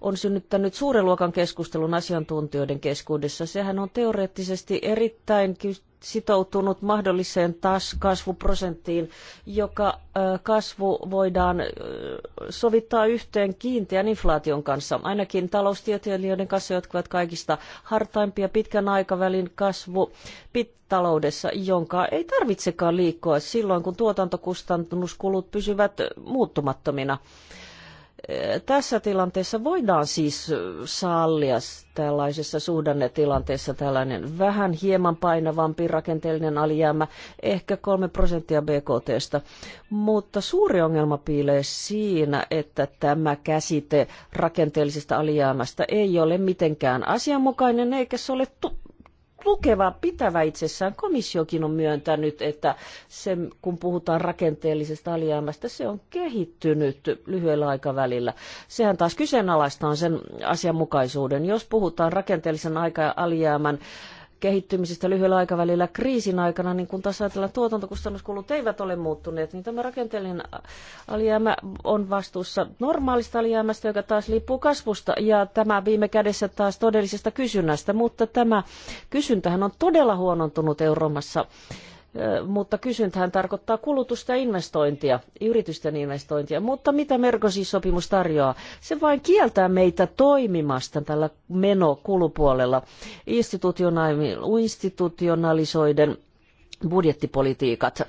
on synnyttänyt suuren luokan keskustelun asiantuntijoiden keskuudessa. Sehän on teoreettisesti erittäin sitoutunut mahdolliseen taas kasvuprosenttiin, joka kasvu voidaan sovittaa yhteen kiinteän inflaation kanssa, ainakin taloustieteilijöiden kanssa, jotka ovat kaikista hartaimpia pitkän aikavälin kasvu taloudessa, jonka ei tarvitsekaan liikkua silloin, kun tuotantokustannuskulut pysyvät muuttumattomina tässä tilanteessa voidaan siis sallia tällaisessa suhdannetilanteessa tällainen vähän hieman painavampi rakenteellinen alijäämä, ehkä 3 prosenttia BKTstä. Mutta suuri ongelma piilee siinä, että tämä käsite rakenteellisesta alijäämästä ei ole mitenkään asianmukainen, eikä se ole lukeva, pitävä itsessään. Komissiokin on myöntänyt, että se, kun puhutaan rakenteellisesta alijäämästä, se on kehittynyt lyhyellä aikavälillä. Sehän taas kyseenalaistaa sen asianmukaisuuden. Jos puhutaan rakenteellisen aika alijäämän äh, kehittymisestä lyhyellä aikavälillä kriisin aikana, niin kun taas ajatellaan tuotantokustannuskulut eivät ole muuttuneet, niin tämä rakenteellinen alijäämä on vastuussa normaalista alijäämästä, joka taas liippuu kasvusta ja tämä viime kädessä taas todellisesta kysynnästä, mutta tämä kysyntähän on todella huonontunut Euroopassa mutta kysyntähän tarkoittaa kulutusta ja investointia, yritysten investointia. Mutta mitä Merkosi-sopimus tarjoaa? Se vain kieltää meitä toimimasta tällä menokulupuolella institutionalisoiden budjettipolitiikat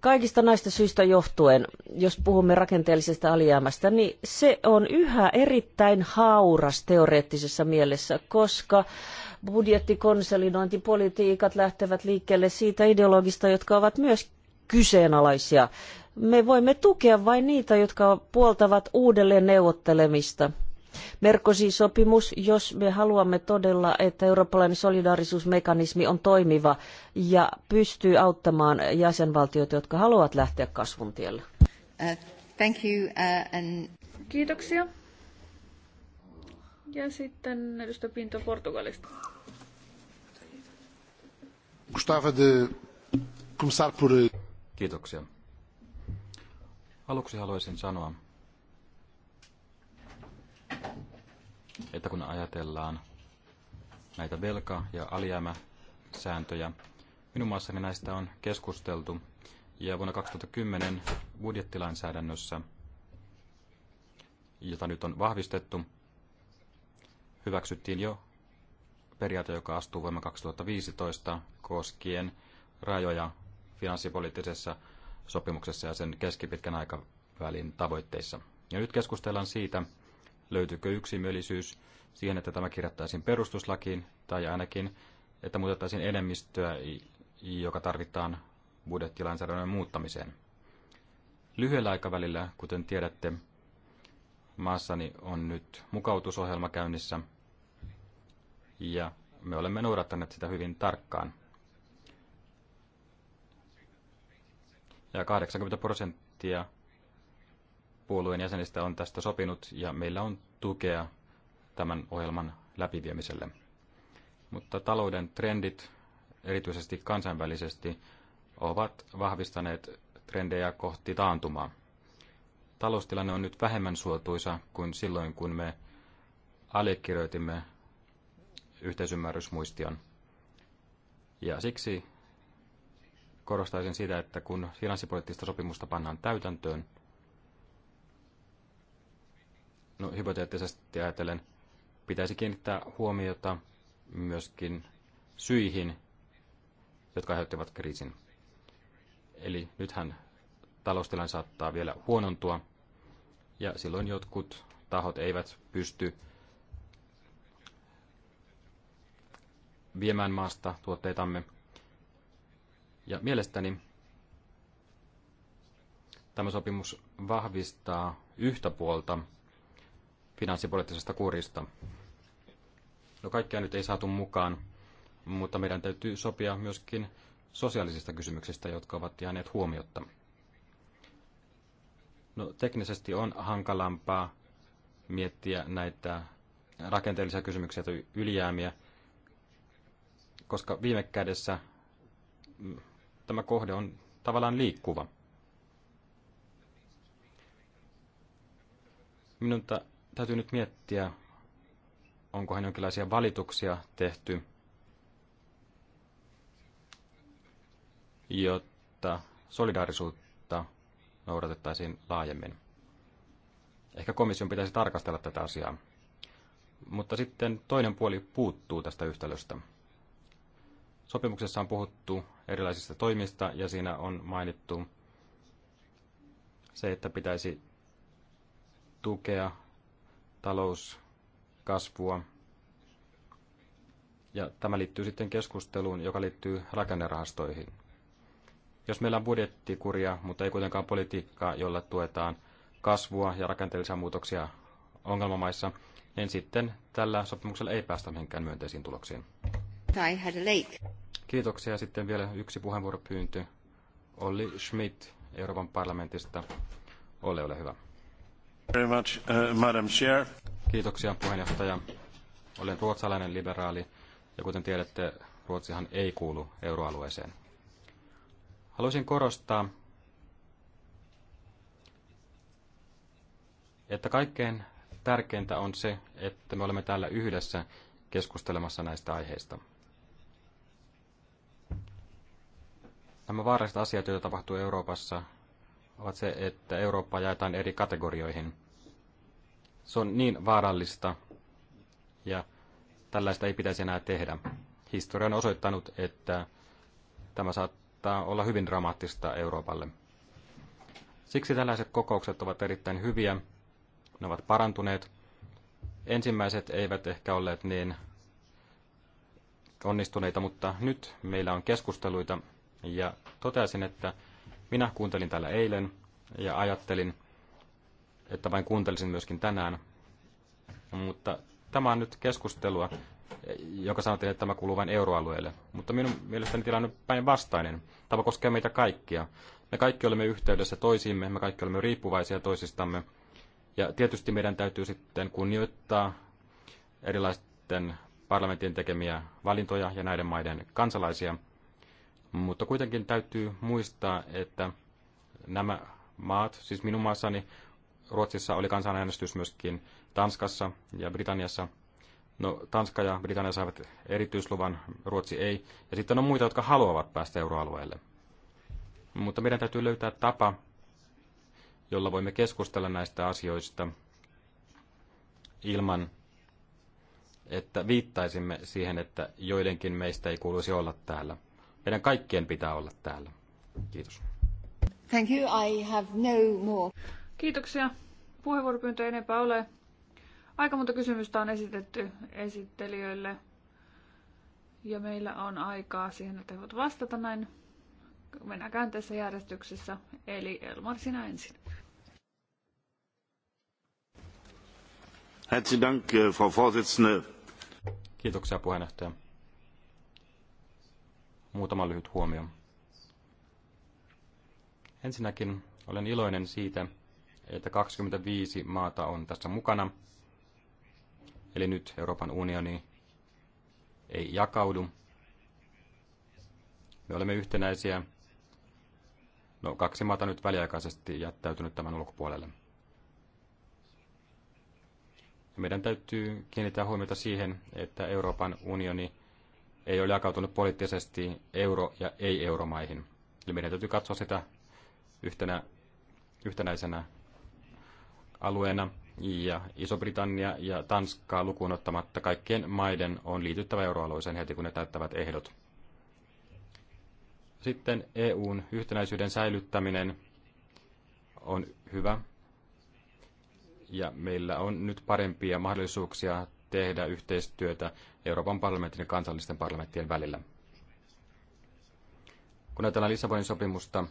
kaikista näistä syistä johtuen, jos puhumme rakenteellisesta alijäämästä, niin se on yhä erittäin hauras teoreettisessa mielessä, koska budjettikonsolidointipolitiikat lähtevät liikkeelle siitä ideologista, jotka ovat myös kyseenalaisia. Me voimme tukea vain niitä, jotka puoltavat uudelleen neuvottelemista. Merkosi-sopimus, jos me haluamme todella, että eurooppalainen solidaarisuusmekanismi on toimiva ja pystyy auttamaan jäsenvaltioita, jotka haluavat lähteä kasvun tielle. Uh, thank you, uh, and... Kiitoksia. Ja sitten edustaja Pinto Portugalista. Gustavo de começar por... Eh, Kiitoksia. Aluksi haluaisin sanoa, että kun ajatellaan näitä velka- ja alijäämäsääntöjä, minun maassani näistä on keskusteltu ja vuonna 2010 budjettilainsäädännössä, jota nyt on vahvistettu, hyväksyttiin jo periaate, joka astuu voimaan 2015 koskien rajoja finanssipoliittisessa sopimuksessa ja sen keskipitkän aikavälin tavoitteissa. Ja nyt keskustellaan siitä, löytyykö yksimielisyys siihen, että tämä kirjattaisiin perustuslakiin, tai ainakin, että muutettaisiin enemmistöä, joka tarvitaan budjettilainsäädännön muuttamiseen. Lyhyellä aikavälillä, kuten tiedätte, Maassani on nyt mukautusohjelma käynnissä ja me olemme noudattaneet sitä hyvin tarkkaan. Ja 80 prosenttia puolueen jäsenistä on tästä sopinut ja meillä on tukea tämän ohjelman läpiviemiselle. Mutta talouden trendit, erityisesti kansainvälisesti, ovat vahvistaneet trendejä kohti taantumaa taloustilanne on nyt vähemmän suotuisa kuin silloin, kun me allekirjoitimme yhteisymmärrysmuistion. Ja siksi korostaisin sitä, että kun finanssipoliittista sopimusta pannaan täytäntöön, no hypoteettisesti ajatellen, pitäisi kiinnittää huomiota myöskin syihin, jotka aiheuttivat kriisin. Eli nythän taloustilanne saattaa vielä huonontua, ja silloin jotkut tahot eivät pysty viemään maasta tuotteitamme. Ja mielestäni tämä sopimus vahvistaa yhtä puolta finanssipoliittisesta kurista. No kaikkea nyt ei saatu mukaan, mutta meidän täytyy sopia myöskin sosiaalisista kysymyksistä, jotka ovat jääneet huomiotta. No, teknisesti on hankalampaa miettiä näitä rakenteellisia kysymyksiä tai ylijäämiä, koska viime kädessä mm, tämä kohde on tavallaan liikkuva. Minun täytyy nyt miettiä, onkohan jonkinlaisia valituksia tehty, jotta solidaarisuutta noudatettaisiin laajemmin. Ehkä komission pitäisi tarkastella tätä asiaa. Mutta sitten toinen puoli puuttuu tästä yhtälöstä. Sopimuksessa on puhuttu erilaisista toimista ja siinä on mainittu se, että pitäisi tukea talouskasvua. Ja tämä liittyy sitten keskusteluun, joka liittyy rakennerahastoihin. Jos meillä on budjettikuria, mutta ei kuitenkaan politiikkaa, jolla tuetaan kasvua ja rakenteellisia muutoksia ongelmamaissa, niin sitten tällä sopimuksella ei päästä mihinkään myönteisiin tuloksiin. Tai had a lake. Kiitoksia. Sitten vielä yksi puheenvuoropyyntö. Olli Schmidt Euroopan parlamentista. Ole, ole hyvä. Very much, uh, Madam Chair. Kiitoksia puheenjohtaja. Olen ruotsalainen liberaali ja kuten tiedätte, Ruotsihan ei kuulu euroalueeseen. Haluaisin korostaa, että kaikkein tärkeintä on se, että me olemme täällä yhdessä keskustelemassa näistä aiheista. Nämä vaaralliset asiat, joita tapahtuu Euroopassa, ovat se, että Eurooppa jaetaan eri kategorioihin. Se on niin vaarallista ja tällaista ei pitäisi enää tehdä. Historia on osoittanut, että tämä saattaa saattaa olla hyvin dramaattista Euroopalle. Siksi tällaiset kokoukset ovat erittäin hyviä, ne ovat parantuneet. Ensimmäiset eivät ehkä olleet niin onnistuneita, mutta nyt meillä on keskusteluita ja totesin, että minä kuuntelin täällä eilen ja ajattelin, että vain kuuntelisin myöskin tänään. Mutta tämä on nyt keskustelua, joka sanottiin, että tämä kuuluu vain euroalueelle. Mutta minun mielestäni tilanne on päinvastainen. Tämä koskee meitä kaikkia. Me kaikki olemme yhteydessä toisiimme, me kaikki olemme riippuvaisia toisistamme. Ja tietysti meidän täytyy sitten kunnioittaa erilaisten parlamentin tekemiä valintoja ja näiden maiden kansalaisia. Mutta kuitenkin täytyy muistaa, että nämä maat, siis minun maassani Ruotsissa oli kansanäänestys myöskin Tanskassa ja Britanniassa – No, Tanska ja Britannia saivat erityisluvan, Ruotsi ei. Ja sitten on muita, jotka haluavat päästä euroalueelle. Mutta meidän täytyy löytää tapa, jolla voimme keskustella näistä asioista ilman, että viittaisimme siihen, että joidenkin meistä ei kuuluisi olla täällä. Meidän kaikkien pitää olla täällä. Kiitos. Thank you. I have no more. Kiitoksia. Puheenvuoropyyntö enempää ole. Aika monta kysymystä on esitetty esittelijöille ja meillä on aikaa siihen, että voit vastata näin. Mennään käänteessä järjestyksessä, eli Elmar sinä ensin. Herzlichen Dank, äh, Frau Vorsitzende. Kiitoksia puheenjohtaja. Muutama lyhyt huomio. Ensinnäkin olen iloinen siitä, että 25 maata on tässä mukana Eli nyt Euroopan unioni ei jakaudu. Me olemme yhtenäisiä. No, kaksi maata nyt väliaikaisesti jättäytynyt tämän ulkopuolelle. Meidän täytyy kiinnittää huomiota siihen, että Euroopan unioni ei ole jakautunut poliittisesti euro- ja ei-euromaihin. Eli meidän täytyy katsoa sitä yhtenä, yhtenäisenä alueena ja Iso-Britannia ja Tanskaa lukuun ottamatta kaikkien maiden on liityttävä euroalueeseen heti, kun ne täyttävät ehdot. Sitten EUn yhtenäisyyden säilyttäminen on hyvä. Ja meillä on nyt parempia mahdollisuuksia tehdä yhteistyötä Euroopan parlamentin ja kansallisten parlamenttien välillä. Kun ajatellaan Lissabonin sopimusta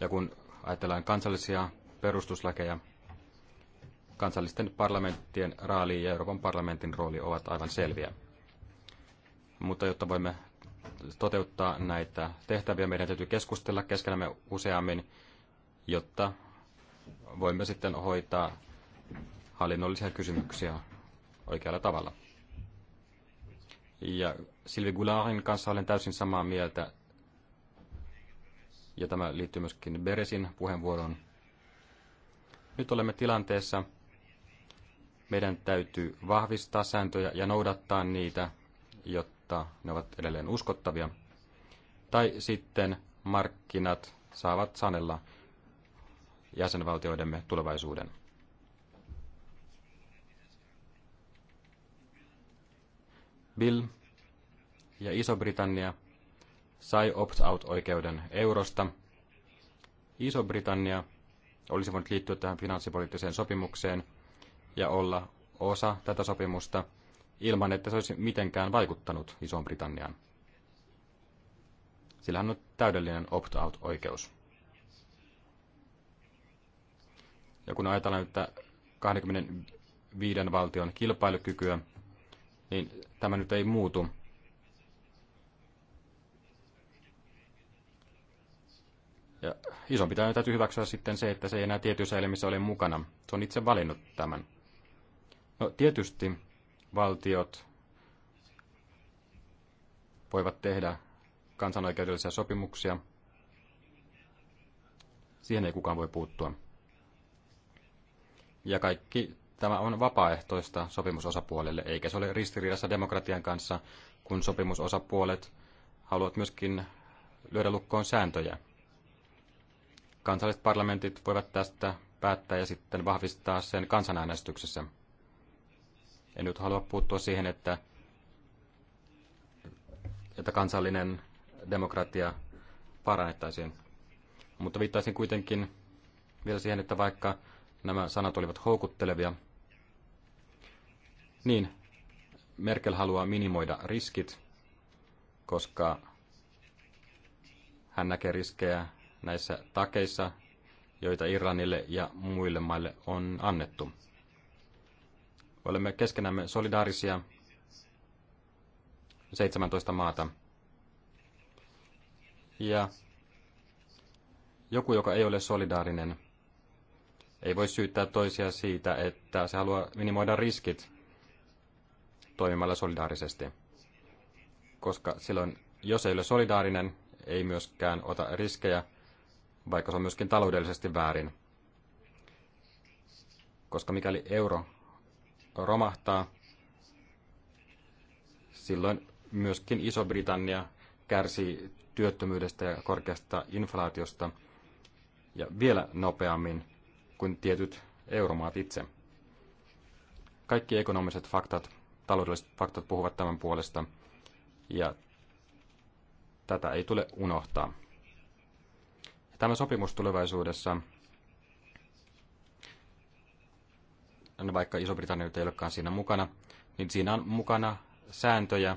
ja kun ajatellaan kansallisia perustuslakeja, kansallisten parlamenttien raali ja Euroopan parlamentin rooli ovat aivan selviä. Mutta jotta voimme toteuttaa näitä tehtäviä, meidän täytyy keskustella keskenämme useammin, jotta voimme sitten hoitaa hallinnollisia kysymyksiä oikealla tavalla. Ja Silvi Goulardin kanssa olen täysin samaa mieltä, ja tämä liittyy myöskin Beresin puheenvuoroon. Nyt olemme tilanteessa, meidän täytyy vahvistaa sääntöjä ja noudattaa niitä, jotta ne ovat edelleen uskottavia. Tai sitten markkinat saavat sanella jäsenvaltioidemme tulevaisuuden. Bill ja Iso-Britannia sai opt-out-oikeuden eurosta. Iso-Britannia olisi voinut liittyä tähän finanssipoliittiseen sopimukseen – ja olla osa tätä sopimusta ilman, että se olisi mitenkään vaikuttanut Iso-Britanniaan. Sillä on täydellinen opt-out-oikeus. Ja kun ajatellaan että 25 valtion kilpailukykyä, niin tämä nyt ei muutu. Ja ison pitää täytyy hyväksyä sitten se, että se ei enää tietyissä elimissä ole mukana. Se on itse valinnut tämän. No tietysti valtiot voivat tehdä kansanoikeudellisia sopimuksia. Siihen ei kukaan voi puuttua. Ja kaikki tämä on vapaaehtoista sopimusosapuolelle, eikä se ole ristiriidassa demokratian kanssa, kun sopimusosapuolet haluavat myöskin lyödä lukkoon sääntöjä. Kansalliset parlamentit voivat tästä päättää ja sitten vahvistaa sen kansanäänestyksessä. En nyt halua puuttua siihen, että, että kansallinen demokratia parannettaisiin. Mutta viittaisin kuitenkin vielä siihen, että vaikka nämä sanat olivat houkuttelevia, niin Merkel haluaa minimoida riskit, koska hän näkee riskejä näissä takeissa, joita Iranille ja muille maille on annettu olemme keskenämme solidaarisia 17 maata. Ja joku, joka ei ole solidaarinen, ei voi syyttää toisia siitä, että se haluaa minimoida riskit toimimalla solidaarisesti. Koska silloin, jos ei ole solidaarinen, ei myöskään ota riskejä, vaikka se on myöskin taloudellisesti väärin. Koska mikäli euro romahtaa, silloin myöskin Iso-Britannia kärsii työttömyydestä ja korkeasta inflaatiosta ja vielä nopeammin kuin tietyt euromaat itse. Kaikki ekonomiset faktat, taloudelliset faktat puhuvat tämän puolesta ja tätä ei tule unohtaa. Tämä sopimus tulevaisuudessa vaikka Iso-Britannia ei olekaan siinä mukana, niin siinä on mukana sääntöjä,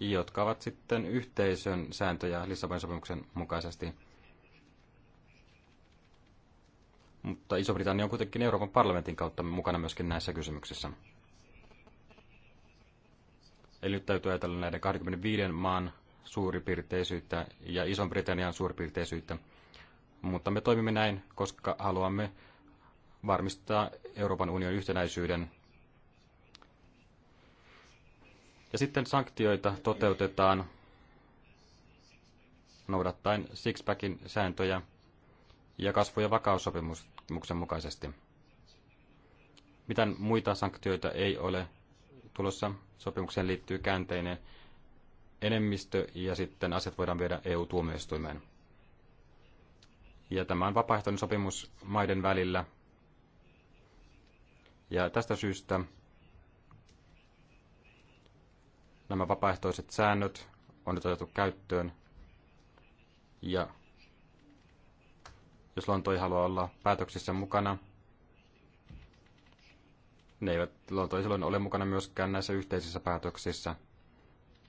jotka ovat sitten yhteisön sääntöjä Lissabonin sopimuksen mukaisesti. Mutta Iso-Britannia on kuitenkin Euroopan parlamentin kautta mukana myöskin näissä kysymyksissä. Eli nyt täytyy ajatella näiden 25 maan suuripiirteisyyttä ja Ison-Britannian suuripiirteisyyttä. Mutta me toimimme näin, koska haluamme varmistaa Euroopan unionin yhtenäisyyden. Ja sitten sanktioita toteutetaan noudattaen Sixpackin sääntöjä ja kasvu- ja vakaussopimuksen mukaisesti. Mitään muita sanktioita ei ole tulossa. Sopimukseen liittyy käänteinen enemmistö ja sitten asiat voidaan viedä EU-tuomioistuimeen. Ja tämä on vapaaehtoinen sopimus maiden välillä – ja tästä syystä nämä vapaaehtoiset säännöt on nyt otettu käyttöön. Ja jos Lontoi haluaa olla päätöksissä mukana, ne eivät Lontoi silloin ole mukana myöskään näissä yhteisissä päätöksissä,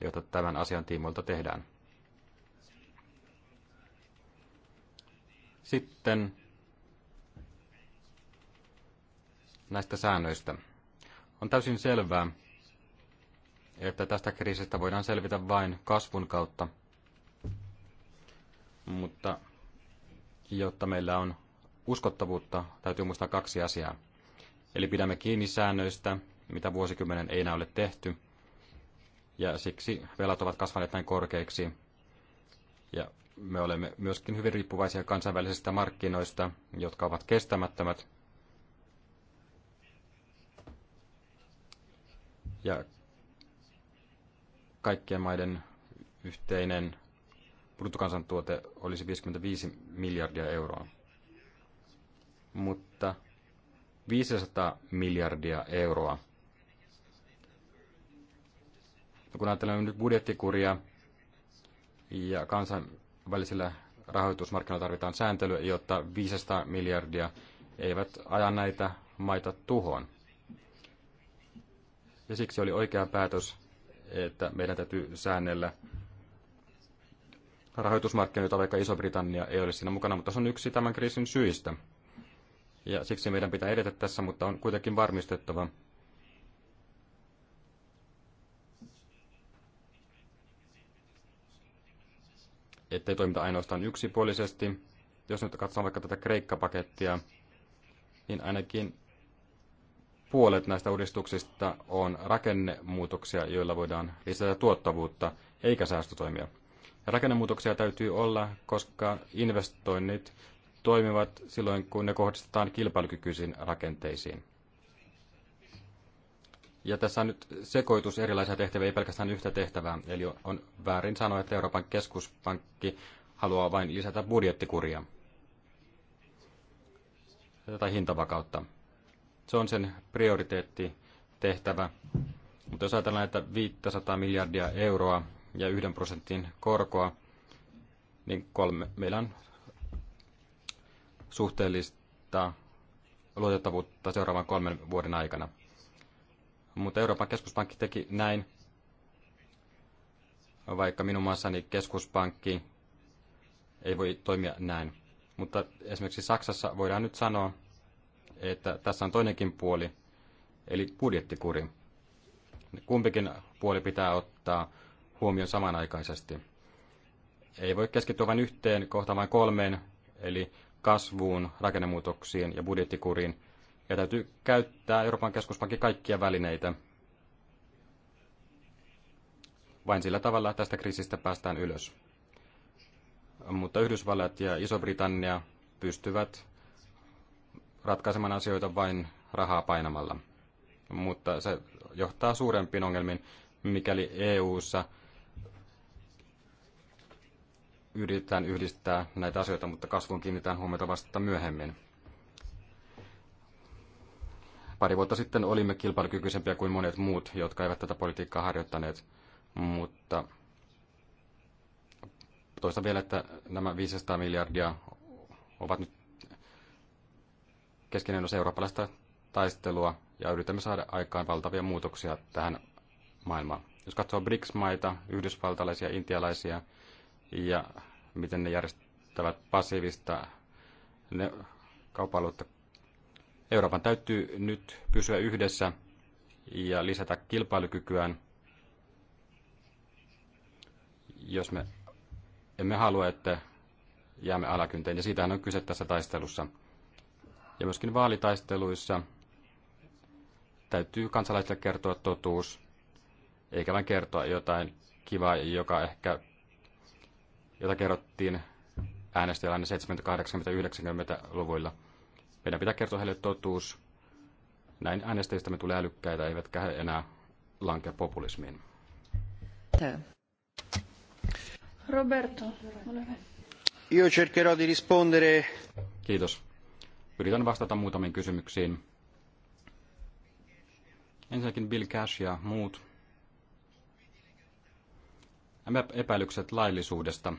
joita tämän asian tiimoilta tehdään. Sitten näistä säännöistä. On täysin selvää, että tästä kriisistä voidaan selvitä vain kasvun kautta, mutta jotta meillä on uskottavuutta, täytyy muistaa kaksi asiaa. Eli pidämme kiinni säännöistä, mitä vuosikymmenen ei enää ole tehty, ja siksi velat ovat kasvaneet näin korkeiksi. Ja me olemme myöskin hyvin riippuvaisia kansainvälisistä markkinoista, jotka ovat kestämättömät, Ja kaikkien maiden yhteinen bruttokansantuote olisi 55 miljardia euroa. Mutta 500 miljardia euroa. Ja no, kun ajatellaan nyt budjettikuria ja kansainvälisillä rahoitusmarkkinoilla tarvitaan sääntelyä, jotta 500 miljardia eivät aja näitä maita tuhoon. Ja siksi oli oikea päätös, että meidän täytyy säännellä rahoitusmarkkinoita, vaikka Iso-Britannia ei ole siinä mukana, mutta se on yksi tämän kriisin syistä. Ja siksi meidän pitää edetä tässä, mutta on kuitenkin varmistettava, ettei toimita ainoastaan yksipuolisesti. Jos nyt katsotaan vaikka tätä Kreikka-pakettia, niin ainakin puolet näistä uudistuksista on rakennemuutoksia, joilla voidaan lisätä tuottavuutta, eikä säästötoimia. Ja rakennemuutoksia täytyy olla, koska investoinnit toimivat silloin, kun ne kohdistetaan kilpailukykyisiin rakenteisiin. Ja tässä on nyt sekoitus erilaisia tehtäviä, ei pelkästään yhtä tehtävää. Eli on väärin sanoa, että Euroopan keskuspankki haluaa vain lisätä budjettikuria tai hintavakautta. Se on sen prioriteetti tehtävä. Mutta jos ajatellaan, että 500 miljardia euroa ja yhden prosentin korkoa, niin kolme, meillä on suhteellista luotettavuutta seuraavan kolmen vuoden aikana. Mutta Euroopan keskuspankki teki näin, vaikka minun maassani keskuspankki ei voi toimia näin. Mutta esimerkiksi Saksassa voidaan nyt sanoa, että tässä on toinenkin puoli, eli budjettikuri. Kumpikin puoli pitää ottaa huomioon samanaikaisesti. Ei voi keskittyä vain yhteen, kohta vain kolmeen, eli kasvuun, rakennemuutoksiin ja budjettikuriin. Ja täytyy käyttää Euroopan keskuspankin kaikkia välineitä. Vain sillä tavalla tästä kriisistä päästään ylös. Mutta Yhdysvallat ja Iso-Britannia pystyvät ratkaisemaan asioita vain rahaa painamalla. Mutta se johtaa suurempiin ongelmiin, mikäli EU:ssa yritetään yhdistää näitä asioita, mutta kasvuun kiinnitään huomiota vasta myöhemmin. Pari vuotta sitten olimme kilpailukykyisempiä kuin monet muut, jotka eivät tätä politiikkaa harjoittaneet, mutta toista vielä, että nämä 500 miljardia ovat nyt keskeinen osa eurooppalaista taistelua ja yritämme saada aikaan valtavia muutoksia tähän maailmaan. Jos katsoo BRICS-maita, yhdysvaltalaisia, intialaisia ja miten ne järjestävät passiivista ne, kaupaluutta, Euroopan täytyy nyt pysyä yhdessä ja lisätä kilpailukykyään, jos me emme halua, että jäämme alakynteen. Ja siitähän on kyse tässä taistelussa. Ja myöskin vaalitaisteluissa täytyy kansalaisille kertoa totuus, eikä vain kertoa jotain kivaa, joka ehkä, jota kerrottiin äänestäjällä 70, 80, 90 luvuilla. Meidän pitää kertoa heille totuus. Näin äänestäjistämme tulee älykkäitä, eivätkä he enää lankea populismiin. Roberto, ole hyvä. Io cercherò di rispondere. Kiitos. Yritän vastata muutamiin kysymyksiin. Ensinnäkin Bill Cash ja muut. Epäilykset laillisuudesta.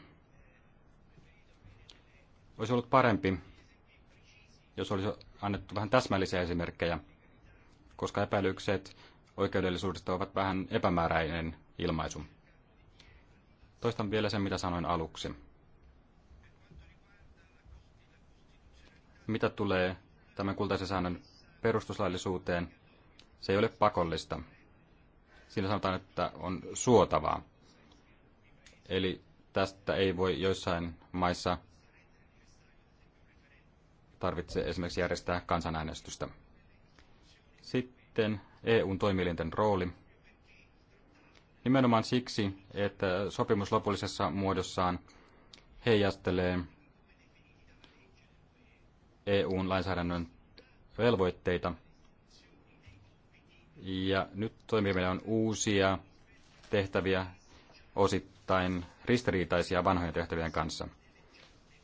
Olisi ollut parempi, jos olisi annettu vähän täsmällisiä esimerkkejä, koska epäilykset oikeudellisuudesta ovat vähän epämääräinen ilmaisu. Toistan vielä sen, mitä sanoin aluksi. mitä tulee tämän kultaisen säännön perustuslaillisuuteen, se ei ole pakollista. Siinä sanotaan, että on suotavaa. Eli tästä ei voi joissain maissa tarvitse esimerkiksi järjestää kansanäänestystä. Sitten EUn toimielinten rooli. Nimenomaan siksi, että sopimus lopullisessa muodossaan heijastelee EUn lainsäädännön velvoitteita. Ja nyt meillä on uusia tehtäviä osittain ristiriitaisia vanhojen tehtävien kanssa.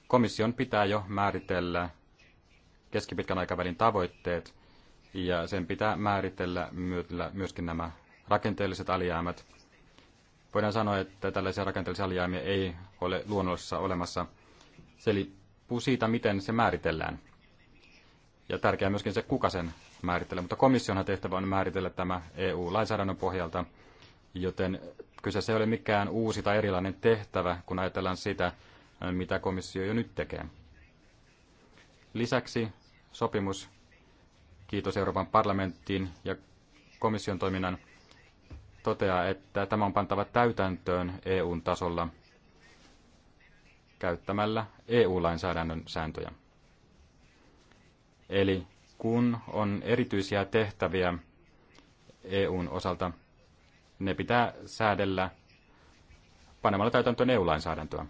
Komission pitää jo määritellä keskipitkän aikavälin tavoitteet ja sen pitää määritellä myöskin nämä rakenteelliset alijäämät. Voidaan sanoa, että tällaisia rakenteellisia alijäämiä ei ole luonnollisessa olemassa. Se riippuu siitä, miten se määritellään. Ja tärkeää myöskin se, kuka sen määrittelee. Mutta komissionhan tehtävä on määritellä tämä EU-lainsäädännön pohjalta, joten kyseessä ei ole mikään uusi tai erilainen tehtävä, kun ajatellaan sitä, mitä komissio jo nyt tekee. Lisäksi sopimus, kiitos Euroopan parlamenttiin ja komission toiminnan, toteaa, että tämä on pantava täytäntöön eu tasolla – käyttämällä EU-lainsäädännön sääntöjä. Eli kun on erityisiä tehtäviä EUn osalta, ne pitää säädellä panemalla täytäntöön EU-lainsäädäntöä.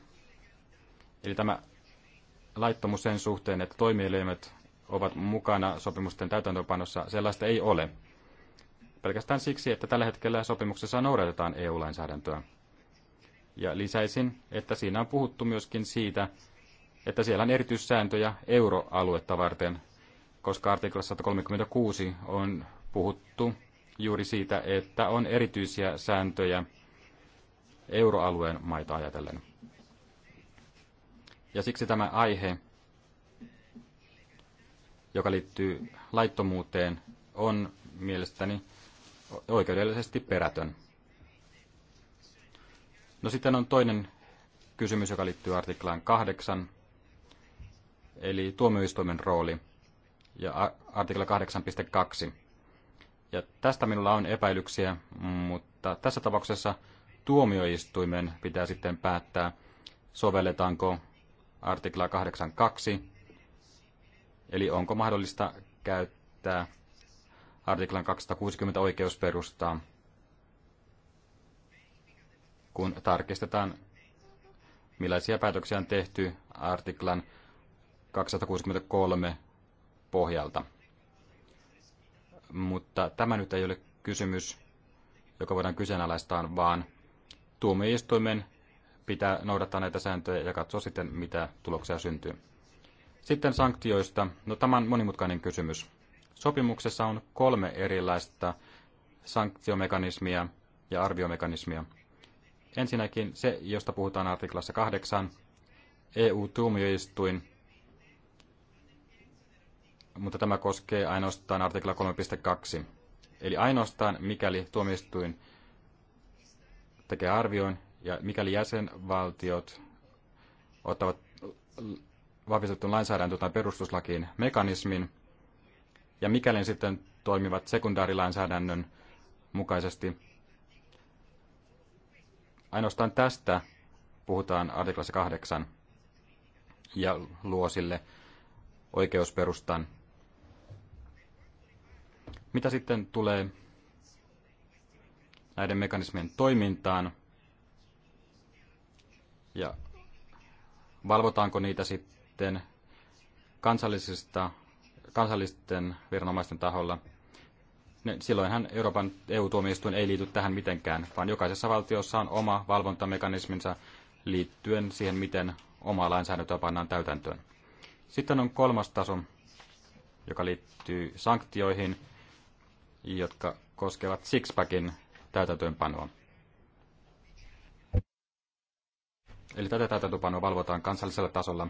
Eli tämä laittomuus sen suhteen, että toimielimet ovat mukana sopimusten täytäntöönpanossa, sellaista ei ole. Pelkästään siksi, että tällä hetkellä sopimuksessa noudatetaan EU-lainsäädäntöä. Ja lisäisin, että siinä on puhuttu myöskin siitä, että siellä on erityissääntöjä euroaluetta varten, koska artiklassa 136 on puhuttu juuri siitä, että on erityisiä sääntöjä euroalueen maita ajatellen. Ja siksi tämä aihe, joka liittyy laittomuuteen, on mielestäni oikeudellisesti perätön. No sitten on toinen kysymys, joka liittyy artiklaan 8, eli tuomioistuimen rooli ja artikla 8.2. Ja tästä minulla on epäilyksiä, mutta tässä tapauksessa tuomioistuimen pitää sitten päättää, sovelletaanko artikla 8.2, eli onko mahdollista käyttää artiklan 260 oikeusperustaa kun tarkistetaan, millaisia päätöksiä on tehty artiklan 263 pohjalta. Mutta tämä nyt ei ole kysymys, joka voidaan kyseenalaistaa, vaan tuomioistuimen pitää noudattaa näitä sääntöjä ja katsoa sitten, mitä tuloksia syntyy. Sitten sanktioista. No tämä on monimutkainen kysymys. Sopimuksessa on kolme erilaista sanktiomekanismia ja arviomekanismia. Ensinnäkin se, josta puhutaan artiklassa 8, EU-tuomioistuin, mutta tämä koskee ainoastaan artikla 3.2. Eli ainoastaan mikäli tuomioistuin tekee arvion ja mikäli jäsenvaltiot ottavat vahvistettuun lainsäädäntöön tai perustuslakiin mekanismin, ja mikäli sitten toimivat sekundaarilainsäädännön mukaisesti, Ainoastaan tästä puhutaan artiklassa kahdeksan ja luo sille oikeusperustan. Mitä sitten tulee näiden mekanismien toimintaan ja valvotaanko niitä sitten kansallisista, kansallisten viranomaisten taholla – silloinhan Euroopan EU-tuomioistuin ei liity tähän mitenkään, vaan jokaisessa valtiossa on oma valvontamekanisminsa liittyen siihen, miten omaa lainsäädäntöä pannaan täytäntöön. Sitten on kolmas taso, joka liittyy sanktioihin, jotka koskevat Sixpackin täytäntöönpanoa. Eli tätä täytäntöpanoa valvotaan kansallisella tasolla.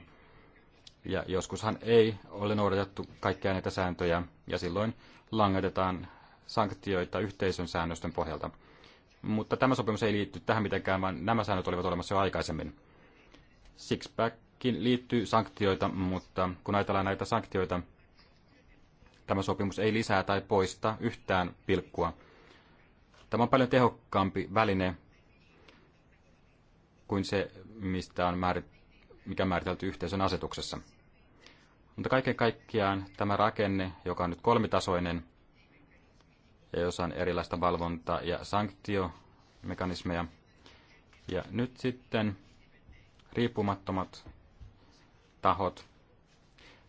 Ja joskushan ei ole noudatettu kaikkia näitä sääntöjä, ja silloin langetetaan sanktioita yhteisön säännösten pohjalta. Mutta tämä sopimus ei liitty tähän mitenkään, vaan nämä säännöt olivat olemassa jo aikaisemmin. Sixpackin liittyy sanktioita, mutta kun ajatellaan näitä sanktioita, tämä sopimus ei lisää tai poista yhtään pilkkua. Tämä on paljon tehokkaampi väline kuin se, mistä on määrit, mikä on määritelty yhteisön asetuksessa. Mutta kaiken kaikkiaan tämä rakenne, joka on nyt kolmitasoinen, ja jossa on erilaista valvontaa ja sanktiomekanismeja. Ja nyt sitten riippumattomat tahot.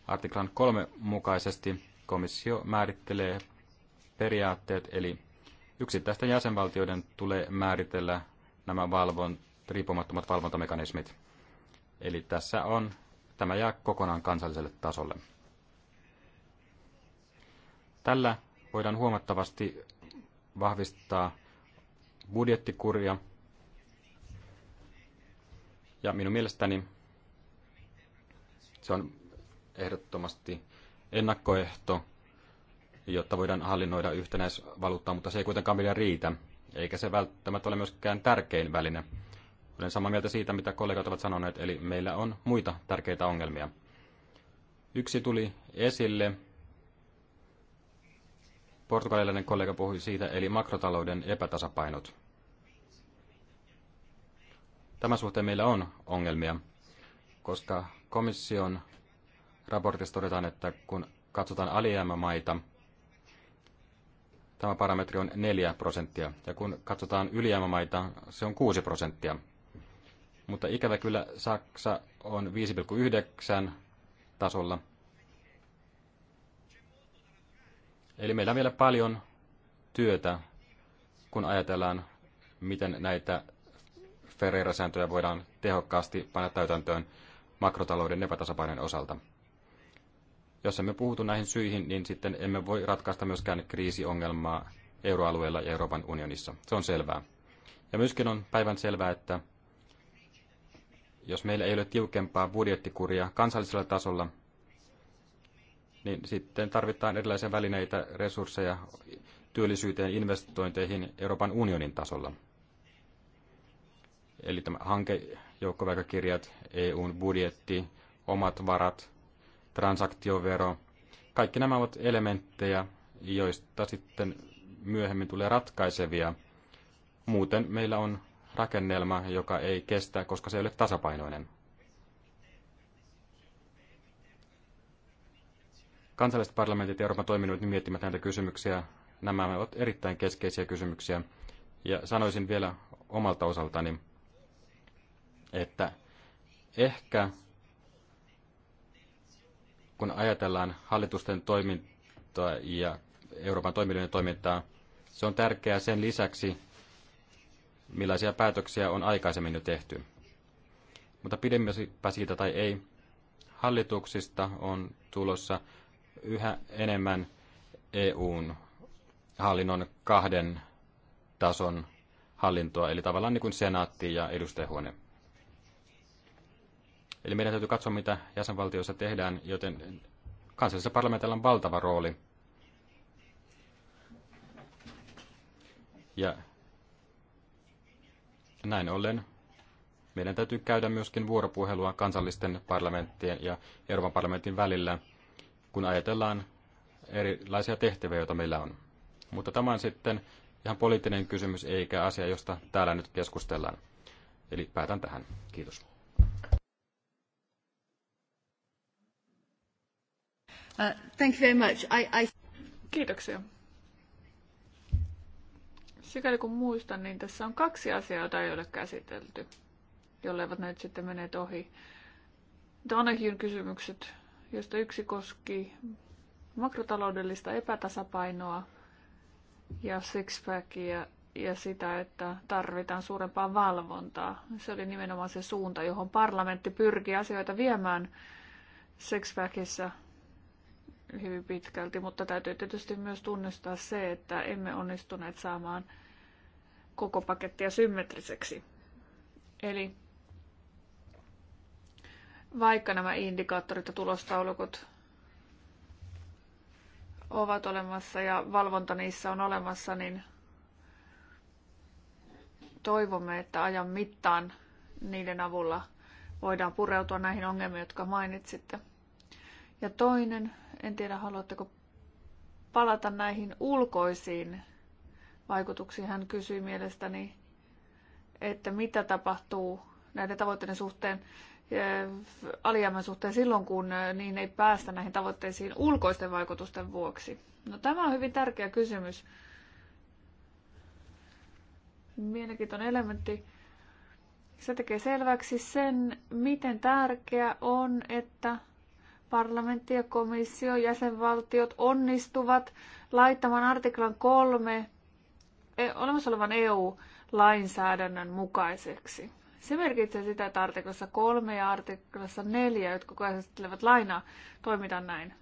Artiklan kolme mukaisesti komissio määrittelee periaatteet, eli yksittäisten jäsenvaltioiden tulee määritellä nämä valvon, riippumattomat valvontamekanismit. Eli tässä on, tämä jää kokonaan kansalliselle tasolle. Tällä voidaan huomattavasti vahvistaa budjettikuria. Ja minun mielestäni se on ehdottomasti ennakkoehto, jotta voidaan hallinnoida yhtenäisvaluuttaa, mutta se ei kuitenkaan vielä riitä, eikä se välttämättä ole myöskään tärkein väline. Olen samaa mieltä siitä, mitä kollegat ovat sanoneet, eli meillä on muita tärkeitä ongelmia. Yksi tuli esille portugalilainen kollega puhui siitä, eli makrotalouden epätasapainot. Tämän suhteen meillä on ongelmia, koska komission raportissa todetaan, että kun katsotaan alijäämämaita, tämä parametri on 4 prosenttia, ja kun katsotaan ylijäämämaita, se on 6 prosenttia. Mutta ikävä kyllä Saksa on 5,9 tasolla, Eli meillä on vielä paljon työtä, kun ajatellaan, miten näitä Ferreira-sääntöjä voidaan tehokkaasti panna täytäntöön makrotalouden epätasapainon osalta. Jos emme puhutu näihin syihin, niin sitten emme voi ratkaista myöskään kriisiongelmaa euroalueella ja Euroopan unionissa. Se on selvää. Ja myöskin on päivän selvää, että jos meillä ei ole tiukempaa budjettikuria kansallisella tasolla, niin sitten tarvitaan erilaisia välineitä, resursseja työllisyyteen, investointeihin Euroopan unionin tasolla. Eli tämä hanke, joukkovelkakirjat, EUn budjetti, omat varat, transaktiovero, kaikki nämä ovat elementtejä, joista sitten myöhemmin tulee ratkaisevia. Muuten meillä on rakennelma, joka ei kestä, koska se ei ole tasapainoinen. kansalliset parlamentit ja Euroopan toiminnot niin miettimät näitä kysymyksiä. Nämä ovat erittäin keskeisiä kysymyksiä. Ja sanoisin vielä omalta osaltani, että ehkä kun ajatellaan hallitusten toimintaa ja Euroopan toimijoiden toimintaa, se on tärkeää sen lisäksi, millaisia päätöksiä on aikaisemmin jo tehty. Mutta pidemmäpä siitä tai ei, hallituksista on tulossa yhä enemmän EUn hallinnon kahden tason hallintoa, eli tavallaan niin kuin senaatti ja edustajahuone. Eli meidän täytyy katsoa, mitä jäsenvaltioissa tehdään, joten kansallisessa parlamentilla on valtava rooli. Ja näin ollen meidän täytyy käydä myöskin vuoropuhelua kansallisten parlamenttien ja Euroopan parlamentin välillä – kun ajatellaan erilaisia tehtäviä, joita meillä on. Mutta tämä on sitten ihan poliittinen kysymys eikä asia, josta täällä nyt keskustellaan. Eli päätän tähän. Kiitos. Uh, thank you very much. I, I... Kiitoksia. Sikäli kun muistan, niin tässä on kaksi asiaa, joita ei ole käsitelty, jolleivat ne nyt sitten menee ohi. Donahue'n kysymykset josta yksi koski makrotaloudellista epätasapainoa ja sixpackia ja sitä, että tarvitaan suurempaa valvontaa. Se oli nimenomaan se suunta, johon parlamentti pyrki asioita viemään sixpackissa hyvin pitkälti, mutta täytyy tietysti myös tunnistaa se, että emme onnistuneet saamaan koko pakettia symmetriseksi. Eli vaikka nämä indikaattorit ja tulostaulukot ovat olemassa ja valvonta niissä on olemassa, niin toivomme, että ajan mittaan niiden avulla voidaan pureutua näihin ongelmiin, jotka mainitsitte. Ja toinen, en tiedä haluatteko palata näihin ulkoisiin vaikutuksiin. Hän kysyi mielestäni, että mitä tapahtuu näiden tavoitteiden suhteen Äh, alijäämän suhteen silloin, kun äh, niin ei päästä näihin tavoitteisiin ulkoisten vaikutusten vuoksi? No, tämä on hyvin tärkeä kysymys. Mielenkiintoinen elementti. Se tekee selväksi sen, miten tärkeää on, että parlamentti ja komissio, jäsenvaltiot onnistuvat laittamaan artiklan kolme e, olemassa olevan EU-lainsäädännön mukaiseksi. Se merkitsee sitä, että artiklassa 3 ja artiklassa 4, jotka käsittelevät lainaa, toimitaan näin.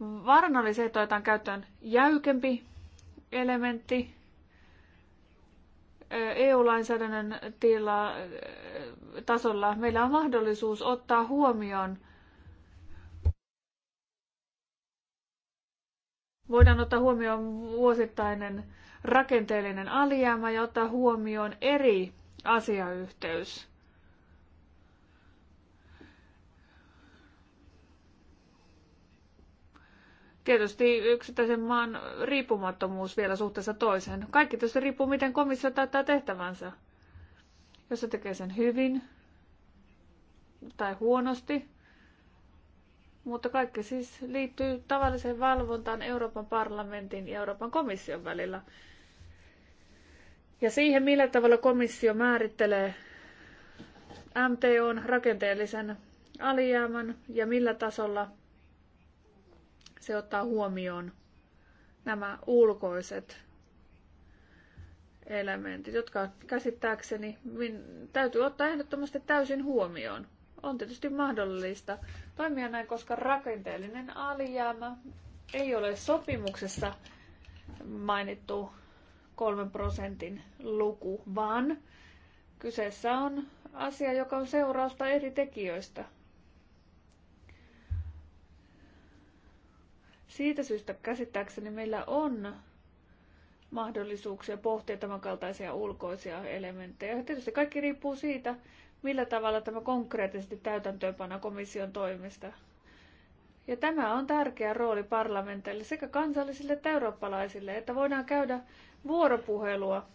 Vaarana oli se, että otetaan käyttöön jäykempi elementti, EU-lainsäädännön tila, tasolla meillä on mahdollisuus ottaa huomioon Voidaan ottaa huomioon vuosittainen rakenteellinen alijäämä ja ottaa huomioon eri asiayhteys. Tietysti yksittäisen maan riippumattomuus vielä suhteessa toiseen. Kaikki tietysti riippuu, miten komissio täyttää tehtävänsä. Jos se tekee sen hyvin tai huonosti, mutta kaikki siis liittyy tavalliseen valvontaan Euroopan parlamentin ja Euroopan komission välillä. Ja siihen, millä tavalla komissio määrittelee MTOn rakenteellisen alijäämän ja millä tasolla se ottaa huomioon nämä ulkoiset elementit, jotka käsittääkseni min, täytyy ottaa ehdottomasti täysin huomioon. On tietysti mahdollista toimia näin, koska rakenteellinen alijäämä ei ole sopimuksessa mainittu kolmen prosentin luku, vaan kyseessä on asia, joka on seurausta eri tekijöistä. Siitä syystä käsittääkseni meillä on mahdollisuuksia pohtia tämän kaltaisia ulkoisia elementtejä. Tietysti kaikki riippuu siitä, millä tavalla tämä konkreettisesti täytäntöönpana komission toimista. Ja tämä on tärkeä rooli parlamentille sekä kansallisille että eurooppalaisille, että voidaan käydä vuoropuhelua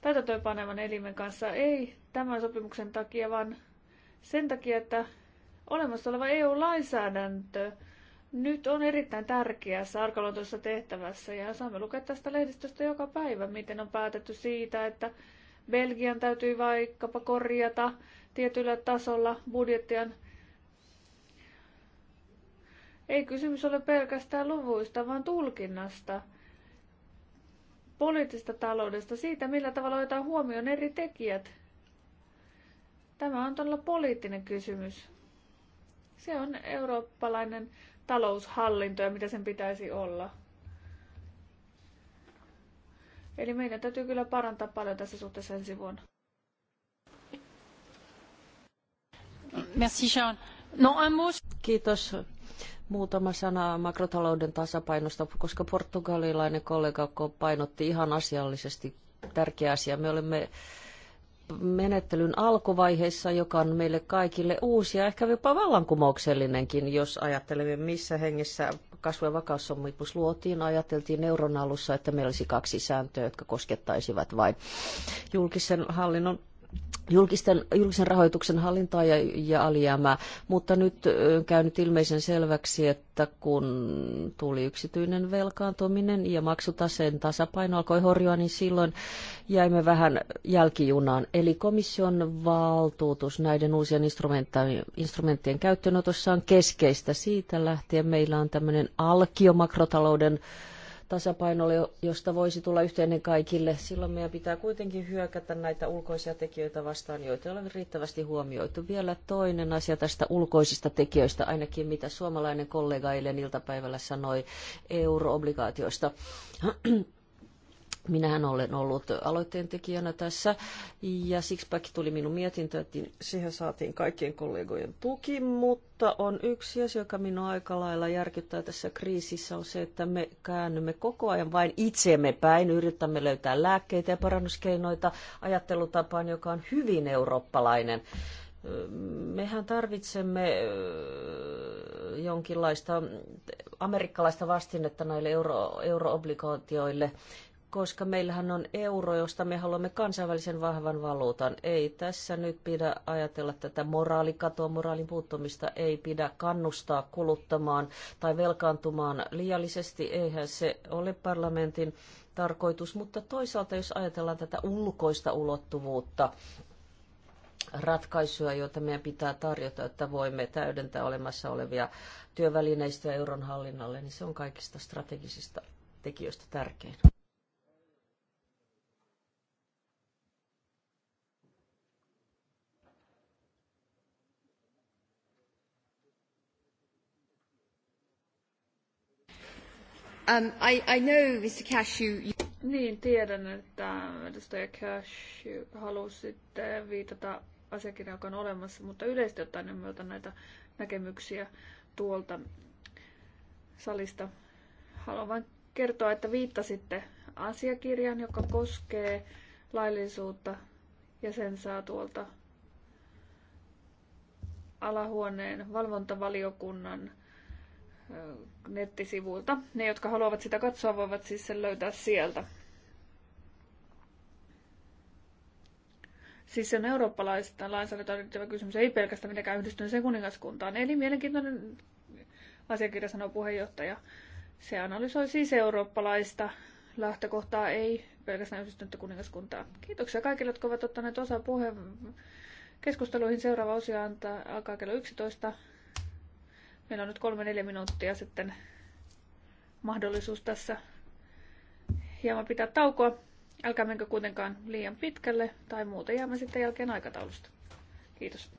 täytäntöönpanevan elimen kanssa, ei tämän sopimuksen takia, vaan sen takia, että olemassa oleva EU-lainsäädäntö nyt on erittäin tärkeässä arkaluontoisessa tehtävässä ja saamme lukea tästä lehdistöstä joka päivä, miten on päätetty siitä, että Belgian täytyy vaikkapa korjata tietyllä tasolla budjettian. Ei kysymys ole pelkästään luvuista, vaan tulkinnasta – poliittisesta taloudesta, siitä millä tavalla otetaan huomioon eri tekijät. Tämä on todella poliittinen kysymys. Se on eurooppalainen taloushallinto ja mitä sen pitäisi olla. Eli meidän täytyy kyllä parantaa paljon tässä suhteessa ensi vuonna. Merci Jean. No, un mot. Kiitos. Muutama sana makrotalouden tasapainosta, koska portugalilainen kollega painotti ihan asiallisesti tärkeä asia. Me olemme menettelyn alkuvaiheessa, joka on meille kaikille uusi ja ehkä jopa vallankumouksellinenkin, jos ajattelemme missä hengessä kasvu- ja vakaussommipus luotiin. Ajateltiin euron alussa, että meillä olisi kaksi sääntöä, jotka koskettaisivat vain julkisen hallinnon julkisten, julkisen rahoituksen hallintaa ja, ja alijäämää, mutta nyt on käynyt ilmeisen selväksi, että kun tuli yksityinen velkaantuminen ja maksutaseen tasapaino alkoi horjua, niin silloin jäimme vähän jälkijunaan. Eli komission valtuutus näiden uusien instrumenttien käyttöönotossa on keskeistä. Siitä lähtien meillä on tämmöinen alkio makrotalouden tasapainolle, josta voisi tulla yhteinen kaikille. Silloin meidän pitää kuitenkin hyökätä näitä ulkoisia tekijöitä vastaan, joita ei ole riittävästi huomioitu. Vielä toinen asia tästä ulkoisista tekijöistä, ainakin mitä suomalainen kollega eilen iltapäivällä sanoi euro-obligaatioista. Minähän olen ollut aloitteen tekijänä tässä ja Sixpack tuli minun mietintö, että siihen saatiin kaikkien kollegojen tuki, mutta on yksi asia, joka minua aika lailla järkyttää tässä kriisissä, on se, että me käännymme koko ajan vain itseemme päin, yritämme löytää lääkkeitä ja parannuskeinoita ajattelutapaan, joka on hyvin eurooppalainen mehän tarvitsemme jonkinlaista amerikkalaista vastinetta näille euro, euroobligaatioille, koska meillähän on euro, josta me haluamme kansainvälisen vahvan valuutan. Ei tässä nyt pidä ajatella tätä moraalikatoa, moraalin puuttumista, ei pidä kannustaa kuluttamaan tai velkaantumaan liiallisesti. Eihän se ole parlamentin tarkoitus, mutta toisaalta jos ajatellaan tätä ulkoista ulottuvuutta, ratkaisuja, joita meidän pitää tarjota, että voimme täydentää olemassa olevia työvälineistöjä euron hallinnalle, niin se on kaikista strategisista tekijöistä tärkein. Um, I, I know, Mr. Cashew... You... Niin, tiedän, että edustaja Cashew halusitte viitata asiakirja, joka on olemassa, mutta yleisesti ottaen ymmärtä näitä näkemyksiä tuolta salista. Haluan vain kertoa, että viittasitte asiakirjan, joka koskee laillisuutta ja sen saa tuolta alahuoneen valvontavaliokunnan nettisivuilta. Ne, jotka haluavat sitä katsoa, voivat siis sen löytää sieltä. Siis se on eurooppalaista lainsäädäntöä liittyvä kysymys, ei pelkästään mitenkään sen kuningaskuntaan. Eli mielenkiintoinen asiakirja sanoo puheenjohtaja. Se analysoi siis eurooppalaista lähtökohtaa, ei pelkästään yhdistynyttä kuningaskuntaa. Kiitoksia kaikille, jotka ovat ottaneet osaa puheen keskusteluihin. Seuraava osio antaa, alkaa kello 11. Meillä on nyt kolme neljä minuuttia sitten mahdollisuus tässä hieman pitää taukoa. Älkää menkö kuitenkaan liian pitkälle tai muuten jäämme sitten jälkeen aikataulusta. Kiitos.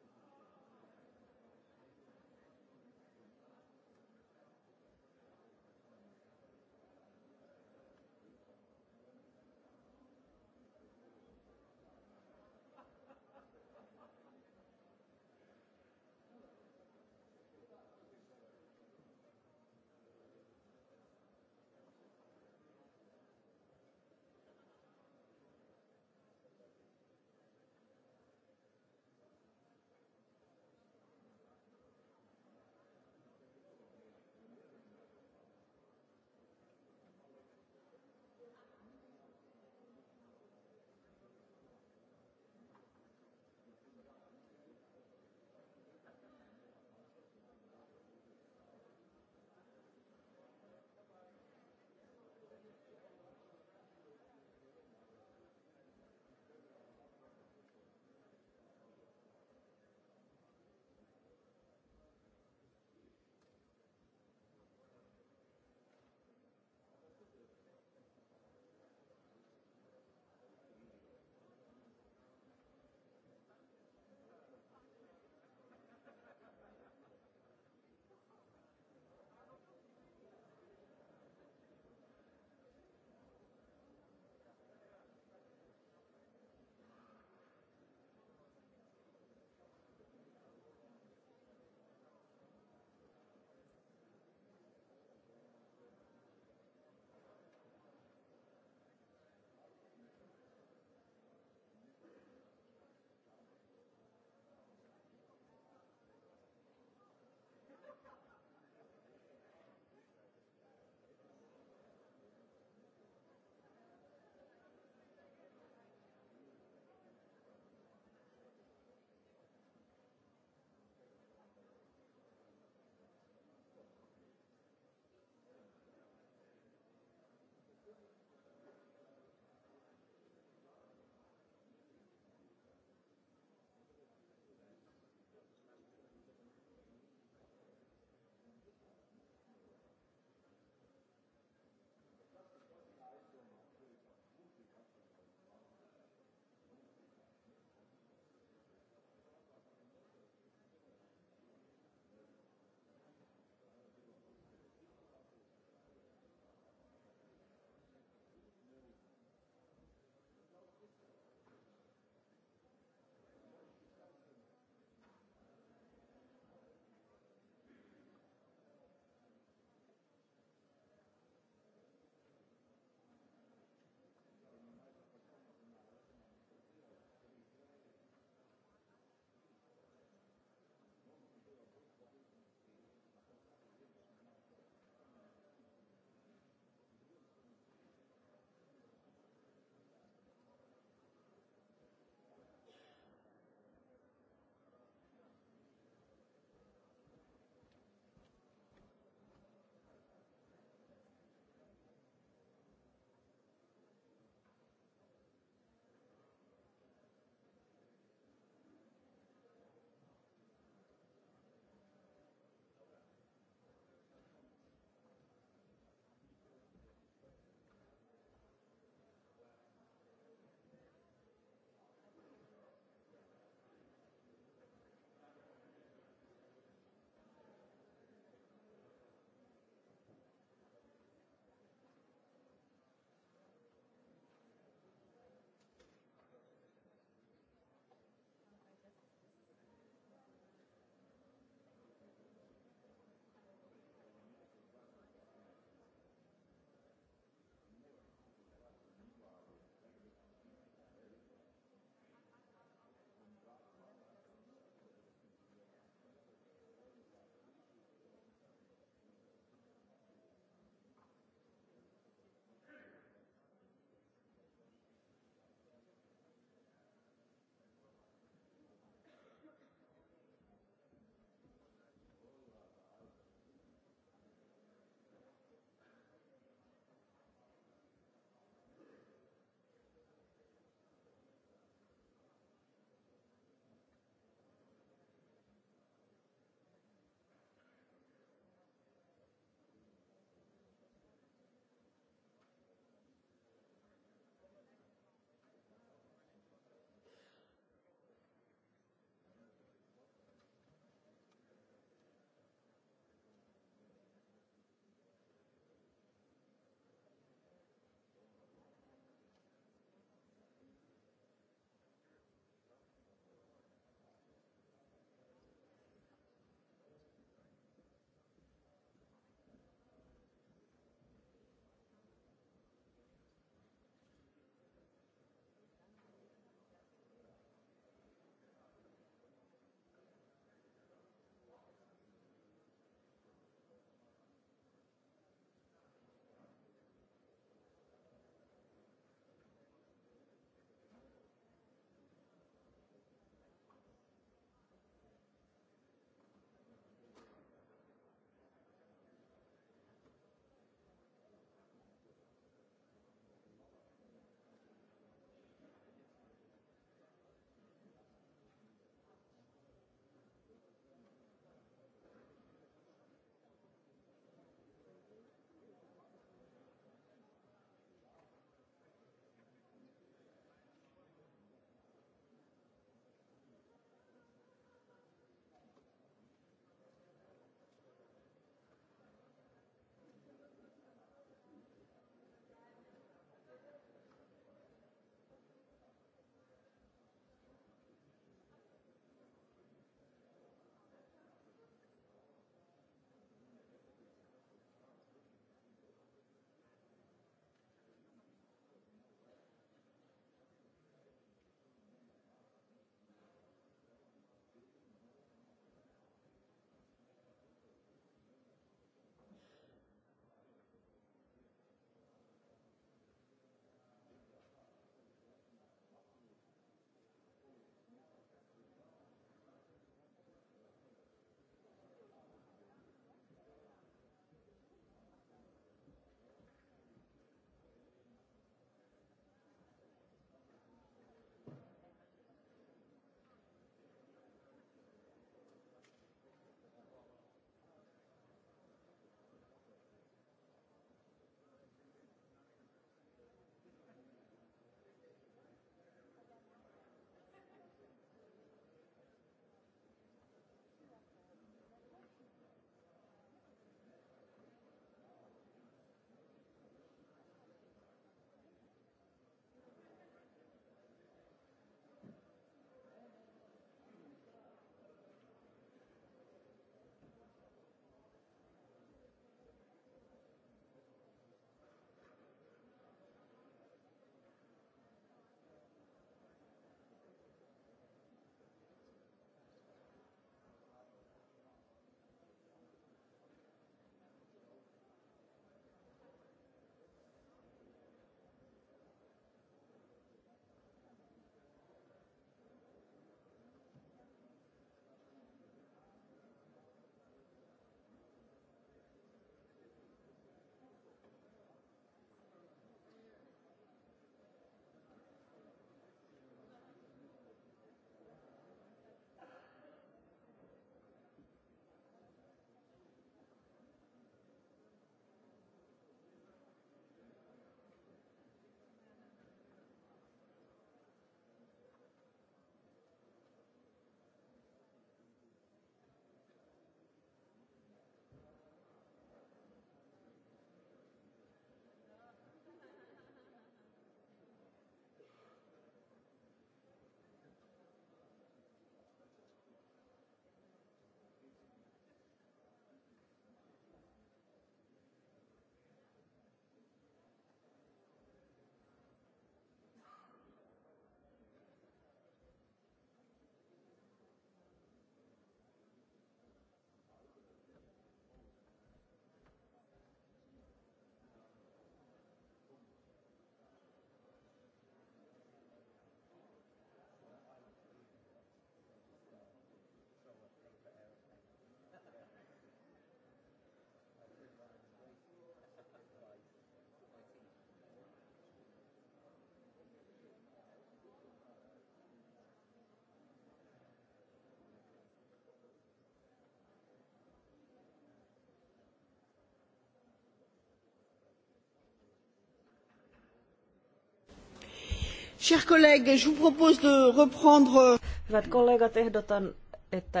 Chers collègues, je vous propose de reprendre... Euh, Hyvät kollegat, ehdotan, että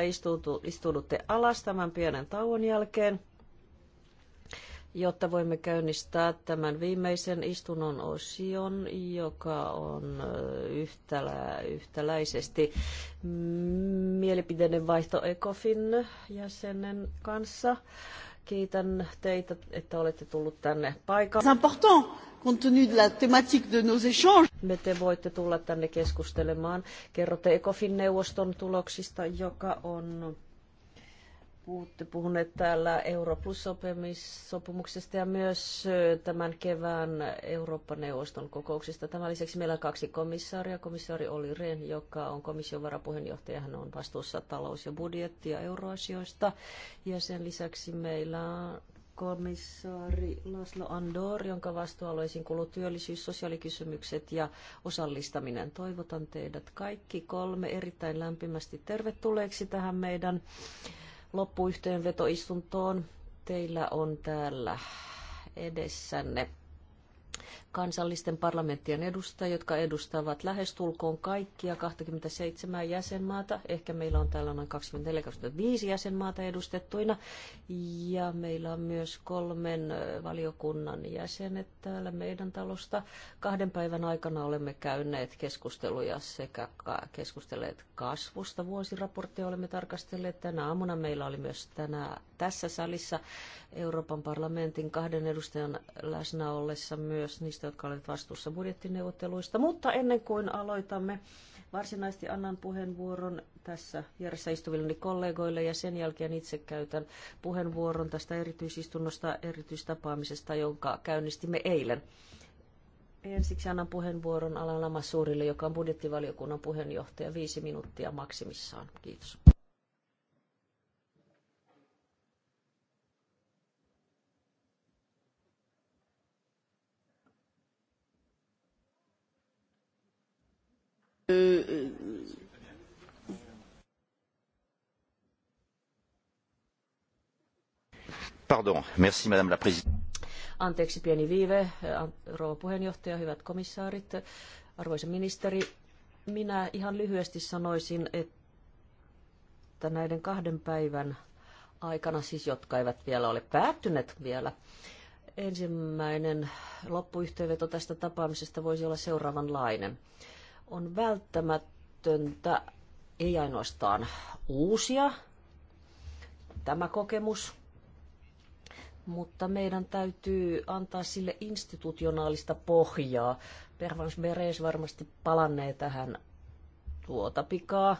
istuudutte alas tämän pienen tauon jälkeen, jotta voimme käynnistää tämän viimeisen istunnon osion, joka on yhtälä, yhtäläisesti mielipideinen vaihto ECOFIN jäsenen kanssa. Kiitän teitä, että olette tullut tänne paikalle compte tenu de la thématique de nos échanges. Me te voitte tulla tänne keskustelemaan. Kerrotte ECOFIN-neuvoston tuloksista, joka on puhutte puhuneet täällä Europlus-sopimuksesta ja myös tämän kevään Eurooppa-neuvoston kokouksista. Tämän lisäksi meillä on kaksi komissaaria. Komissaari Olli Rehn, joka on komission varapuheenjohtaja, hän on vastuussa talous- ja budjetti- ja euroasioista. Ja sen lisäksi meillä on komissaari Laslo Andor, jonka vastuualueisiin kuuluu työllisyys, sosiaalikysymykset ja osallistaminen. Toivotan teidät kaikki kolme erittäin lämpimästi tervetulleeksi tähän meidän loppuyhteenvetoistuntoon. Teillä on täällä edessänne kansallisten parlamenttien edustajia, jotka edustavat lähestulkoon kaikkia 27 jäsenmaata. Ehkä meillä on täällä noin 24-25 jäsenmaata edustettuina. Ja meillä on myös kolmen valiokunnan jäsenet täällä meidän talosta. Kahden päivän aikana olemme käyneet keskusteluja sekä keskustelleet kasvusta. Vuosiraporttia olemme tarkastelleet tänä aamuna. Meillä oli myös tänä, tässä salissa Euroopan parlamentin kahden edustajan läsnä ollessa myös niistä henkilöistä, jotka olivat vastuussa budjettineuvotteluista. Mutta ennen kuin aloitamme, varsinaisesti annan puheenvuoron tässä vieressä istuville kollegoille ja sen jälkeen itse käytän puheenvuoron tästä erityisistunnosta, erityistapaamisesta, jonka käynnistimme eilen. Ensiksi annan puheenvuoron Alan Lamassuurille, joka on budjettivaliokunnan puheenjohtaja, viisi minuuttia maksimissaan. Kiitos. Anteeksi pieni viive, rouva puheenjohtaja, hyvät komissaarit, arvoisa ministeri. Minä ihan lyhyesti sanoisin, että näiden kahden päivän aikana, siis jotka eivät vielä ole päättyneet vielä, ensimmäinen loppuyhteenveto tästä tapaamisesta voisi olla seuraavanlainen on välttämätöntä ei ainoastaan uusia tämä kokemus, mutta meidän täytyy antaa sille institutionaalista pohjaa. Pervans Beres varmasti palannee tähän tuota pikaa.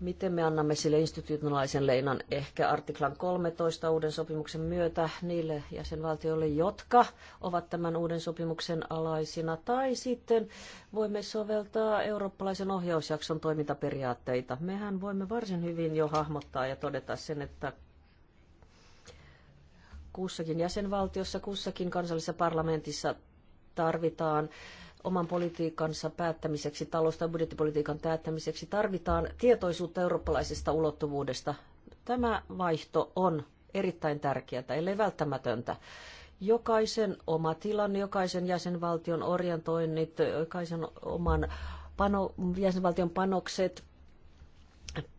Miten me annamme sille institutionaalisen leinan ehkä artiklan 13 uuden sopimuksen myötä niille jäsenvaltioille, jotka ovat tämän uuden sopimuksen alaisina, tai sitten voimme soveltaa eurooppalaisen ohjausjakson toimintaperiaatteita. Mehän voimme varsin hyvin jo hahmottaa ja todeta sen, että kussakin jäsenvaltiossa, kussakin kansallisessa parlamentissa tarvitaan oman politiikansa päättämiseksi, talous- tai budjettipolitiikan päättämiseksi, tarvitaan tietoisuutta eurooppalaisesta ulottuvuudesta. Tämä vaihto on erittäin tärkeää, ellei välttämätöntä. Jokaisen oma tilanne, jokaisen jäsenvaltion orientoinnit, jokaisen oman pano, jäsenvaltion panokset,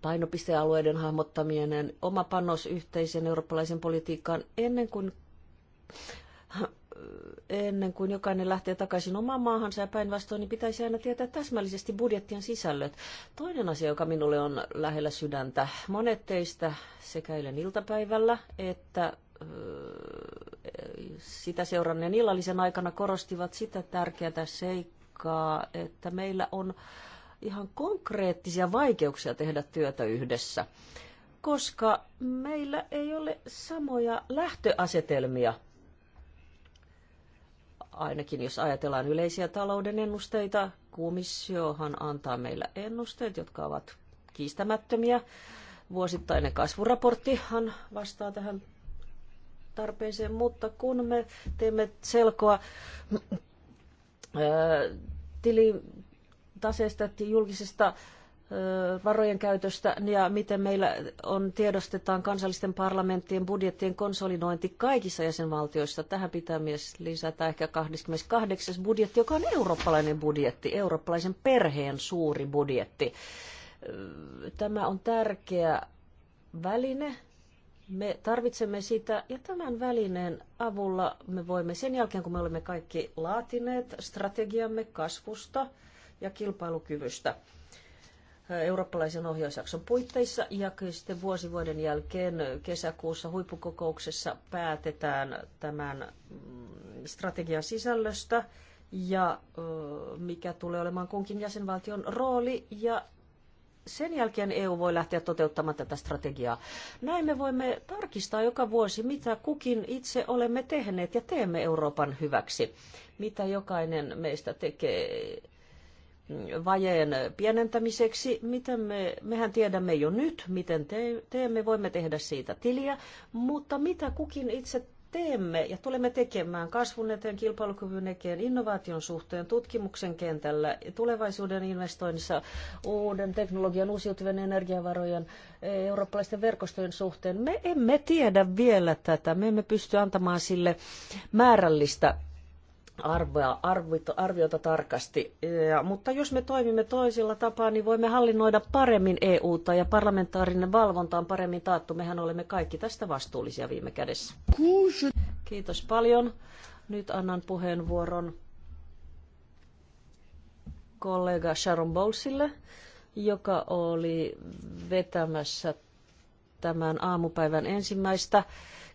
painopistealueiden hahmottaminen, oma panos yhteisen eurooppalaisen politiikkaan ennen kuin ennen kuin jokainen lähtee takaisin omaan maahansa ja päinvastoin, niin pitäisi aina tietää täsmällisesti budjettien sisällöt. Toinen asia, joka minulle on lähellä sydäntä, monet teistä sekä eilen iltapäivällä että sitä seuranneen illallisen aikana korostivat sitä tärkeää seikkaa, että meillä on ihan konkreettisia vaikeuksia tehdä työtä yhdessä, koska meillä ei ole samoja lähtöasetelmia ainakin jos ajatellaan yleisiä talouden ennusteita, komissiohan antaa meillä ennusteet, jotka ovat kiistämättömiä. Vuosittainen kasvuraporttihan vastaa tähän tarpeeseen, mutta kun me teemme selkoa tilitaseesta, julkisesta varojen käytöstä ja miten meillä on tiedostetaan kansallisten parlamenttien budjettien konsolidointi kaikissa jäsenvaltioissa. Tähän pitää myös lisätä ehkä 28. budjetti, joka on eurooppalainen budjetti, eurooppalaisen perheen suuri budjetti. Tämä on tärkeä väline. Me tarvitsemme sitä ja tämän välineen avulla me voimme sen jälkeen, kun me olemme kaikki laatineet strategiamme kasvusta ja kilpailukyvystä, eurooppalaisen ohjausjakson puitteissa ja sitten vuosi vuoden jälkeen kesäkuussa huippukokouksessa päätetään tämän mm, strategian sisällöstä ja mikä tulee olemaan kunkin jäsenvaltion rooli ja sen jälkeen EU voi lähteä toteuttamaan tätä strategiaa. Näin me voimme tarkistaa joka vuosi, mitä kukin itse olemme tehneet ja teemme Euroopan hyväksi. Mitä jokainen meistä tekee vajeen pienentämiseksi. Miten me, mehän tiedämme jo nyt, miten te, teemme, voimme tehdä siitä tiliä, mutta mitä kukin itse teemme ja tulemme tekemään kasvun eteen, kilpailukyvyn eteen, innovaation suhteen, tutkimuksen kentällä, tulevaisuuden investoinnissa, uuden teknologian, uusiutuvien energiavarojen, eurooppalaisten verkostojen suhteen. Me emme tiedä vielä tätä, me emme pysty antamaan sille määrällistä arvoa, arvito, arviota tarkasti. Ja, mutta jos me toimimme toisilla tapaa, niin voimme hallinnoida paremmin EUta ja parlamentaarinen valvonta on paremmin taattu. Mehän olemme kaikki tästä vastuullisia viime kädessä. Kiitos paljon. Nyt annan puheenvuoron kollega Sharon Bowlesille, joka oli vetämässä tämän aamupäivän ensimmäistä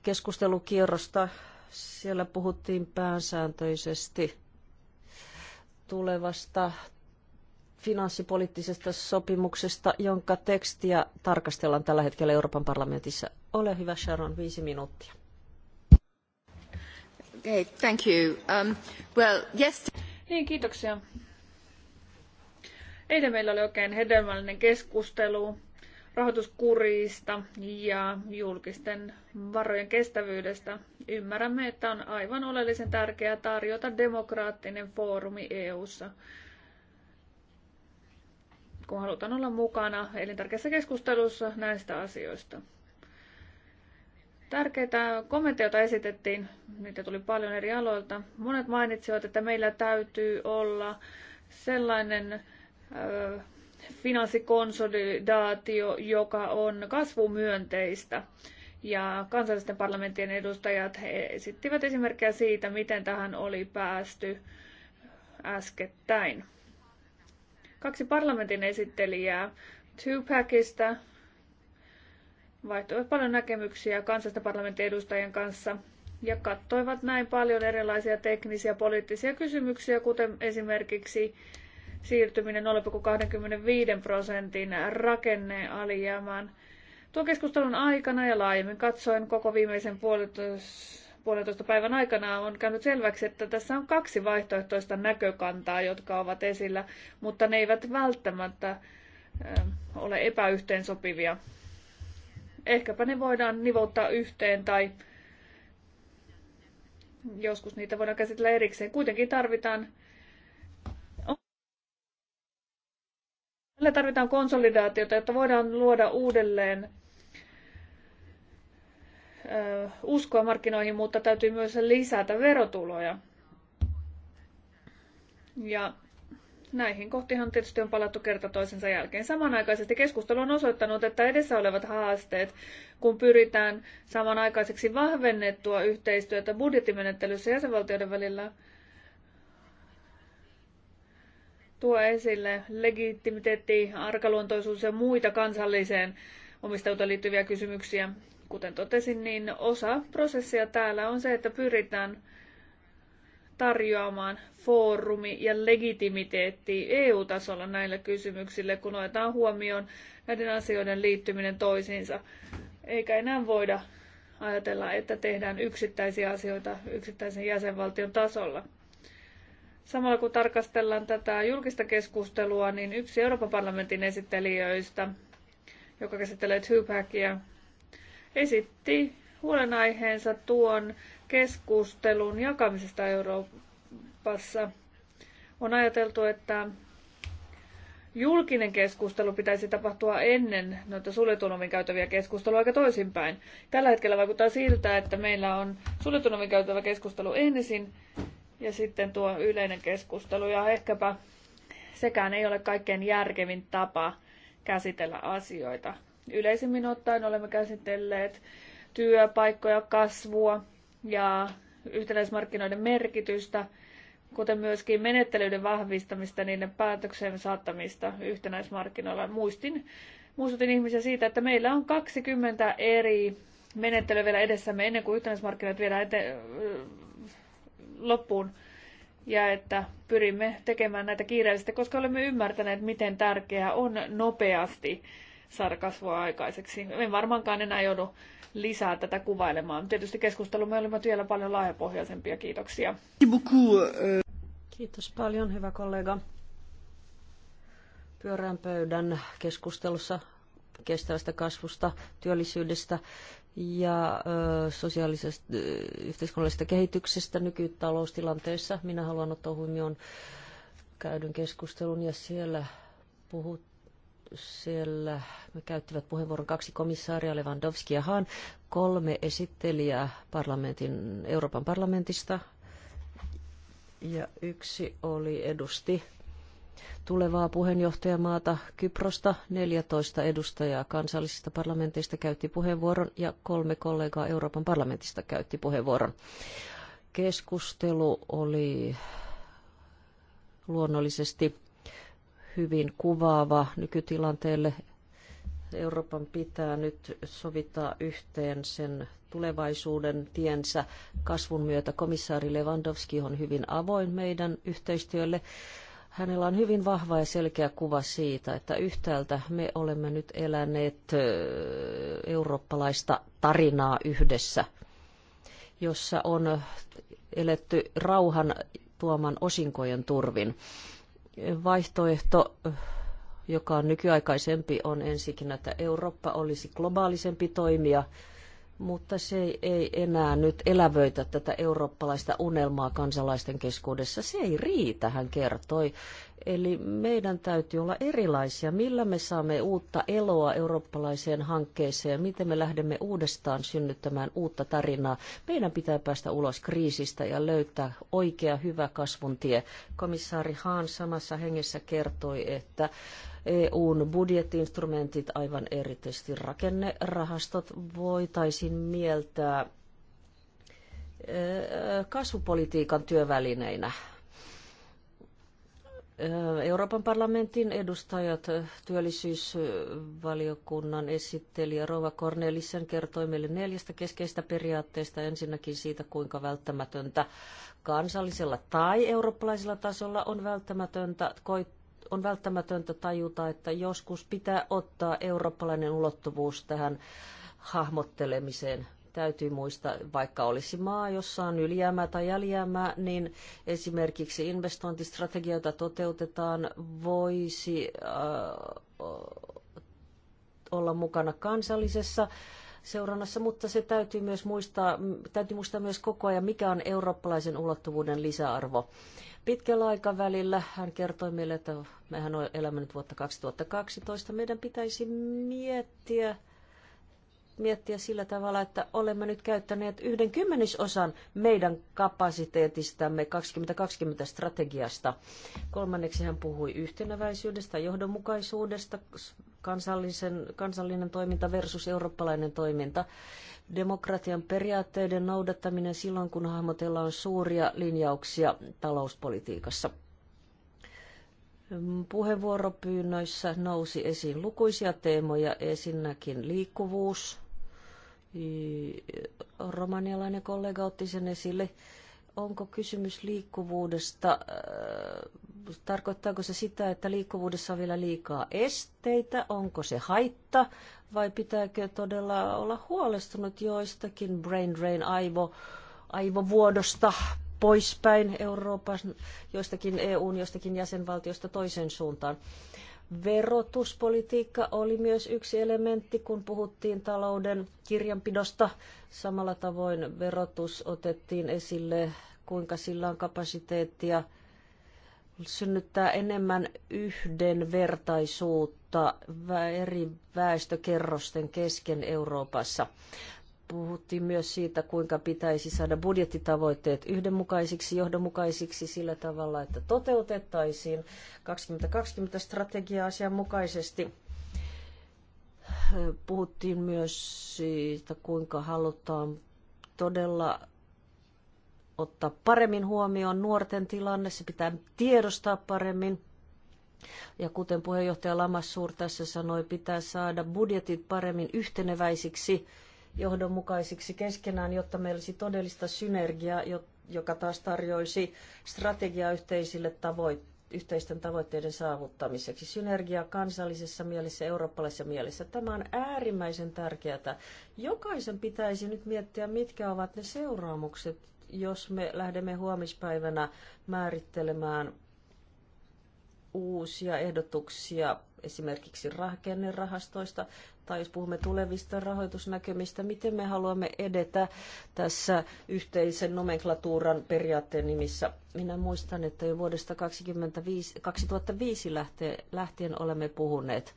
keskustelukierrosta siellä puhuttiin pääsääntöisesti tulevasta finanssipoliittisesta sopimuksesta, jonka tekstiä tarkastellaan tällä hetkellä Euroopan parlamentissa. Ole hyvä Sharon, viisi minuuttia. Okay, thank you. Um, well, yes. Niin, kiitoksia. Eilen meillä oli oikein hedelmällinen keskustelu rahoituskurista ja julkisten varojen kestävyydestä ymmärrämme, että on aivan oleellisen tärkeää tarjota demokraattinen foorumi EU:ssa, kun halutaan olla mukana elintärkeässä keskustelussa näistä asioista. Tärkeitä kommentteja, joita esitettiin, niitä tuli paljon eri aloilta. Monet mainitsivat, että meillä täytyy olla sellainen finanssikonsolidaatio, joka on kasvumyönteistä. Ja kansallisten parlamenttien edustajat he esittivät esimerkkejä siitä, miten tähän oli päästy äskettäin. Kaksi parlamentin esittelijää Tupacista vaihtoivat paljon näkemyksiä kansallisten parlamentin edustajien kanssa ja kattoivat näin paljon erilaisia teknisiä poliittisia kysymyksiä, kuten esimerkiksi siirtyminen 0,25 prosentin rakennealijäämään. Tuon keskustelun aikana ja laajemmin katsoen koko viimeisen puolitoista, puolitoista päivän aikana on käynyt selväksi, että tässä on kaksi vaihtoehtoista näkökantaa, jotka ovat esillä, mutta ne eivät välttämättä ähm, ole epäyhteensopivia. Ehkäpä ne voidaan nivouttaa yhteen tai joskus niitä voidaan käsitellä erikseen. Kuitenkin tarvitaan Tällä tarvitaan konsolidaatiota, jotta voidaan luoda uudelleen uskoa markkinoihin, mutta täytyy myös lisätä verotuloja. Ja näihin kohtihan tietysti on palattu kerta toisensa jälkeen. Samanaikaisesti keskustelu on osoittanut, että edessä olevat haasteet, kun pyritään samanaikaiseksi vahvennettua yhteistyötä budjettimenettelyssä jäsenvaltioiden välillä, tuo esille legitimiteetti, arkaluontoisuus ja muita kansalliseen omistauteen liittyviä kysymyksiä. Kuten totesin, niin osa prosessia täällä on se, että pyritään tarjoamaan foorumi ja legitimiteetti EU-tasolla näille kysymyksille, kun otetaan huomioon näiden asioiden liittyminen toisiinsa. Eikä enää voida ajatella, että tehdään yksittäisiä asioita yksittäisen jäsenvaltion tasolla. Samalla kun tarkastellaan tätä julkista keskustelua, niin yksi Euroopan parlamentin esittelijöistä, joka käsittelee Tupacia, esitti huolenaiheensa tuon keskustelun jakamisesta Euroopassa. On ajateltu, että julkinen keskustelu pitäisi tapahtua ennen noita suljetun ovin käytäviä keskustelua aika toisinpäin. Tällä hetkellä vaikuttaa siltä, että meillä on suljetun ovin käytävä keskustelu ensin ja sitten tuo yleinen keskustelu ja ehkäpä sekään ei ole kaikkein järkevin tapa käsitellä asioita. Yleisimmin ottaen olemme käsitelleet työpaikkoja, kasvua ja yhtenäismarkkinoiden merkitystä, kuten myöskin menettelyiden vahvistamista, niiden päätöksen saattamista yhtenäismarkkinoilla. Muistin, muistutin ihmisiä siitä, että meillä on 20 eri menettelyä vielä edessämme ennen kuin yhtenäismarkkinat viedään ete- loppuun ja että pyrimme tekemään näitä kiireellisesti, koska olemme ymmärtäneet, miten tärkeää on nopeasti saada kasvua aikaiseksi. En varmaankaan enää joudu lisää tätä kuvailemaan. Tietysti keskustelumme olivat vielä paljon laajapohjaisempia. Kiitoksia. Kiitos paljon, hyvä kollega. Pyörän pöydän keskustelussa kestävästä kasvusta, työllisyydestä ja sosiaalisesta yhteiskunnallisesta kehityksestä nykytaloustilanteessa. Minä haluan ottaa huomioon käydyn keskustelun ja siellä puhut, siellä me käyttivät puheenvuoron kaksi komissaaria Lewandowski ja Hahn, kolme esittelijää parlamentin, Euroopan parlamentista ja yksi oli edusti tulevaa puheenjohtajamaata Kyprosta. 14 edustajaa kansallisista parlamenteista käytti puheenvuoron ja kolme kollegaa Euroopan parlamentista käytti puheenvuoron. Keskustelu oli luonnollisesti hyvin kuvaava nykytilanteelle. Euroopan pitää nyt sovittaa yhteen sen tulevaisuuden tiensä kasvun myötä. Komissaari Lewandowski on hyvin avoin meidän yhteistyölle. Hänellä on hyvin vahva ja selkeä kuva siitä, että yhtäältä me olemme nyt eläneet eurooppalaista tarinaa yhdessä, jossa on eletty rauhan tuoman osinkojen turvin. Vaihtoehto joka on nykyaikaisempi, on ensikin, että Eurooppa olisi globaalisempi toimija mutta se ei enää nyt elävöitä tätä eurooppalaista unelmaa kansalaisten keskuudessa. Se ei riitä, hän kertoi. Eli meidän täytyy olla erilaisia. Millä me saamme uutta eloa eurooppalaiseen hankkeeseen? Miten me lähdemme uudestaan synnyttämään uutta tarinaa? Meidän pitää päästä ulos kriisistä ja löytää oikea hyvä kasvun tie. Komissaari Haan samassa hengessä kertoi, että EUn budjettiinstrumentit, aivan erityisesti rakennerahastot, voitaisiin mieltää eh, kasvupolitiikan työvälineinä Euroopan parlamentin edustajat, työllisyysvaliokunnan esittelijä Rova Cornelissen kertoi meille neljästä keskeistä periaatteesta. Ensinnäkin siitä, kuinka välttämätöntä kansallisella tai eurooppalaisella tasolla on välttämätöntä on välttämätöntä tajuta, että joskus pitää ottaa eurooppalainen ulottuvuus tähän hahmottelemiseen Täytyy muistaa, vaikka olisi maa, jossa on ylijäämää tai alijäämää, niin esimerkiksi investointistrategia, jota toteutetaan, voisi äh, olla mukana kansallisessa seurannassa, mutta se täytyy myös muistaa, täytyy muistaa myös koko ajan, mikä on eurooppalaisen ulottuvuuden lisäarvo. Pitkällä aikavälillä hän kertoi meille, että mehän on elämä nyt vuotta 2012. Meidän pitäisi miettiä miettiä sillä tavalla, että olemme nyt käyttäneet yhden kymmenisosan meidän kapasiteetistamme 2020-strategiasta. Kolmanneksi hän puhui yhtenäväisyydestä, johdonmukaisuudesta, kansallisen, kansallinen toiminta versus eurooppalainen toiminta. Demokratian periaatteiden noudattaminen silloin, kun hahmotellaan suuria linjauksia talouspolitiikassa. Puheenvuoropyynnöissä nousi esiin lukuisia teemoja, esinnäkin liikkuvuus, romanialainen kollega otti sen esille. Onko kysymys liikkuvuudesta? Tarkoittaako se sitä, että liikkuvuudessa on vielä liikaa esteitä? Onko se haitta? Vai pitääkö todella olla huolestunut joistakin brain drain aivo, aivovuodosta poispäin Euroopan, joistakin EUn, joistakin jäsenvaltiosta toiseen suuntaan? Verotuspolitiikka oli myös yksi elementti, kun puhuttiin talouden kirjanpidosta. Samalla tavoin verotus otettiin esille, kuinka sillä on kapasiteettia synnyttää enemmän yhdenvertaisuutta eri väestökerrosten kesken Euroopassa puhuttiin myös siitä, kuinka pitäisi saada budjettitavoitteet yhdenmukaisiksi, johdonmukaisiksi sillä tavalla, että toteutettaisiin 2020 strategia asianmukaisesti. Puhuttiin myös siitä, kuinka halutaan todella ottaa paremmin huomioon nuorten tilanne, se pitää tiedostaa paremmin. Ja kuten puheenjohtaja Lamassur tässä sanoi, pitää saada budjetit paremmin yhteneväisiksi – johdonmukaisiksi keskenään, jotta meillä olisi todellista synergiaa, joka taas tarjoisi strategiaa yhteisille tavoitteille yhteisten tavoitteiden saavuttamiseksi. Synergia kansallisessa mielessä, eurooppalaisessa mielessä. Tämä on äärimmäisen tärkeää. Jokaisen pitäisi nyt miettiä, mitkä ovat ne seuraamukset, jos me lähdemme huomispäivänä määrittelemään uusia ehdotuksia esimerkiksi rakennerahastoista tai jos puhumme tulevista rahoitusnäkymistä, miten me haluamme edetä tässä yhteisen nomenklatuuran periaatteen nimissä. Minä muistan, että jo vuodesta 2005 lähtien, lähtien olemme puhuneet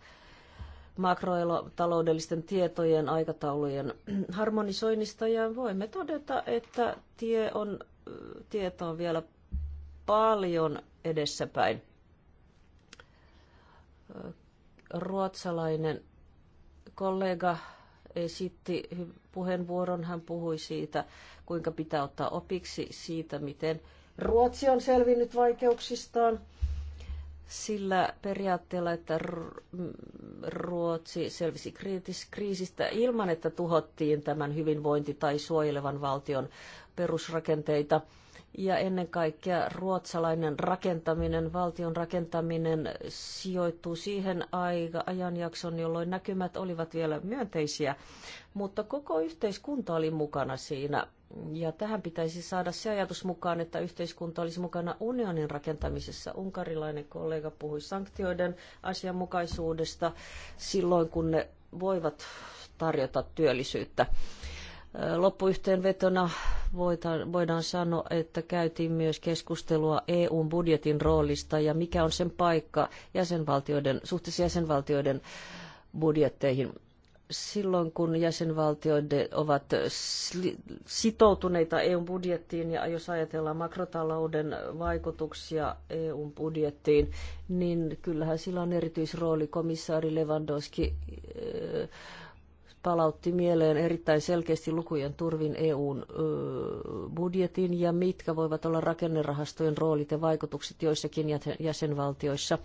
makrotaloudellisten tietojen aikataulujen harmonisoinnista ja voimme todeta, että tie on, tieto on vielä paljon edessäpäin. Ruotsalainen kollega esitti puheenvuoron. Hän puhui siitä, kuinka pitää ottaa opiksi siitä, miten Ruotsi on selvinnyt vaikeuksistaan sillä periaatteella, että mm, Ruotsi selvisi kriisistä ilman, että tuhottiin tämän hyvinvointi- tai suojelevan valtion perusrakenteita – ja ennen kaikkea ruotsalainen rakentaminen, valtion rakentaminen sijoittuu siihen aika, ajanjakson, jolloin näkymät olivat vielä myönteisiä, mutta koko yhteiskunta oli mukana siinä. Ja tähän pitäisi saada se ajatus mukaan, että yhteiskunta olisi mukana unionin rakentamisessa. Unkarilainen kollega puhui sanktioiden asianmukaisuudesta silloin, kun ne voivat tarjota työllisyyttä. Loppuyhteenvetona voidaan sanoa, että käytiin myös keskustelua EUn budjetin roolista ja mikä on sen paikka jäsenvaltioiden, suhteessa jäsenvaltioiden budjetteihin silloin, kun jäsenvaltiot ovat sitoutuneita EU-budjettiin ja jos ajatellaan makrotalouden vaikutuksia EU-budjettiin, niin kyllähän sillä on erityisrooli komissaari Lewandowski eh, palautti mieleen erittäin selkeästi lukujen turvin EUn budjetin ja mitkä voivat olla rakennerahastojen roolit ja vaikutukset joissakin jäsenvaltioissa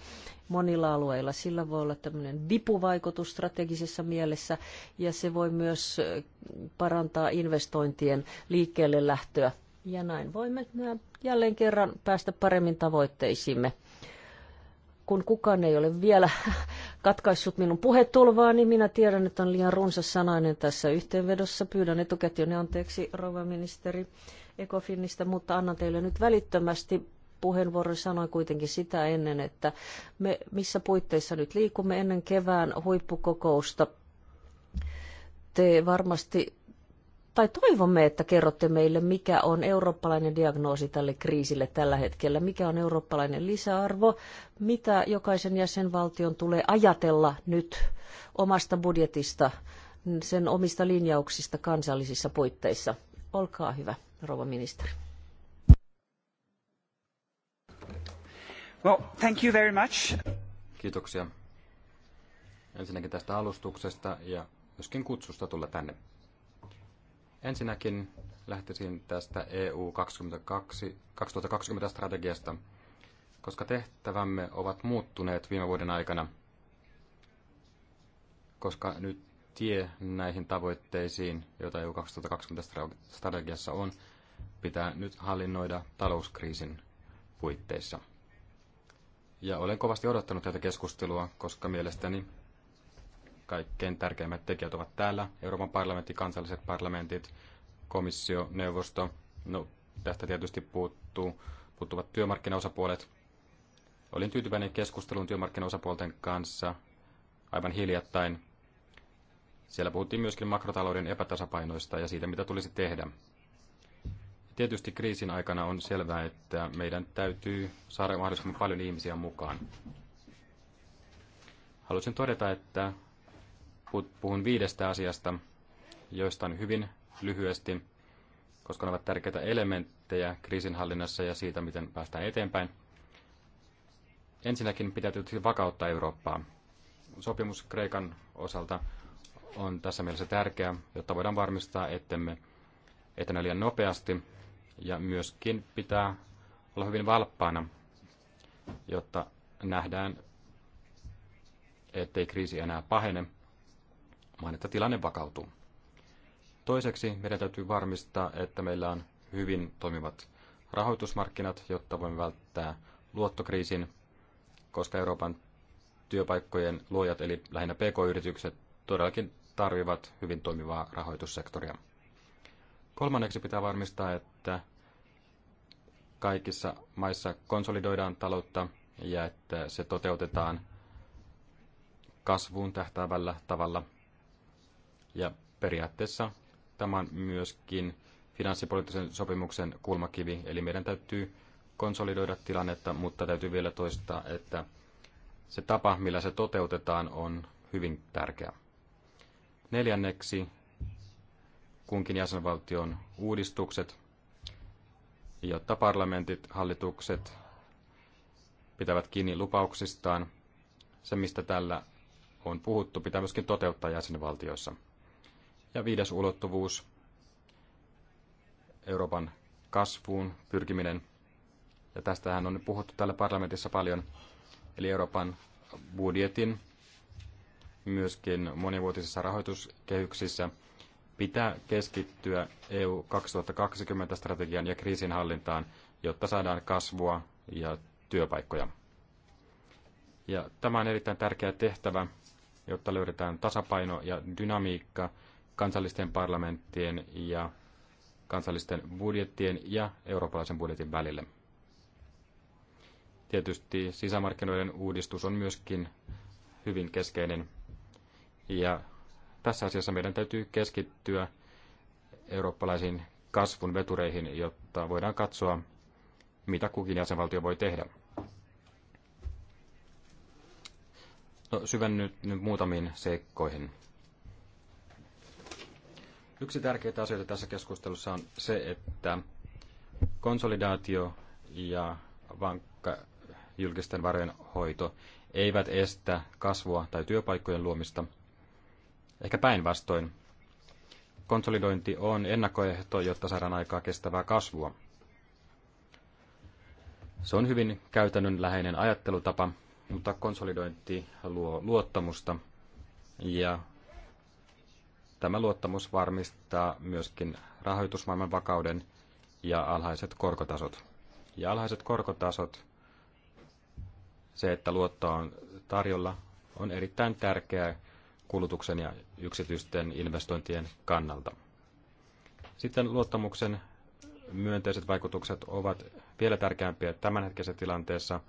monilla alueilla. Sillä voi olla tämmöinen vipuvaikutus strategisessa mielessä ja se voi myös parantaa investointien liikkeelle lähtöä. Ja näin voimme jälleen kerran päästä paremmin tavoitteisiimme kun kukaan ei ole vielä katkaissut minun puhetulvaa, niin minä tiedän, että on liian runsas sanainen tässä yhteenvedossa. Pyydän etukäteen anteeksi, rouva ministeri Ekofinnistä, mutta annan teille nyt välittömästi puheenvuoron sanoi kuitenkin sitä ennen, että me missä puitteissa nyt liikumme ennen kevään huippukokousta. Te varmasti tai toivomme, että kerrotte meille, mikä on eurooppalainen diagnoosi tälle kriisille tällä hetkellä, mikä on eurooppalainen lisäarvo, mitä jokaisen jäsenvaltion tulee ajatella nyt omasta budjetista, sen omista linjauksista kansallisissa puitteissa. Olkaa hyvä, rouva ministeri. Well, thank you very much. Kiitoksia ensinnäkin tästä alustuksesta ja myöskin kutsusta tulla tänne Ensinnäkin lähtisin tästä EU 2020 strategiasta, koska tehtävämme ovat muuttuneet viime vuoden aikana, koska nyt tie näihin tavoitteisiin, joita EU 2020 strategiassa on, pitää nyt hallinnoida talouskriisin puitteissa. Ja olen kovasti odottanut tätä keskustelua, koska mielestäni kaikkein tärkeimmät tekijät ovat täällä, Euroopan parlamentti, kansalliset parlamentit, komissio, neuvosto. No, tästä tietysti puuttuu, puuttuvat työmarkkinaosapuolet. Olin tyytyväinen keskusteluun työmarkkinaosapuolten kanssa aivan hiljattain. Siellä puhuttiin myöskin makrotalouden epätasapainoista ja siitä, mitä tulisi tehdä. Tietysti kriisin aikana on selvää, että meidän täytyy saada mahdollisimman paljon ihmisiä mukaan. Haluaisin todeta, että Puhun viidestä asiasta, joista on hyvin lyhyesti, koska ne ovat tärkeitä elementtejä kriisinhallinnassa ja siitä, miten päästään eteenpäin. Ensinnäkin pitää tietysti vakauttaa Eurooppaa. Sopimus Kreikan osalta on tässä mielessä tärkeä, jotta voidaan varmistaa, ettemme etene liian nopeasti ja myöskin pitää olla hyvin valppaana, jotta nähdään, ettei kriisi enää pahene vaan että tilanne vakautuu. Toiseksi meidän täytyy varmistaa, että meillä on hyvin toimivat rahoitusmarkkinat, jotta voimme välttää luottokriisin, koska Euroopan työpaikkojen luojat, eli lähinnä pk-yritykset, todellakin tarvivat hyvin toimivaa rahoitussektoria. Kolmanneksi pitää varmistaa, että kaikissa maissa konsolidoidaan taloutta ja että se toteutetaan kasvuun tähtäävällä tavalla ja periaatteessa tämä on myöskin finanssipoliittisen sopimuksen kulmakivi, eli meidän täytyy konsolidoida tilannetta, mutta täytyy vielä toistaa, että se tapa, millä se toteutetaan, on hyvin tärkeä. Neljänneksi kunkin jäsenvaltion uudistukset, jotta parlamentit, hallitukset pitävät kiinni lupauksistaan. Se, mistä tällä on puhuttu, pitää myöskin toteuttaa jäsenvaltioissa – ja viides ulottuvuus, Euroopan kasvuun pyrkiminen. Ja tästähän on puhuttu täällä parlamentissa paljon. Eli Euroopan budjetin, myöskin monivuotisissa rahoituskehyksissä pitää keskittyä EU 2020 strategian ja hallintaan, jotta saadaan kasvua ja työpaikkoja. Ja tämä on erittäin tärkeä tehtävä, jotta löydetään tasapaino ja dynamiikka kansallisten parlamenttien ja kansallisten budjettien ja eurooppalaisen budjetin välille. Tietysti sisämarkkinoiden uudistus on myöskin hyvin keskeinen. Ja tässä asiassa meidän täytyy keskittyä eurooppalaisiin kasvun vetureihin, jotta voidaan katsoa, mitä kukin jäsenvaltio voi tehdä. No, syvennyt nyt muutamiin seikkoihin. Yksi tärkeitä asioita tässä keskustelussa on se, että konsolidaatio ja vankka julkisten varojen hoito eivät estä kasvua tai työpaikkojen luomista. Ehkä päinvastoin. Konsolidointi on ennakkoehto, jotta saadaan aikaa kestävää kasvua. Se on hyvin käytännönläheinen ajattelutapa, mutta konsolidointi luo luottamusta ja Tämä luottamus varmistaa myöskin rahoitusmaailman vakauden ja alhaiset korkotasot. Ja alhaiset korkotasot, se että luottoa on tarjolla, on erittäin tärkeää kulutuksen ja yksityisten investointien kannalta. Sitten luottamuksen myönteiset vaikutukset ovat vielä tärkeämpiä tämänhetkisessä tilanteessa,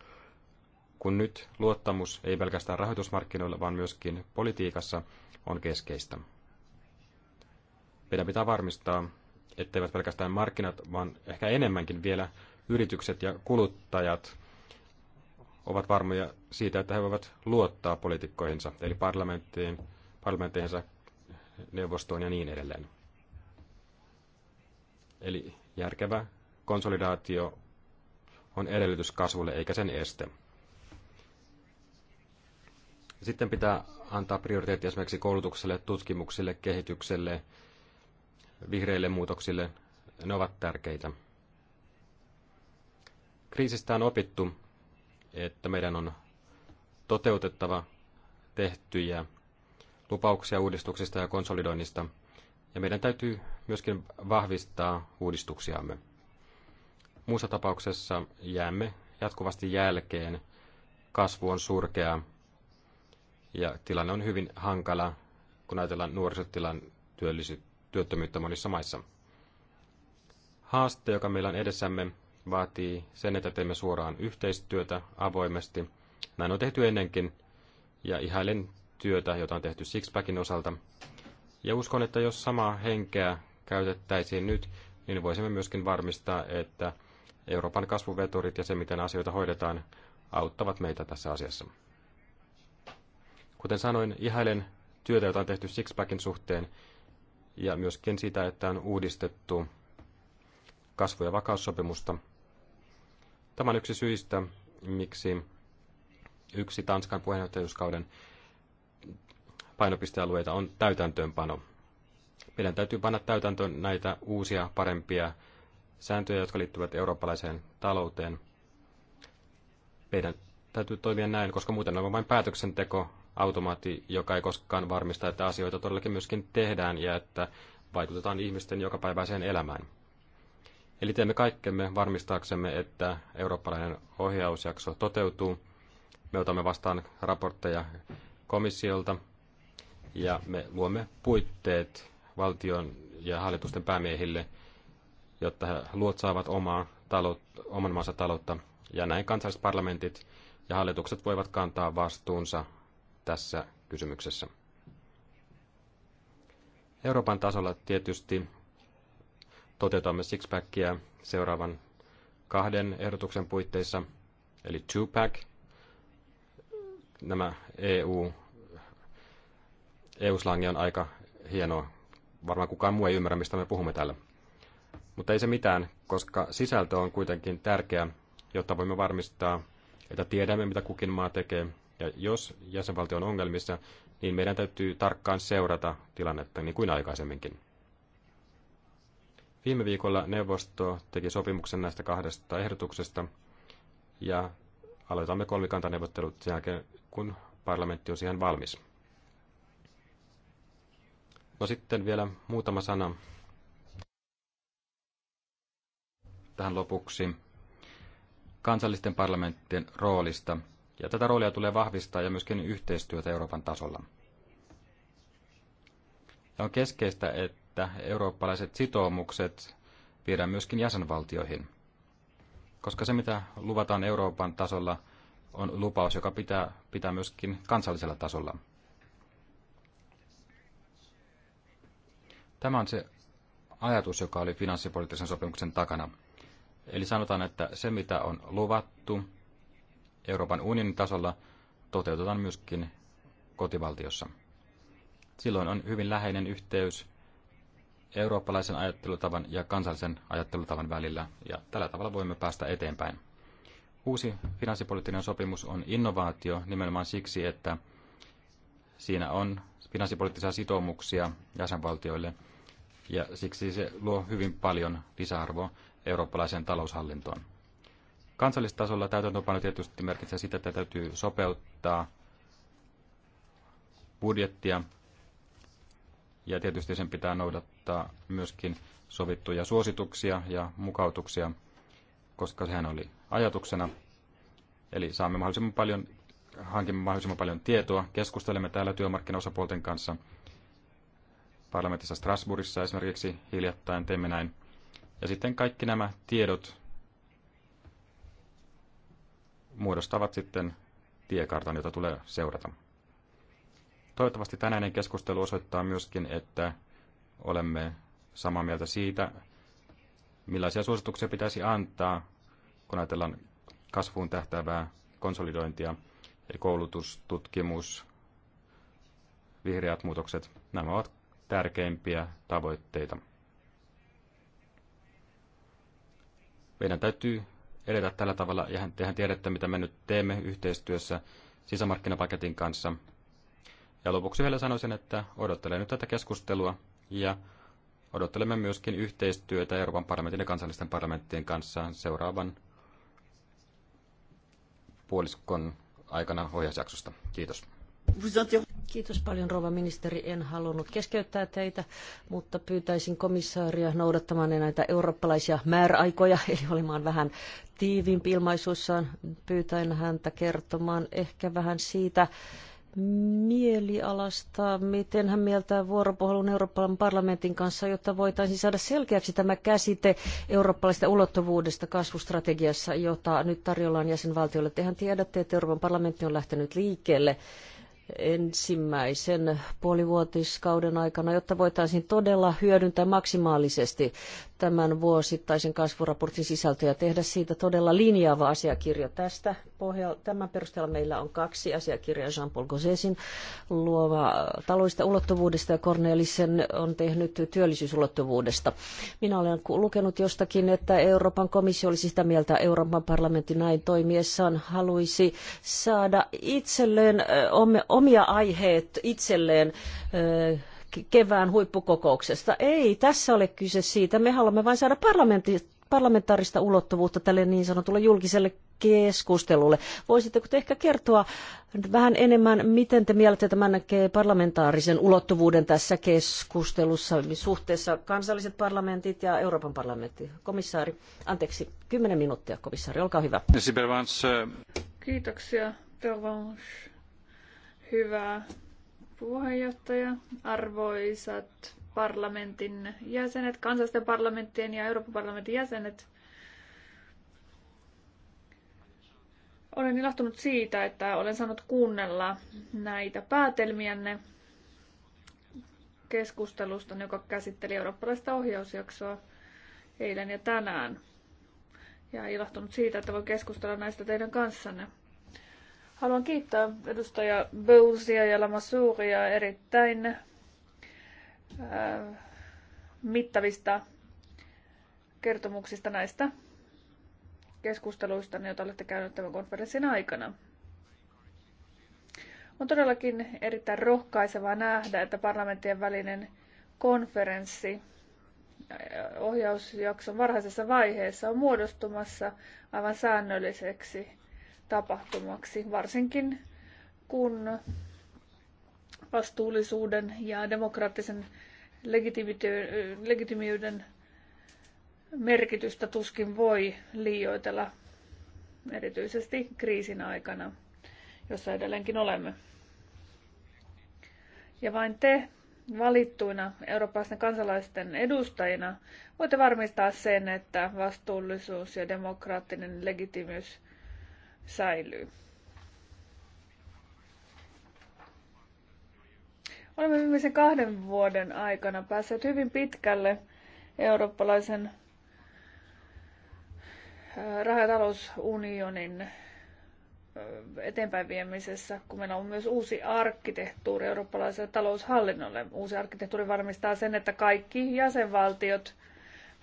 kun nyt luottamus ei pelkästään rahoitusmarkkinoilla, vaan myöskin politiikassa on keskeistä. Meidän pitää varmistaa, etteivät pelkästään markkinat, vaan ehkä enemmänkin vielä yritykset ja kuluttajat ovat varmoja siitä, että he voivat luottaa poliitikkoihinsa, eli parlamenttiin, parlamentteihinsa, neuvostoon ja niin edelleen. Eli järkevä konsolidaatio on edellytys kasvulle eikä sen este. Sitten pitää antaa prioriteetti esimerkiksi koulutukselle, tutkimukselle, kehitykselle, vihreille muutoksille, ne ovat tärkeitä. Kriisistä on opittu, että meidän on toteutettava tehtyjä lupauksia uudistuksista ja konsolidoinnista, ja meidän täytyy myöskin vahvistaa uudistuksiamme. Muussa tapauksessa jäämme jatkuvasti jälkeen, kasvu on surkea ja tilanne on hyvin hankala, kun ajatellaan nuorisotilan työllisyyttä työttömyyttä monissa maissa. Haaste, joka meillä on edessämme, vaatii sen, että teemme suoraan yhteistyötä avoimesti. Näin on tehty ennenkin, ja ihailen työtä, jota on tehty Sixpackin osalta. Ja uskon, että jos samaa henkeä käytettäisiin nyt, niin voisimme myöskin varmistaa, että Euroopan kasvuveturit ja se, miten asioita hoidetaan, auttavat meitä tässä asiassa. Kuten sanoin, ihailen työtä, jota on tehty Sixpackin suhteen, ja myöskin sitä, että on uudistettu kasvu- ja vakaussopimusta. Tämä on yksi syistä, miksi yksi Tanskan puheenjohtajuuskauden painopistealueita on täytäntöönpano. Meidän täytyy panna täytäntöön näitä uusia, parempia sääntöjä, jotka liittyvät eurooppalaiseen talouteen. Meidän täytyy toimia näin, koska muuten on vain päätöksenteko automaatti, joka ei koskaan varmista, että asioita todellakin myöskin tehdään ja että vaikutetaan ihmisten jokapäiväiseen elämään. Eli teemme kaikkemme varmistaaksemme, että eurooppalainen ohjausjakso toteutuu. Me otamme vastaan raportteja komissiolta ja me luomme puitteet valtion ja hallitusten päämiehille, jotta he luotsaavat omaa talout, oman maansa taloutta. Ja näin kansalliset parlamentit ja hallitukset voivat kantaa vastuunsa tässä kysymyksessä. Euroopan tasolla tietysti toteutamme sixpackia seuraavan kahden ehdotuksen puitteissa, eli two-pack, nämä EU, EU-slangi on aika hienoa. Varmaan kukaan muu ei ymmärrä, mistä me puhumme täällä. Mutta ei se mitään, koska sisältö on kuitenkin tärkeä, jotta voimme varmistaa, että tiedämme, mitä kukin maa tekee, ja jos jäsenvaltio on ongelmissa, niin meidän täytyy tarkkaan seurata tilannetta niin kuin aikaisemminkin. Viime viikolla neuvosto teki sopimuksen näistä kahdesta ehdotuksesta ja aloitamme kolmikantaneuvottelut sen jälkeen, kun parlamentti on siihen valmis. No sitten vielä muutama sana tähän lopuksi kansallisten parlamenttien roolista – ja tätä roolia tulee vahvistaa ja myöskin yhteistyötä Euroopan tasolla. Ja on keskeistä, että eurooppalaiset sitoumukset viedään myöskin jäsenvaltioihin. Koska se, mitä luvataan Euroopan tasolla, on lupaus, joka pitää, pitää myöskin kansallisella tasolla. Tämä on se ajatus, joka oli finanssipoliittisen sopimuksen takana. Eli sanotaan, että se mitä on luvattu, Euroopan unionin tasolla toteutetaan myöskin kotivaltiossa. Silloin on hyvin läheinen yhteys eurooppalaisen ajattelutavan ja kansallisen ajattelutavan välillä, ja tällä tavalla voimme päästä eteenpäin. Uusi finanssipoliittinen sopimus on innovaatio nimenomaan siksi, että siinä on finanssipoliittisia sitoumuksia jäsenvaltioille, ja siksi se luo hyvin paljon lisäarvoa eurooppalaiseen taloushallintoon. Kansallistasolla täytäntöönpano tietysti merkitsee sitä, että täytyy sopeuttaa budjettia ja tietysti sen pitää noudattaa myöskin sovittuja suosituksia ja mukautuksia, koska sehän oli ajatuksena. Eli saamme mahdollisimman paljon, hankimme mahdollisimman paljon tietoa, keskustelemme täällä työmarkkinaosapuolten kanssa. Parlamentissa Strasbourgissa esimerkiksi hiljattain teimme näin. Ja sitten kaikki nämä tiedot muodostavat sitten tiekartan, jota tulee seurata. Toivottavasti tänäinen keskustelu osoittaa myöskin, että olemme samaa mieltä siitä, millaisia suosituksia pitäisi antaa, kun ajatellaan kasvuun tähtäävää konsolidointia, eli koulutus, tutkimus, vihreät muutokset, nämä ovat tärkeimpiä tavoitteita. Meidän täytyy edetä tällä tavalla. Ja tehän tiedätte, mitä me nyt teemme yhteistyössä sisämarkkinapaketin kanssa. Ja lopuksi vielä sanoisin, että odottelen nyt tätä keskustelua ja odottelemme myöskin yhteistyötä Euroopan parlamentin ja kansallisten parlamenttien kanssa seuraavan puoliskon aikana ohjausjaksosta. Kiitos. Kiitos paljon, rouva ministeri. En halunnut keskeyttää teitä, mutta pyytäisin komissaaria noudattamaan näitä eurooppalaisia määräaikoja, eli olemaan vähän tiiviimpi ilmaisuissaan. Pyytäin häntä kertomaan ehkä vähän siitä, mielialasta, miten hän mieltää vuoropuhelun Euroopan parlamentin kanssa, jotta voitaisiin saada selkeäksi tämä käsite eurooppalaisesta ulottuvuudesta kasvustrategiassa, jota nyt tarjolla on jäsenvaltioille. Tehän tiedätte, että Euroopan parlamentti on lähtenyt liikkeelle ensimmäisen puolivuotiskauden aikana, jotta voitaisiin todella hyödyntää maksimaalisesti tämän vuosittaisen kasvuraportin sisältö ja tehdä siitä todella linjaava asiakirja. Tästä tämän perusteella meillä on kaksi asiakirjaa. Jean-Paul Gossesin luova taloudellisesta ulottuvuudesta ja Cornelissen on tehnyt työllisyysulottuvuudesta. Minä olen lukenut jostakin, että Euroopan komissio olisi sitä mieltä, että Euroopan parlamentti näin toimiessaan haluaisi saada itselleen omia aiheet itselleen kevään huippukokouksesta. Ei, tässä ole kyse siitä. Me haluamme vain saada parlamentaarista ulottuvuutta tälle niin sanotulle julkiselle keskustelulle. Voisitteko te ehkä kertoa vähän enemmän, miten te mielette tämän parlamentaarisen ulottuvuuden tässä keskustelussa suhteessa kansalliset parlamentit ja Euroopan parlamentti? Komissaari, anteeksi, kymmenen minuuttia, komissaari, olkaa hyvä. Uh, Kiitoksia, Hyvää puheenjohtaja, arvoisat parlamentin jäsenet, kansallisten parlamenttien ja Euroopan parlamentin jäsenet. Olen ilahtunut siitä, että olen saanut kuunnella näitä päätelmiänne keskustelusta, joka käsitteli eurooppalaista ohjausjaksoa eilen ja tänään. Ja ilahtunut siitä, että voin keskustella näistä teidän kanssanne. Haluan kiittää edustaja Bousia ja Lamassuuria erittäin äh, mittavista kertomuksista näistä keskusteluista, joita olette käyneet tämän konferenssin aikana. On todellakin erittäin rohkaisevaa nähdä, että parlamenttien välinen konferenssi äh, ohjausjakson varhaisessa vaiheessa on muodostumassa aivan säännölliseksi tapahtumaksi, varsinkin kun vastuullisuuden ja demokraattisen legitimiyden merkitystä tuskin voi liioitella, erityisesti kriisin aikana, jossa edelleenkin olemme. Ja vain te valittuina eurooppalaisten kansalaisten edustajina voitte varmistaa sen, että vastuullisuus ja demokraattinen legitimiys säilyy. Olemme viimeisen kahden vuoden aikana päässeet hyvin pitkälle eurooppalaisen rahatalousunionin eteenpäin viemisessä, kun meillä on myös uusi arkkitehtuuri eurooppalaiselle taloushallinnolle. Uusi arkkitehtuuri varmistaa sen, että kaikki jäsenvaltiot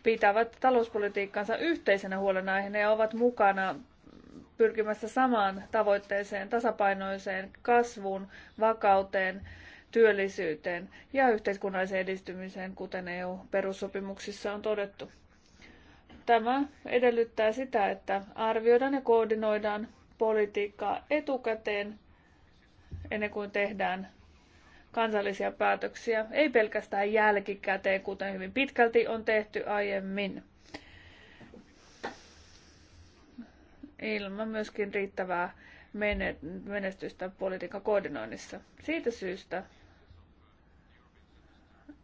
pitävät talouspolitiikkansa yhteisenä huolenaiheena ja ovat mukana pyrkimässä samaan tavoitteeseen, tasapainoiseen kasvuun, vakauteen, työllisyyteen ja yhteiskunnalliseen edistymiseen, kuten EU-perussopimuksissa on todettu. Tämä edellyttää sitä, että arvioidaan ja koordinoidaan politiikkaa etukäteen ennen kuin tehdään kansallisia päätöksiä, ei pelkästään jälkikäteen, kuten hyvin pitkälti on tehty aiemmin. ilman myöskin riittävää menestystä politiikan koordinoinnissa. Siitä syystä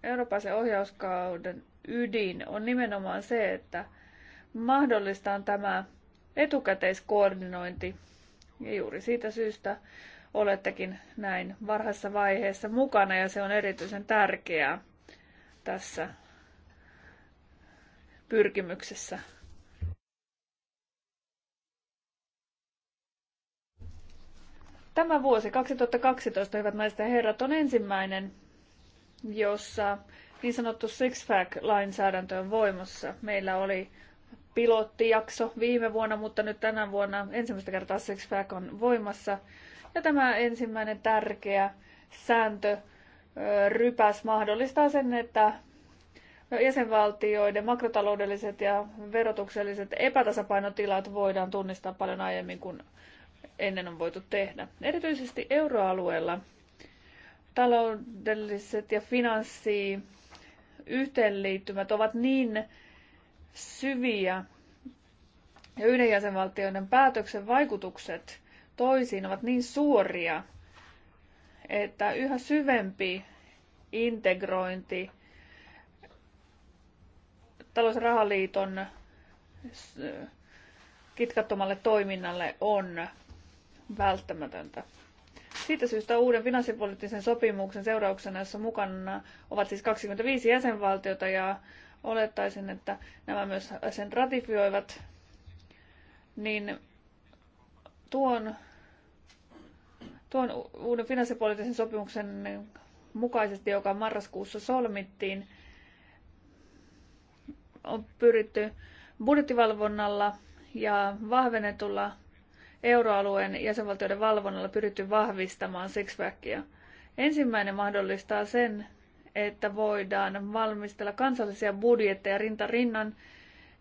Euroopan ohjauskauden ydin on nimenomaan se, että mahdollistaa tämä etukäteiskoordinointi. Ja juuri siitä syystä olettekin näin varhaisessa vaiheessa mukana ja se on erityisen tärkeää tässä pyrkimyksessä Tämä vuosi 2012, hyvät naiset ja herrat, on ensimmäinen, jossa niin sanottu six-pack-lainsäädäntö on voimassa. Meillä oli pilottijakso viime vuonna, mutta nyt tänä vuonna ensimmäistä kertaa six-pack on voimassa. Ja tämä ensimmäinen tärkeä sääntö, rypäs mahdollistaa sen, että jäsenvaltioiden makrotaloudelliset ja verotukselliset epätasapainotilat voidaan tunnistaa paljon aiemmin kuin ennen on voitu tehdä. Erityisesti euroalueella taloudelliset ja finanssi yhteenliittymät ovat niin syviä ja yhden jäsenvaltioiden päätöksen vaikutukset toisiin ovat niin suoria, että yhä syvempi integrointi talous- ja rahaliiton kitkattomalle toiminnalle on välttämätöntä. Siitä syystä uuden finanssipoliittisen sopimuksen seurauksena, jossa mukana ovat siis 25 jäsenvaltiota ja olettaisin, että nämä myös sen ratifioivat, niin tuon, tuon uuden finanssipoliittisen sopimuksen mukaisesti, joka marraskuussa solmittiin, on pyritty budjettivalvonnalla ja vahvennetulla euroalueen jäsenvaltioiden valvonnalla pyritty vahvistamaan sixpackia. Ensimmäinen mahdollistaa sen, että voidaan valmistella kansallisia budjetteja rinta rinnan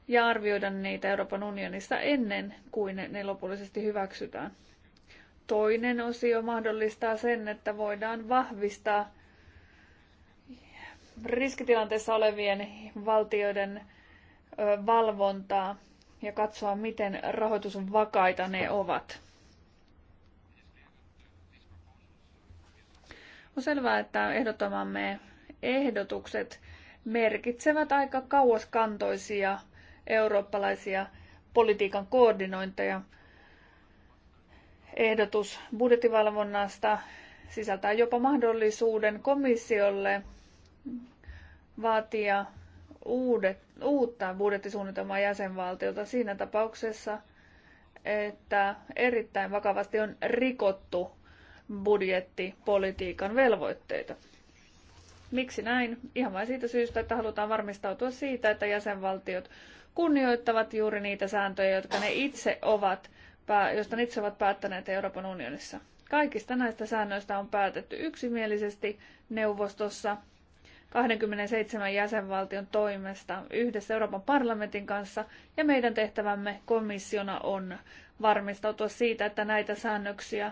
ja arvioida niitä Euroopan unionissa ennen kuin ne lopullisesti hyväksytään. Toinen osio mahdollistaa sen, että voidaan vahvistaa riskitilanteessa olevien valtioiden valvontaa ja katsoa, miten rahoitusvakaita ne ovat. On selvää, että ehdottamamme ehdotukset merkitsevät aika kauaskantoisia eurooppalaisia politiikan koordinointeja. Ehdotus budjettivalvonnasta sisältää jopa mahdollisuuden komissiolle vaatia uudet, uutta budjettisuunnitelmaa jäsenvaltiolta siinä tapauksessa, että erittäin vakavasti on rikottu budjettipolitiikan velvoitteita. Miksi näin? Ihan vain siitä syystä, että halutaan varmistautua siitä, että jäsenvaltiot kunnioittavat juuri niitä sääntöjä, jotka ne itse ovat, josta ne itse ovat päättäneet Euroopan unionissa. Kaikista näistä säännöistä on päätetty yksimielisesti neuvostossa 27 jäsenvaltion toimesta yhdessä Euroopan parlamentin kanssa ja meidän tehtävämme komissiona on varmistautua siitä, että näitä säännöksiä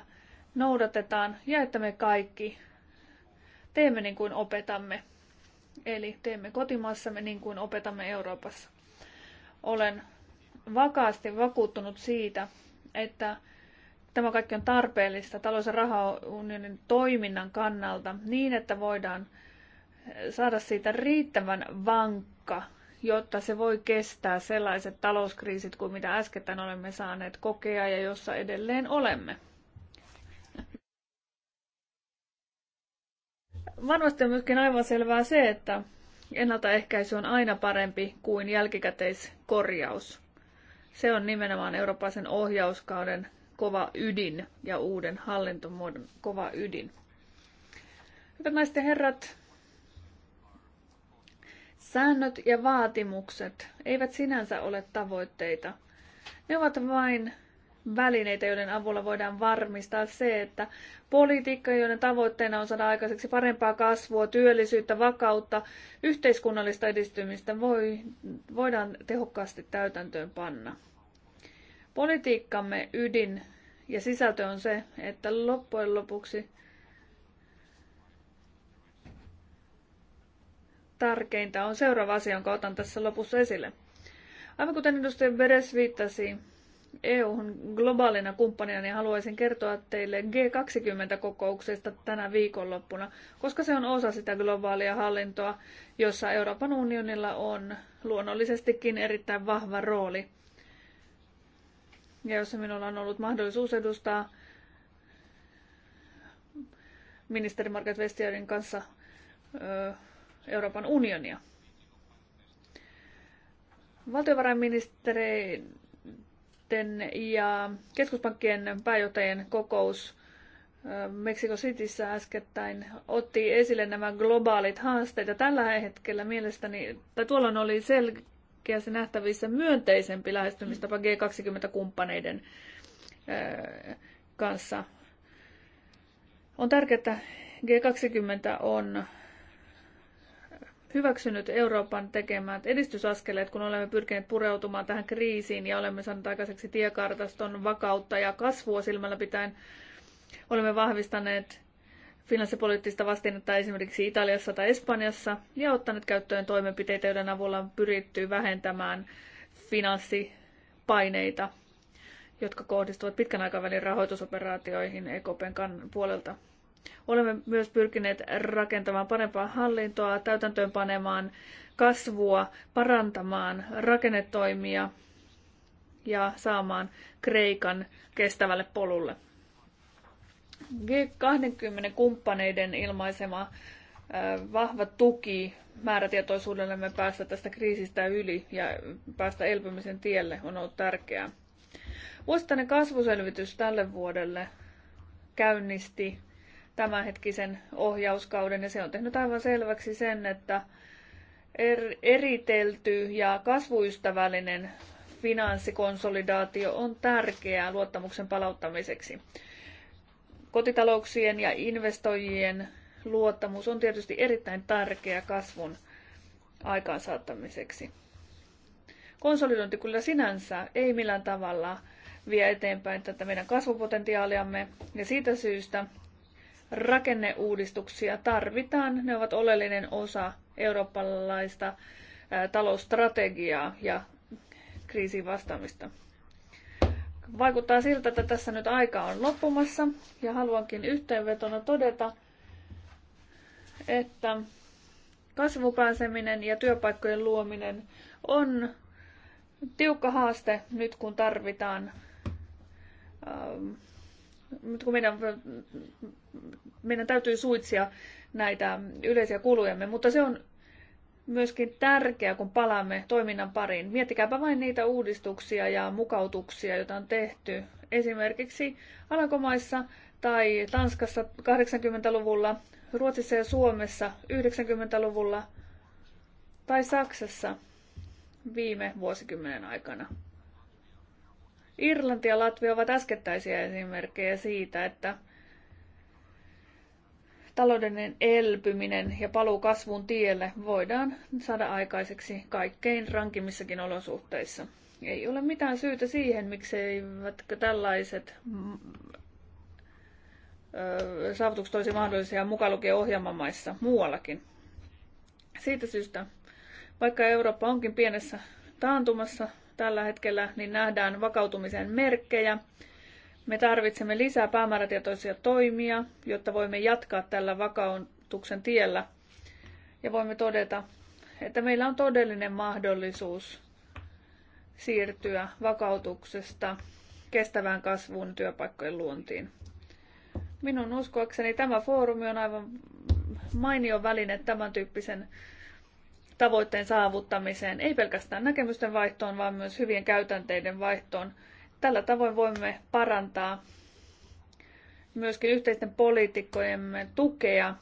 noudatetaan ja että me kaikki teemme niin kuin opetamme. Eli teemme kotimaassamme niin kuin opetamme Euroopassa. Olen vakaasti vakuuttunut siitä, että tämä kaikki on tarpeellista talous- ja rahaunionin toiminnan kannalta niin, että voidaan saada siitä riittävän vankka, jotta se voi kestää sellaiset talouskriisit kuin mitä äsken olemme saaneet kokea ja jossa edelleen olemme. Varmasti on myöskin aivan selvää se, että ennaltaehkäisy on aina parempi kuin jälkikäteiskorjaus. Se on nimenomaan eurooppalaisen ohjauskauden kova ydin ja uuden hallintomuodon kova ydin. Hyvät naiset ja herrat, Säännöt ja vaatimukset eivät sinänsä ole tavoitteita. Ne ovat vain välineitä, joiden avulla voidaan varmistaa se, että politiikka, joiden tavoitteena on saada aikaiseksi parempaa kasvua, työllisyyttä, vakautta, yhteiskunnallista edistymistä, voi, voidaan tehokkaasti täytäntöön panna. Politiikkamme ydin ja sisältö on se, että loppujen lopuksi tärkeintä on seuraava asia, jonka otan tässä lopussa esille. Aivan kuten edustaja Beres viittasi eu globaalina kumppanina, niin haluaisin kertoa teille G20-kokouksesta tänä viikonloppuna, koska se on osa sitä globaalia hallintoa, jossa Euroopan unionilla on luonnollisestikin erittäin vahva rooli. Ja jossa minulla on ollut mahdollisuus edustaa ministeri Margaret Vestiarin kanssa Euroopan unionia. Valtiovarainministereiden ja keskuspankkien pääjohtajien kokous Mexico Cityssä äskettäin otti esille nämä globaalit haasteet ja tällä hetkellä mielestäni, tai tuolloin oli selkeästi nähtävissä myönteisempi lähestymistapa G20-kumppaneiden kanssa. On tärkeää, että G20 on hyväksynyt Euroopan tekemät edistysaskeleet, kun olemme pyrkineet pureutumaan tähän kriisiin ja olemme saaneet aikaiseksi tiekartaston vakautta ja kasvua silmällä pitäen. Olemme vahvistaneet finanssipoliittista vastinetta esimerkiksi Italiassa tai Espanjassa ja ottaneet käyttöön toimenpiteitä, joiden avulla on pyritty vähentämään finanssipaineita, jotka kohdistuvat pitkän aikavälin rahoitusoperaatioihin EKPn puolelta. Olemme myös pyrkineet rakentamaan parempaa hallintoa, täytäntöönpanemaan kasvua, parantamaan rakennetoimia ja saamaan Kreikan kestävälle polulle. G20-kumppaneiden ilmaisema vahva tuki määrätietoisuudellemme päästä tästä kriisistä yli ja päästä elpymisen tielle on ollut tärkeää. Vuosittainen kasvuselvitys tälle vuodelle käynnisti tämänhetkisen ohjauskauden ja se on tehnyt aivan selväksi sen, että er, eritelty ja kasvuystävällinen finanssikonsolidaatio on tärkeää luottamuksen palauttamiseksi. Kotitalouksien ja investoijien luottamus on tietysti erittäin tärkeä kasvun aikaansaattamiseksi. Konsolidointi kyllä sinänsä ei millään tavalla vie eteenpäin tätä meidän kasvupotentiaaliamme ja siitä syystä rakenneuudistuksia tarvitaan. Ne ovat oleellinen osa eurooppalaista talousstrategiaa ja kriisin vastaamista. Vaikuttaa siltä, että tässä nyt aika on loppumassa ja haluankin yhteenvetona todeta, että kasvupääseminen ja työpaikkojen luominen on tiukka haaste nyt kun tarvitaan ähm, nyt kun meidän, meidän täytyy suitsia näitä yleisiä kulujamme, mutta se on myöskin tärkeää, kun palaamme toiminnan pariin. Miettikääpä vain niitä uudistuksia ja mukautuksia, joita on tehty esimerkiksi Alankomaissa tai Tanskassa 80-luvulla, Ruotsissa ja Suomessa 90-luvulla tai Saksassa viime vuosikymmenen aikana. Irlanti ja Latvia ovat äskettäisiä esimerkkejä siitä, että taloudellinen elpyminen ja paluu kasvun tielle voidaan saada aikaiseksi kaikkein rankimmissakin olosuhteissa. Ei ole mitään syytä siihen, miksei tällaiset mm, saavutukset olisi mahdollisia mukaan lukien ohjelmamaissa muuallakin. Siitä syystä, vaikka Eurooppa onkin pienessä taantumassa, tällä hetkellä, niin nähdään vakautumisen merkkejä. Me tarvitsemme lisää päämäärätietoisia toimia, jotta voimme jatkaa tällä vakautuksen tiellä. Ja voimme todeta, että meillä on todellinen mahdollisuus siirtyä vakautuksesta kestävään kasvuun työpaikkojen luontiin. Minun uskoakseni tämä foorumi on aivan mainio väline tämän tyyppisen tavoitteen saavuttamiseen, ei pelkästään näkemysten vaihtoon, vaan myös hyvien käytänteiden vaihtoon. Tällä tavoin voimme parantaa myöskin yhteisten poliitikkojemme tukea,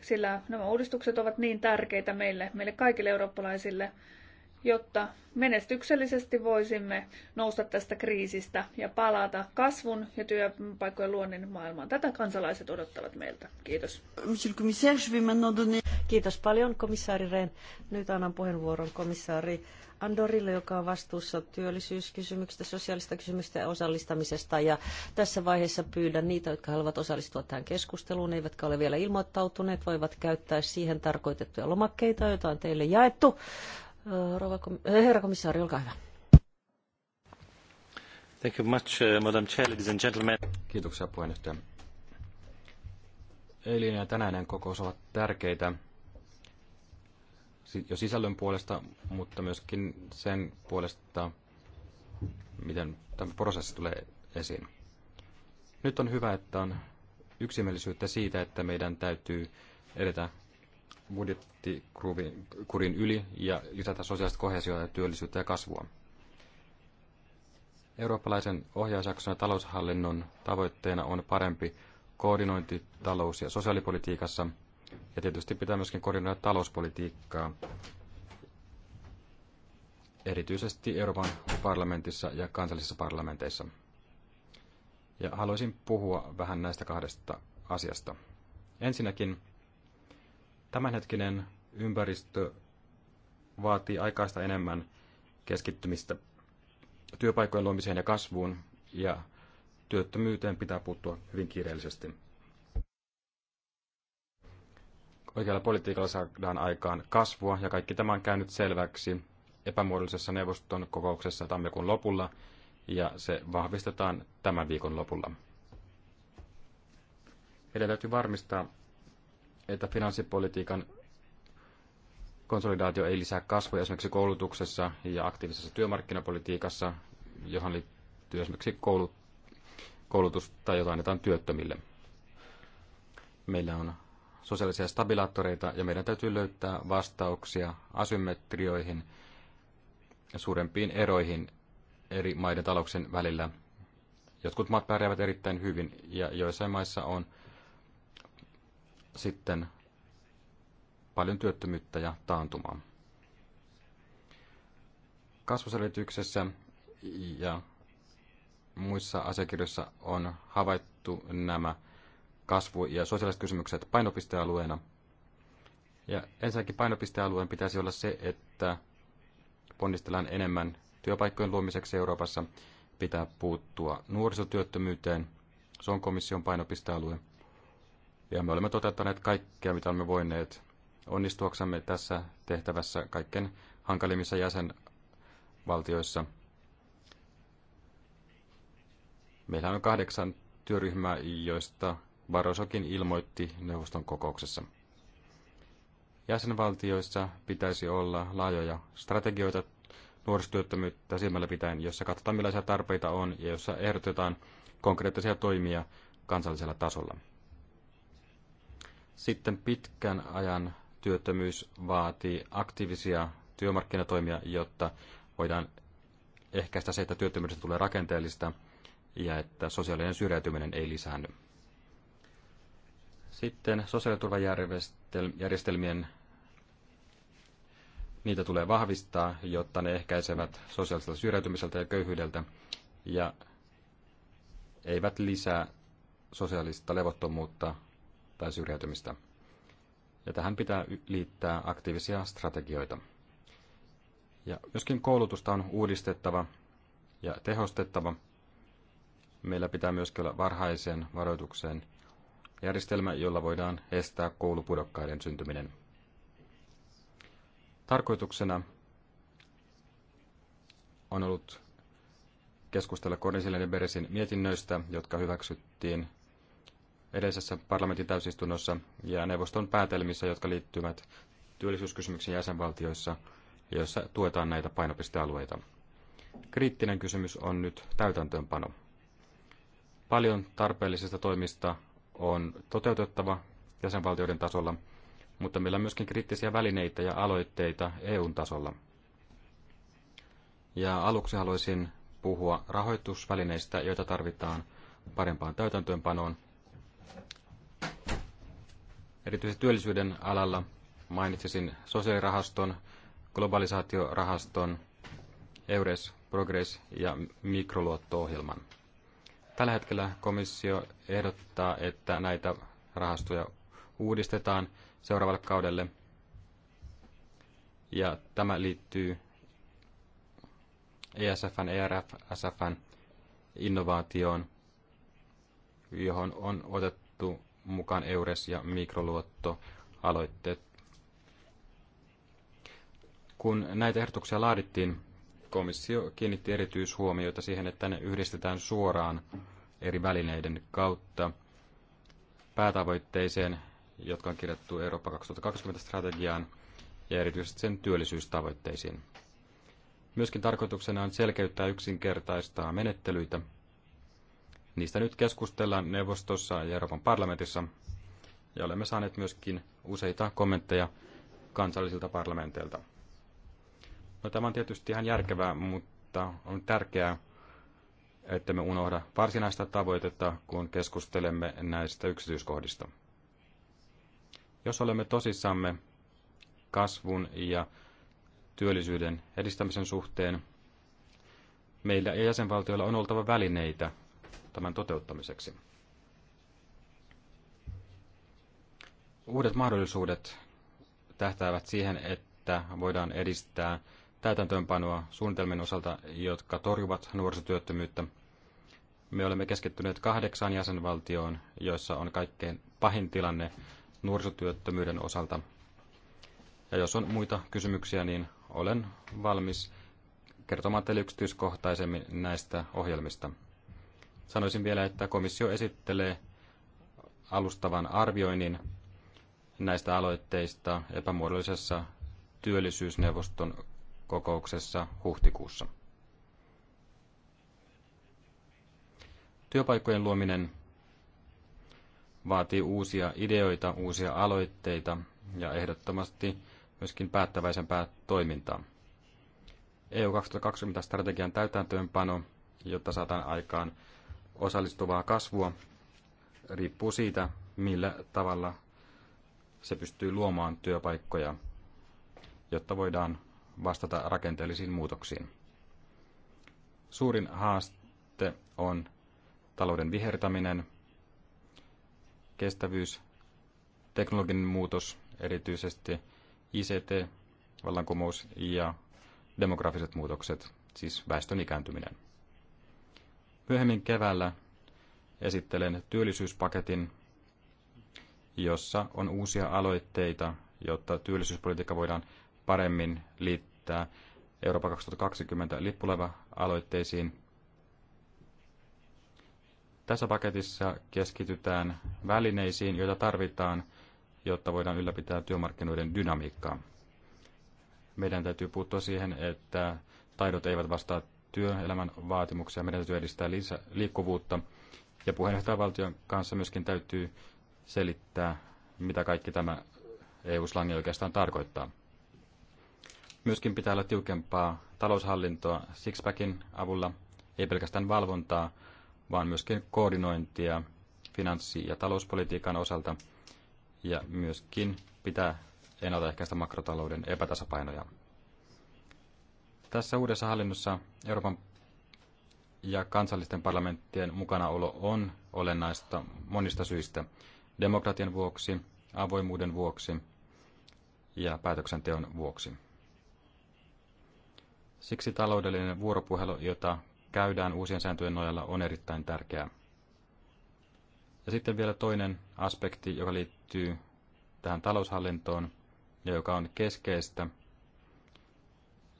sillä nämä uudistukset ovat niin tärkeitä meille, meille kaikille eurooppalaisille, jotta menestyksellisesti voisimme nousta tästä kriisistä ja palata kasvun ja työpaikkojen luonnin maailmaan. Tätä kansalaiset odottavat meiltä. Kiitos. Kiitos paljon komissaari Rehn. Nyt annan puheenvuoron komissaari Andorille, joka on vastuussa työllisyyskysymyksistä, sosiaalista kysymyksistä ja osallistamisesta. Ja tässä vaiheessa pyydän niitä, jotka haluavat osallistua tähän keskusteluun, eivätkä ole vielä ilmoittautuneet, voivat käyttää siihen tarkoitettuja lomakkeita, joita on teille jaettu Rova, herra komissaari, olkaa hyvä. Thank you much, uh, Madam Chair, ladies and gentlemen. Kiitoksia puheenjohtaja. Eilinen ja tänäinen kokous ovat tärkeitä jo sisällön puolesta, mutta myöskin sen puolesta, miten tämä prosessi tulee esiin. Nyt on hyvä, että on yksimielisyyttä siitä, että meidän täytyy edetä budjettikurin yli ja lisätä sosiaalista kohesiota ja työllisyyttä ja kasvua. Eurooppalaisen ohjausjakson ja taloushallinnon tavoitteena on parempi koordinointi talous- ja sosiaalipolitiikassa, ja tietysti pitää myöskin koordinoida talouspolitiikkaa, erityisesti Euroopan parlamentissa ja kansallisissa parlamenteissa. Ja haluaisin puhua vähän näistä kahdesta asiasta. Ensinnäkin tämänhetkinen ympäristö vaatii aikaista enemmän keskittymistä työpaikkojen luomiseen ja kasvuun, ja työttömyyteen pitää puuttua hyvin kiireellisesti. Oikealla politiikalla saadaan aikaan kasvua, ja kaikki tämä on käynyt selväksi epämuodollisessa neuvoston kokouksessa tammikuun lopulla, ja se vahvistetaan tämän viikon lopulla. Meidän täytyy varmistaa, että finanssipolitiikan konsolidaatio ei lisää kasvua esimerkiksi koulutuksessa ja aktiivisessa työmarkkinapolitiikassa, johon liittyy esimerkiksi koulut, koulutus tai jotain annetaan työttömille. Meillä on sosiaalisia stabilaattoreita ja meidän täytyy löytää vastauksia asymmetrioihin ja suurempiin eroihin eri maiden talouksen välillä. Jotkut maat pärjäävät erittäin hyvin ja joissain maissa on – sitten paljon työttömyyttä ja taantumaa. Kasvuselityksessä ja muissa asiakirjoissa on havaittu nämä kasvu- ja sosiaaliset kysymykset painopistealueena. Ja ensinnäkin painopistealueen pitäisi olla se, että ponnistellaan enemmän työpaikkojen luomiseksi Euroopassa, pitää puuttua nuorisotyöttömyyteen, se on komission painopistealue – ja me olemme toteuttaneet kaikkea, mitä olemme voineet onnistuaksamme tässä tehtävässä kaikkein hankalimmissa jäsenvaltioissa. Meillä on kahdeksan työryhmää, joista Barrosokin ilmoitti neuvoston kokouksessa. Jäsenvaltioissa pitäisi olla laajoja strategioita nuorisotyöttömyyttä silmällä pitäen, jossa katsotaan millaisia tarpeita on ja jossa ehdotetaan konkreettisia toimia kansallisella tasolla. Sitten pitkän ajan työttömyys vaatii aktiivisia työmarkkinatoimia, jotta voidaan ehkäistä se, että työttömyydestä tulee rakenteellista ja että sosiaalinen syrjäytyminen ei lisäänny. Sitten sosiaaliturvajärjestelmien niitä tulee vahvistaa, jotta ne ehkäisevät sosiaaliselta syrjäytymiseltä ja köyhyydeltä ja eivät lisää sosiaalista levottomuutta tai syrjäytymistä. Ja tähän pitää liittää aktiivisia strategioita. Ja myöskin koulutusta on uudistettava ja tehostettava. Meillä pitää myöskin olla varhaiseen varoitukseen järjestelmä, jolla voidaan estää koulupudokkaiden syntyminen. Tarkoituksena on ollut keskustella Korisille ja Beresin mietinnöistä, jotka hyväksyttiin edellisessä parlamentin täysistunnossa ja neuvoston päätelmissä, jotka liittyvät työllisyyskysymyksiin jäsenvaltioissa, joissa tuetaan näitä painopistealueita. Kriittinen kysymys on nyt täytäntöönpano. Paljon tarpeellisista toimista on toteutettava jäsenvaltioiden tasolla, mutta meillä on myöskin kriittisiä välineitä ja aloitteita EUn tasolla. Ja aluksi haluaisin puhua rahoitusvälineistä, joita tarvitaan parempaan täytäntöönpanoon Erityisesti työllisyyden alalla mainitsisin sosiaalirahaston, globalisaatiorahaston, EURES, Progress ja mikroluotto-ohjelman. Tällä hetkellä komissio ehdottaa, että näitä rahastoja uudistetaan seuraavalle kaudelle. Ja tämä liittyy ESFn, ERF, SFn innovaatioon johon on otettu mukaan EURES ja mikroluottoaloitteet. Kun näitä ehdotuksia laadittiin, komissio kiinnitti erityishuomiota siihen, että ne yhdistetään suoraan eri välineiden kautta päätavoitteeseen, jotka on kirjattu Eurooppa 2020-strategiaan ja erityisesti sen työllisyystavoitteisiin. Myöskin tarkoituksena on selkeyttää yksinkertaistaa menettelyitä Niistä nyt keskustellaan neuvostossa ja Euroopan parlamentissa, ja olemme saaneet myöskin useita kommentteja kansallisilta parlamenteilta. No, tämä on tietysti ihan järkevää, mutta on tärkeää, että me unohda varsinaista tavoitetta, kun keskustelemme näistä yksityiskohdista. Jos olemme tosissamme kasvun ja työllisyyden edistämisen suhteen, meillä ja jäsenvaltioilla on oltava välineitä tämän toteuttamiseksi. Uudet mahdollisuudet tähtäävät siihen, että voidaan edistää täytäntöönpanoa suunnitelmien osalta, jotka torjuvat nuorisotyöttömyyttä. Me olemme keskittyneet kahdeksaan jäsenvaltioon, joissa on kaikkein pahin tilanne nuorisotyöttömyyden osalta. Ja jos on muita kysymyksiä, niin olen valmis kertomaan teille yksityiskohtaisemmin näistä ohjelmista. Sanoisin vielä, että komissio esittelee alustavan arvioinnin näistä aloitteista epämuodollisessa työllisyysneuvoston kokouksessa huhtikuussa. Työpaikkojen luominen vaatii uusia ideoita, uusia aloitteita ja ehdottomasti myöskin päättäväisempää toimintaa. EU 2020 strategian täytäntöönpano, jotta saadaan aikaan osallistuvaa kasvua riippuu siitä, millä tavalla se pystyy luomaan työpaikkoja, jotta voidaan vastata rakenteellisiin muutoksiin. Suurin haaste on talouden vihertäminen, kestävyys, teknologinen muutos, erityisesti ICT, vallankumous ja demografiset muutokset, siis väestön ikääntyminen. Myöhemmin keväällä esittelen työllisyyspaketin, jossa on uusia aloitteita, jotta työllisyyspolitiikka voidaan paremmin liittää Eurooppa 2020 lippulaiva-aloitteisiin. Tässä paketissa keskitytään välineisiin, joita tarvitaan, jotta voidaan ylläpitää työmarkkinoiden dynamiikkaa. Meidän täytyy puuttua siihen, että taidot eivät vastaa työelämän vaatimuksia, meidän täytyy edistää lisä, liikkuvuutta. Ja puheenjohtajavaltion kanssa myöskin täytyy selittää, mitä kaikki tämä EU-slangi oikeastaan tarkoittaa. Myöskin pitää olla tiukempaa taloushallintoa Sixpackin avulla, ei pelkästään valvontaa, vaan myöskin koordinointia finanssi- ja talouspolitiikan osalta ja myöskin pitää ennaltaehkäistä makrotalouden epätasapainoja. Tässä uudessa hallinnossa Euroopan ja kansallisten parlamenttien mukanaolo on olennaista monista syistä. Demokratian vuoksi, avoimuuden vuoksi ja päätöksenteon vuoksi. Siksi taloudellinen vuoropuhelu, jota käydään uusien sääntöjen nojalla, on erittäin tärkeää. Ja sitten vielä toinen aspekti, joka liittyy tähän taloushallintoon ja joka on keskeistä –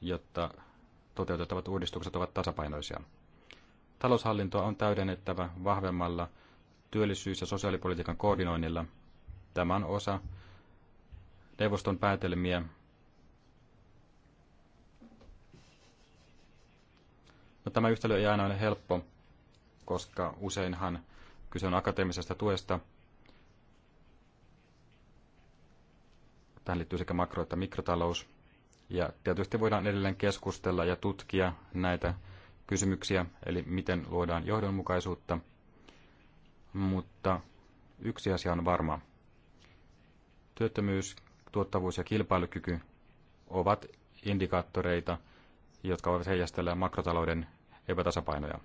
jotta toteutettavat uudistukset ovat tasapainoisia. Taloushallintoa on täydennettävä vahvemmalla työllisyys- ja sosiaalipolitiikan koordinoinnilla. Tämä on osa neuvoston päätelmiä. No, tämä yhtälö ei aina ole helppo, koska useinhan kyse on akateemisesta tuesta. Tähän liittyy sekä makro- että mikrotalous. Ja tietysti voidaan edelleen keskustella ja tutkia näitä kysymyksiä, eli miten luodaan johdonmukaisuutta. Mutta yksi asia on varma. Työttömyys, tuottavuus ja kilpailukyky ovat indikaattoreita, jotka voivat heijastella makrotalouden epätasapainoja.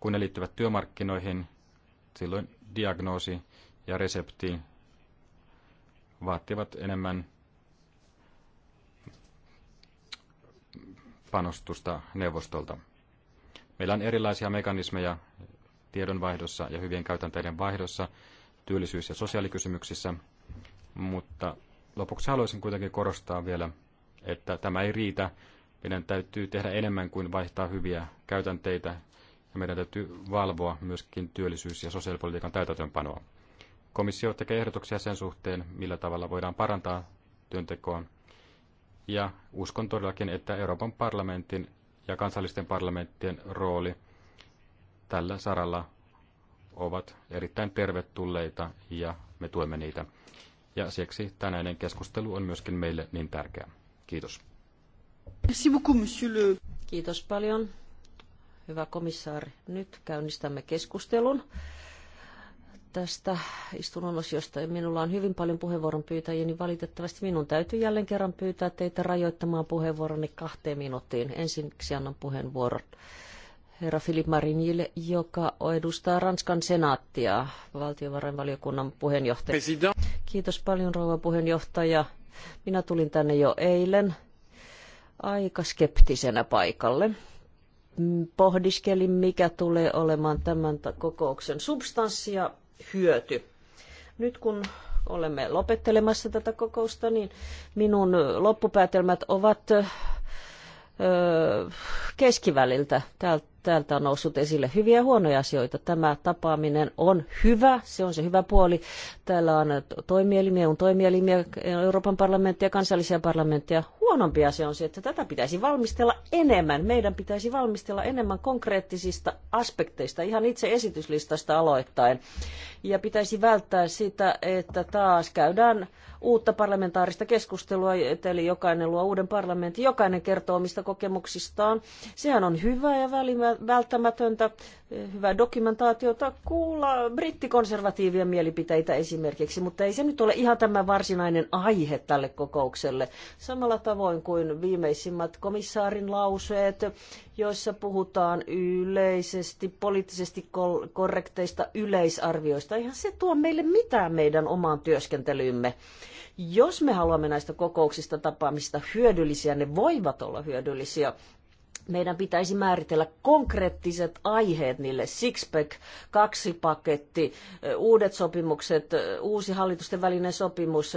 Kun ne liittyvät työmarkkinoihin, silloin diagnoosi ja resepti vaativat enemmän panostusta neuvostolta. Meillä on erilaisia mekanismeja tiedonvaihdossa ja hyvien käytänteiden vaihdossa, työllisyys- ja sosiaalikysymyksissä, mutta lopuksi haluaisin kuitenkin korostaa vielä, että tämä ei riitä. Meidän täytyy tehdä enemmän kuin vaihtaa hyviä käytänteitä ja meidän täytyy valvoa myöskin työllisyys- ja sosiaalipolitiikan täytäntöönpanoa. Komissio tekee ehdotuksia sen suhteen, millä tavalla voidaan parantaa työntekoon ja uskon todellakin, että Euroopan parlamentin ja kansallisten parlamenttien rooli tällä saralla ovat erittäin tervetulleita ja me tuemme niitä. Ja siksi tänäinen keskustelu on myöskin meille niin tärkeä. Kiitos. Merci beaucoup, monsieur le. Kiitos paljon, hyvä komissaari. Nyt käynnistämme keskustelun tästä istunnonosiosta. Minulla on hyvin paljon puheenvuoron pyytäjiä, niin valitettavasti minun täytyy jälleen kerran pyytää teitä rajoittamaan puheenvuoroni kahteen minuuttiin. Ensiksi annan puheenvuoron herra Philip Marinille, joka edustaa Ranskan senaattia, valtiovarainvaliokunnan puheenjohtaja. President. Kiitos paljon rouva puheenjohtaja. Minä tulin tänne jo eilen aika skeptisenä paikalle pohdiskelin, mikä tulee olemaan tämän kokouksen substanssi ja hyöty. Nyt kun olemme lopettelemassa tätä kokousta, niin minun loppupäätelmät ovat keskiväliltä. Täältä on noussut esille hyviä ja huonoja asioita. Tämä tapaaminen on hyvä, se on se hyvä puoli. Täällä on toimielimiä, on toimielimiä, Euroopan parlamenttia ja kansallisia parlamentteja. Huonompi asia on se, että tätä pitäisi valmistella enemmän. Meidän pitäisi valmistella enemmän konkreettisista aspekteista, ihan itse esityslistasta aloittaen. Ja pitäisi välttää sitä, että taas käydään uutta parlamentaarista keskustelua, eli jokainen luo uuden parlamentin, jokainen kertoo omista kokemuksistaan. Sehän on hyvä ja välttämätöntä, hyvää dokumentaatiota kuulla brittikonservatiivien mielipiteitä esimerkiksi, mutta ei se nyt ole ihan tämä varsinainen aihe tälle kokoukselle. Samalla tavoin kuin viimeisimmät komissaarin lauseet, joissa puhutaan yleisesti, poliittisesti korrekteista yleisarvioista. Eihän se tuo meille mitään meidän omaan työskentelyymme. Jos me haluamme näistä kokouksista tapaamista hyödyllisiä, ne voivat olla hyödyllisiä, meidän pitäisi määritellä konkreettiset aiheet niille. Sixpack, kaksi paketti, uudet sopimukset, uusi hallitusten välinen sopimus.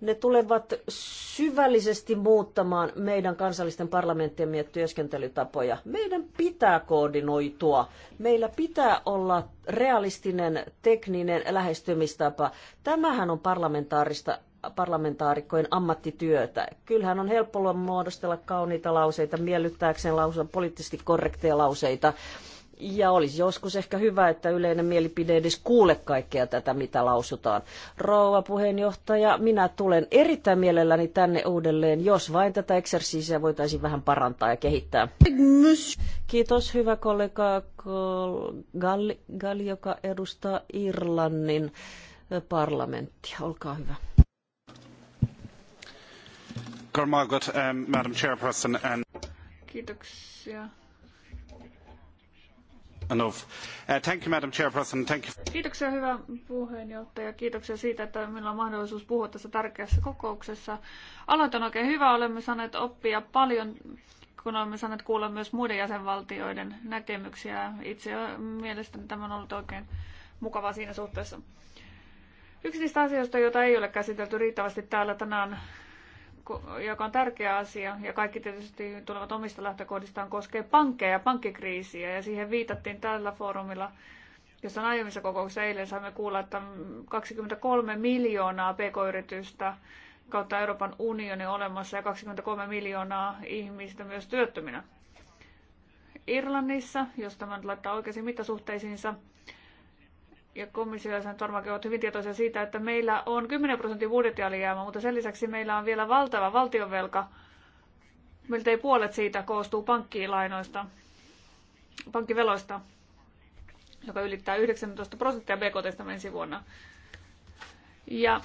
Ne tulevat syvällisesti muuttamaan meidän kansallisten parlamenttiemme työskentelytapoja. Meidän pitää koordinoitua. Meillä pitää olla realistinen, tekninen lähestymistapa. Tämähän on parlamentaarista parlamentaarikkojen ammattityötä. Kyllähän on helppo muodostella kauniita lauseita, miellyttääkseen lausua poliittisesti korrekteja lauseita. Ja olisi joskus ehkä hyvä, että yleinen mielipide edes kuule kaikkea tätä, mitä lausutaan. Rouva puheenjohtaja, minä tulen erittäin mielelläni tänne uudelleen, jos vain tätä eksersiisiä voitaisiin vähän parantaa ja kehittää. Kiitos hyvä kollega Gall, joka edustaa Irlannin parlamenttia. Olkaa hyvä. Um, Madam Chairperson. And... Kiitoksia. Enough. thank you, Madam Chairperson. Thank you. Kiitoksia hyvä puheenjohtaja. Kiitoksia siitä, että meillä on mahdollisuus puhua tässä tärkeässä kokouksessa. Aloite on oikein hyvä. Olemme saaneet oppia paljon, kun olemme saaneet kuulla myös muiden jäsenvaltioiden näkemyksiä. Itse mielestäni tämä on ollut oikein mukavaa siinä suhteessa. Yksi niistä asioista, joita ei ole käsitelty riittävästi täällä tänään joka on tärkeä asia, ja kaikki tietysti tulevat omista lähtökohdistaan, koskee pankkeja ja pankkikriisiä, ja siihen viitattiin tällä foorumilla, jossa on aiemmissa kokouksissa eilen saimme kuulla, että 23 miljoonaa pk-yritystä kautta Euroopan unioni olemassa ja 23 miljoonaa ihmistä myös työttöminä. Irlannissa, jos tämä nyt laittaa oikeisiin mittasuhteisiinsa, ja sen Tormakin ovat hyvin tietoisia siitä, että meillä on 10 prosentin budjettialijäämä, mutta sen lisäksi meillä on vielä valtava valtionvelka. ei puolet siitä koostuu pankkilainoista, pankkiveloista, joka ylittää 19 prosenttia BKT ensi vuonna. Ja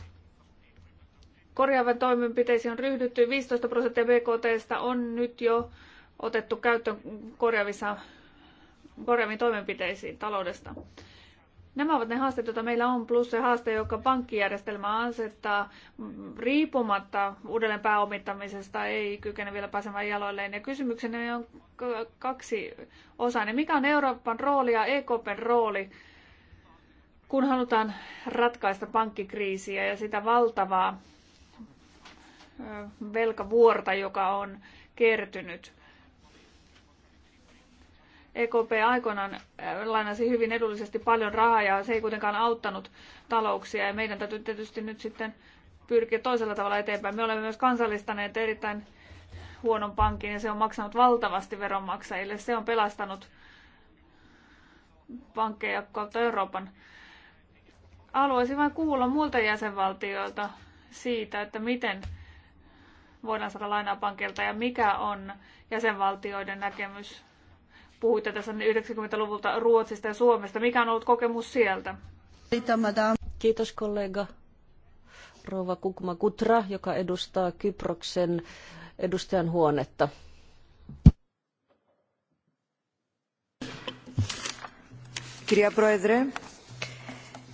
korjaavan toimenpiteisiin on ryhdytty. 15 prosenttia BKT on nyt jo otettu käyttöön korjaavissa, korjaaviin toimenpiteisiin taloudesta. Nämä ovat ne haasteet, joita meillä on, plus se haaste, joka pankkijärjestelmä asettaa riippumatta uudelleen pääomittamisesta, ei kykene vielä pääsemään jaloilleen. Ja kysymyksenä on kaksi osaa. Niin mikä on Euroopan rooli ja EKPn rooli, kun halutaan ratkaista pankkikriisiä ja sitä valtavaa velkavuorta, joka on kertynyt? EKP aikoinaan äh, lainasi hyvin edullisesti paljon rahaa ja se ei kuitenkaan auttanut talouksia ja meidän täytyy tietysti nyt sitten pyrkiä toisella tavalla eteenpäin. Me olemme myös kansallistaneet erittäin huonon pankin ja se on maksanut valtavasti veronmaksajille. Se on pelastanut pankkeja kautta Euroopan. Haluaisin vain kuulla muilta jäsenvaltioilta siitä, että miten voidaan saada lainaa pankilta ja mikä on jäsenvaltioiden näkemys Puhuitte tässä 90-luvulta Ruotsista ja Suomesta. Mikä on ollut kokemus sieltä? Kiitos kollega rouva Kukma Kutra, joka edustaa Kyproksen edustajan huonetta. Κυρία Πρόεδρε,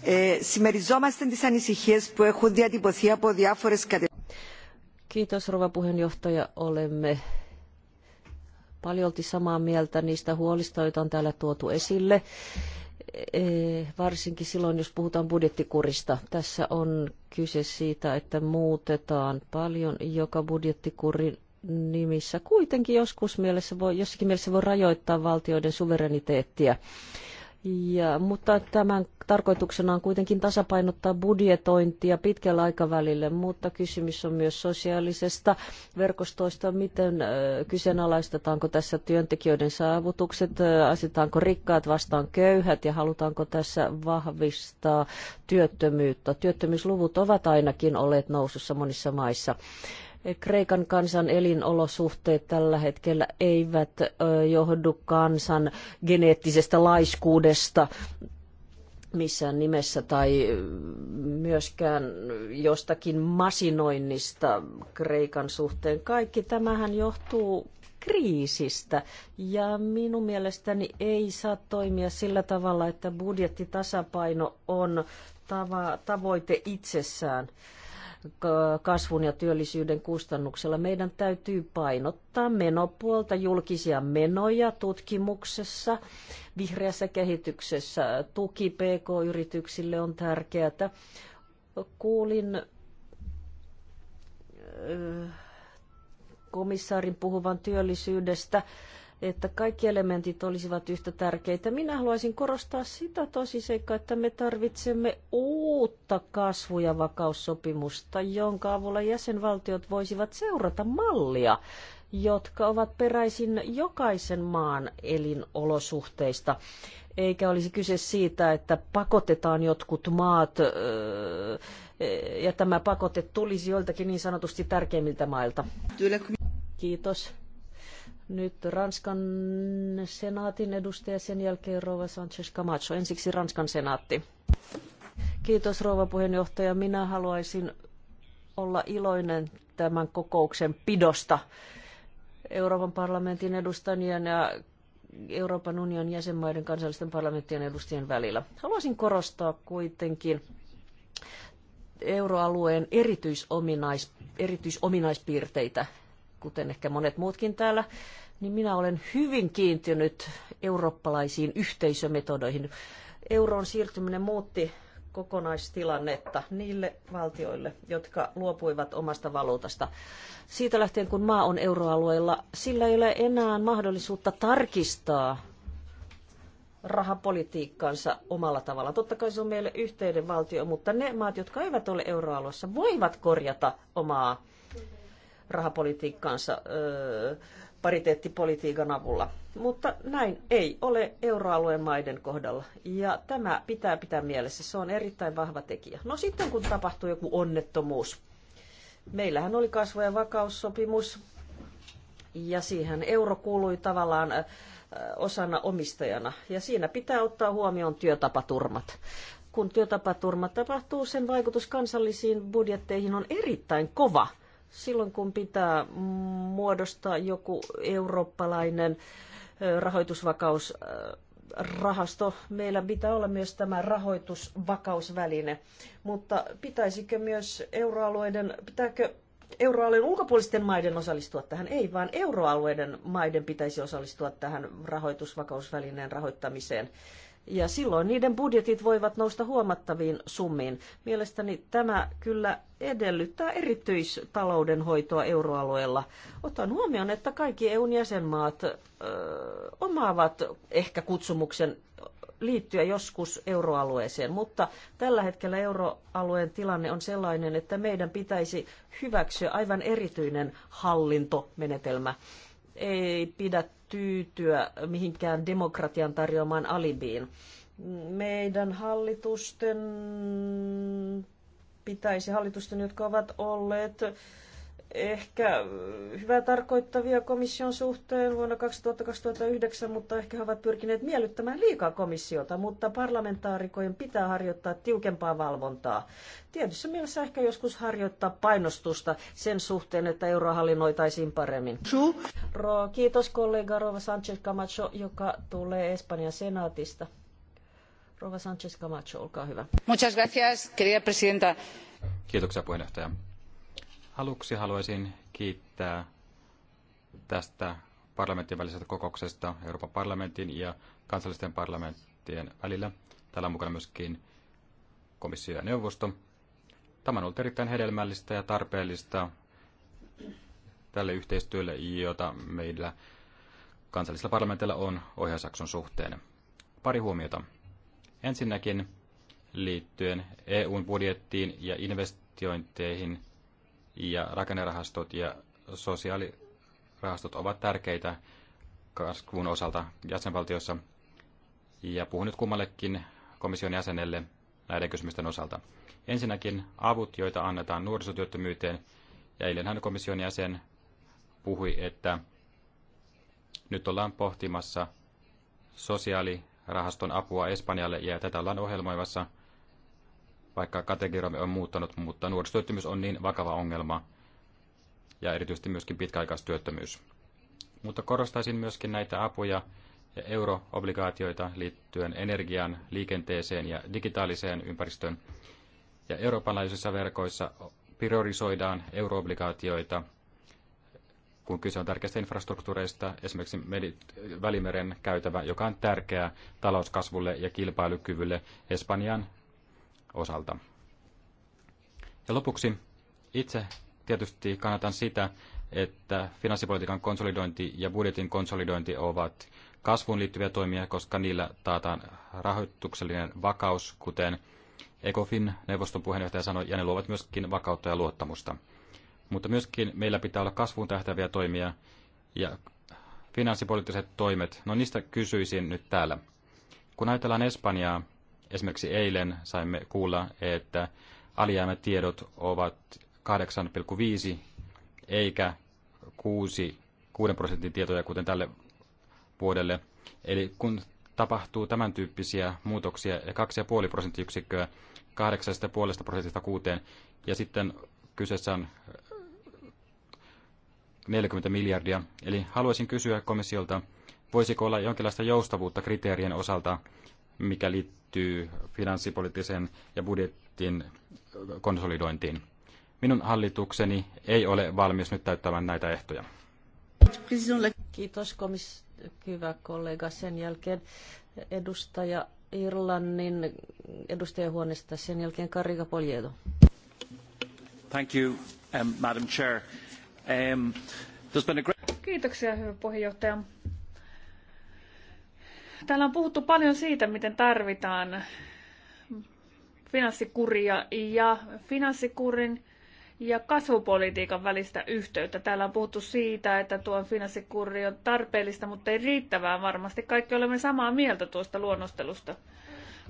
ε, συμμεριζόμαστε τις ανησυχίες που έχουν διατυπωθεί από διάφορες κατευθύνσεις. Kiitos, rouva puheenjohtaja. Olemme paljolti samaa mieltä niistä huolista, joita on täällä tuotu esille. E, varsinkin silloin, jos puhutaan budjettikurista. Tässä on kyse siitä, että muutetaan paljon joka budjettikurin nimissä. Kuitenkin joskus mielessä voi, jossakin mielessä voi rajoittaa valtioiden suvereniteettia. Ja, mutta tämän tarkoituksena on kuitenkin tasapainottaa budjetointia pitkällä aikavälillä, mutta kysymys on myös sosiaalisesta verkostoista, miten kyseenalaistetaanko tässä työntekijöiden saavutukset, asetaanko rikkaat vastaan köyhät ja halutaanko tässä vahvistaa työttömyyttä. Työttömyysluvut ovat ainakin olleet nousussa monissa maissa. Kreikan kansan elinolosuhteet tällä hetkellä eivät johdu kansan geneettisestä laiskuudesta missään nimessä tai myöskään jostakin masinoinnista Kreikan suhteen. Kaikki tämähän johtuu kriisistä ja minun mielestäni ei saa toimia sillä tavalla, että budjettitasapaino on tavoite itsessään kasvun ja työllisyyden kustannuksella. Meidän täytyy painottaa menopuolta julkisia menoja tutkimuksessa, vihreässä kehityksessä. Tuki PK-yrityksille on tärkeää. Kuulin komissaarin puhuvan työllisyydestä että kaikki elementit olisivat yhtä tärkeitä. Minä haluaisin korostaa sitä tosiseikkaa, että me tarvitsemme uutta kasvu- ja vakaussopimusta, jonka avulla jäsenvaltiot voisivat seurata mallia, jotka ovat peräisin jokaisen maan elinolosuhteista. Eikä olisi kyse siitä, että pakotetaan jotkut maat, ja tämä pakote tulisi joiltakin niin sanotusti tärkeimmiltä mailta. Kiitos. Nyt Ranskan senaatin edustaja, sen jälkeen Rova Sanchez Camacho. Ensiksi Ranskan senaatti. Kiitos Rova puheenjohtaja. Minä haluaisin olla iloinen tämän kokouksen pidosta. Euroopan parlamentin edustajien ja Euroopan unionin jäsenmaiden kansallisten parlamenttien edustajien välillä. Haluaisin korostaa kuitenkin euroalueen erityisominais, erityisominaispiirteitä kuten ehkä monet muutkin täällä, niin minä olen hyvin kiintynyt eurooppalaisiin yhteisömetodoihin. Euron siirtyminen muutti kokonaistilannetta niille valtioille, jotka luopuivat omasta valuutasta. Siitä lähtien, kun maa on euroalueella, sillä ei ole enää mahdollisuutta tarkistaa rahapolitiikkaansa omalla tavalla. Totta kai se on meille yhteinen valtio, mutta ne maat, jotka eivät ole euroalueessa, voivat korjata omaa rahapolitiikkaansa pariteettipolitiikan avulla. Mutta näin ei ole euroalueen maiden kohdalla. Ja tämä pitää pitää mielessä. Se on erittäin vahva tekijä. No sitten kun tapahtuu joku onnettomuus. Meillähän oli kasvu- ja vakaussopimus. Ja siihen euro kuului tavallaan osana omistajana. Ja siinä pitää ottaa huomioon työtapaturmat. Kun työtapaturma tapahtuu, sen vaikutus kansallisiin budjetteihin on erittäin kova – silloin kun pitää muodostaa joku eurooppalainen rahoitusvakausrahasto, meillä pitää olla myös tämä rahoitusvakausväline. Mutta pitäisikö myös euroalueiden, pitääkö euroalueen ulkopuolisten maiden osallistua tähän? Ei, vaan euroalueiden maiden pitäisi osallistua tähän rahoitusvakausvälineen rahoittamiseen ja silloin niiden budjetit voivat nousta huomattaviin summiin. Mielestäni tämä kyllä edellyttää erityistaloudenhoitoa euroalueella. Otan huomioon, että kaikki EUn jäsenmaat ö, omaavat ehkä kutsumuksen liittyä joskus euroalueeseen, mutta tällä hetkellä euroalueen tilanne on sellainen, että meidän pitäisi hyväksyä aivan erityinen hallintomenetelmä ei pidä tyytyä mihinkään demokratian tarjoamaan alibiin. Meidän hallitusten pitäisi, hallitusten, jotka ovat olleet ehkä hyvää tarkoittavia komission suhteen vuonna 2000-2009, mutta ehkä he ovat pyrkineet miellyttämään liikaa komissiota, mutta parlamentaarikojen pitää harjoittaa tiukempaa valvontaa. Tietyssä mielessä ehkä joskus harjoittaa painostusta sen suhteen, että euroa hallinnoitaisiin paremmin. Ro, kiitos kollega Rova Sanchez Camacho, joka tulee Espanjan senaatista. Rova Sanchez Camacho, olkaa hyvä. Muchas gracias, querida presidenta. Kiitoksia puheenjohtaja. Aluksi haluaisin kiittää tästä parlamentin välisestä kokouksesta Euroopan parlamentin ja kansallisten parlamenttien välillä. Täällä on mukana myöskin komissio ja neuvosto. Tämä on ollut erittäin hedelmällistä ja tarpeellista tälle yhteistyölle, jota meillä kansallisilla parlamentilla on ohjausakson suhteen. Pari huomiota. Ensinnäkin liittyen EUn budjettiin ja investointeihin – ja rakennerahastot ja sosiaalirahastot ovat tärkeitä kasvun osalta jäsenvaltiossa. Ja puhun nyt kummallekin komission jäsenelle näiden kysymysten osalta. Ensinnäkin avut, joita annetaan nuorisotyöttömyyteen. Ja eilenhän komission jäsen puhui, että nyt ollaan pohtimassa sosiaalirahaston apua Espanjalle ja tätä ollaan ohjelmoimassa – vaikka kategoriamme on muuttanut, mutta nuorisotyöttömyys on niin vakava ongelma ja erityisesti myöskin pitkäaikaistyöttömyys. Mutta korostaisin myöskin näitä apuja ja euroobligaatioita liittyen energian, liikenteeseen ja digitaaliseen ympäristöön. Ja eurooppalaisissa verkoissa priorisoidaan euroobligaatioita, kun kyse on tärkeistä infrastruktuureista, esimerkiksi Välimeren käytävä, joka on tärkeä talouskasvulle ja kilpailukyvylle Espanjan osalta. Ja lopuksi itse tietysti kannatan sitä, että finanssipolitiikan konsolidointi ja budjetin konsolidointi ovat kasvuun liittyviä toimia, koska niillä taataan rahoituksellinen vakaus, kuten ECOFIN neuvoston puheenjohtaja sanoi, ja ne luovat myöskin vakautta ja luottamusta. Mutta myöskin meillä pitää olla kasvuun tähtäviä toimia ja finanssipoliittiset toimet. No niistä kysyisin nyt täällä. Kun ajatellaan Espanjaa, Esimerkiksi eilen saimme kuulla, että alijäämätiedot ovat 8,5 eikä 6, 6 prosentin tietoja, kuten tälle vuodelle. Eli kun tapahtuu tämän tyyppisiä muutoksia, 2,5 prosenttiyksikköä 8,5 prosentista kuuteen, ja sitten kyseessä on 40 äh, miljardia. Eli haluaisin kysyä komissiolta, voisiko olla jonkinlaista joustavuutta kriteerien osalta mikä liittyy finanssipoliittisen ja budjetin konsolidointiin. Minun hallitukseni ei ole valmis nyt täyttämään näitä ehtoja. Kiitos komis, hyvä kollega. Sen jälkeen edustaja Irlannin edustajahuoneesta, sen jälkeen Karika Poljeto. Thank you, um, Madam Chair. Um, there's been a great... Kiitoksia, hyvä puheenjohtaja. Täällä on puhuttu paljon siitä, miten tarvitaan finanssikuria ja finanssikurin ja kasvupolitiikan välistä yhteyttä. Täällä on puhuttu siitä, että tuo finanssikuri on tarpeellista, mutta ei riittävää varmasti. Kaikki olemme samaa mieltä tuosta luonnostelusta.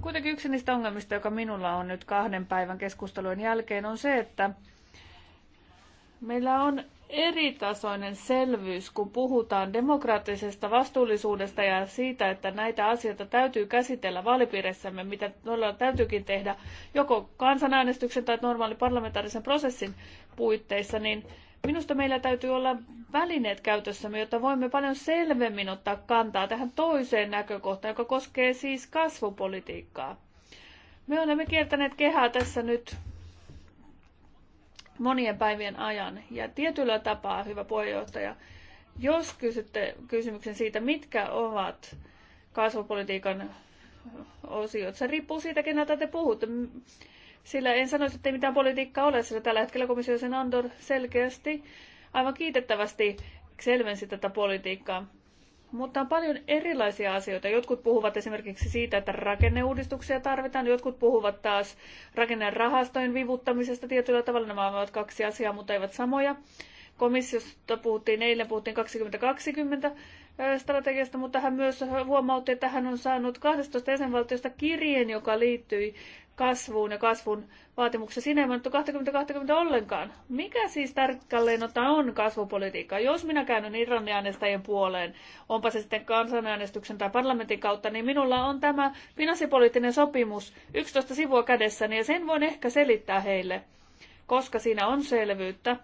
Kuitenkin yksi niistä ongelmista, joka minulla on nyt kahden päivän keskustelujen jälkeen, on se, että meillä on eritasoinen selvyys, kun puhutaan demokraattisesta vastuullisuudesta ja siitä, että näitä asioita täytyy käsitellä vaalipiirissämme, mitä noilla täytyykin tehdä joko kansanäänestyksen tai normaalin parlamentaarisen prosessin puitteissa, niin minusta meillä täytyy olla välineet käytössämme, jotta voimme paljon selvemmin ottaa kantaa tähän toiseen näkökohtaan, joka koskee siis kasvupolitiikkaa. Me olemme kiertäneet kehää tässä nyt monien päivien ajan. Ja tietyllä tapaa, hyvä puheenjohtaja, jos kysytte kysymyksen siitä, mitkä ovat kasvupolitiikan osiot, se riippuu siitä, keneltä te puhutte. Sillä en sanoisi, että ei mitään politiikkaa ole, sillä tällä hetkellä komissio sen Andor selkeästi aivan kiitettävästi selvensi tätä politiikkaa. Mutta on paljon erilaisia asioita. Jotkut puhuvat esimerkiksi siitä, että rakenneuudistuksia tarvitaan. Jotkut puhuvat taas rakennerahastojen vivuttamisesta tietyllä tavalla. Nämä ovat kaksi asiaa, mutta eivät samoja. Komissiosta puhuttiin eilen, puhuttiin 2020 strategiasta, mutta hän myös huomautti, että hän on saanut 12 jäsenvaltiosta kirjeen, joka liittyi kasvuun ja kasvun vaatimuksessa. Siinä ei mainittu 20-20 ollenkaan. Mikä siis tarkalleen ottaen on kasvupolitiikka? Jos minä käyn Irlannin äänestäjien puoleen, onpa se sitten kansanäänestyksen tai parlamentin kautta, niin minulla on tämä finanssipoliittinen sopimus 11 sivua kädessäni ja sen voin ehkä selittää heille, koska siinä on selvyyttä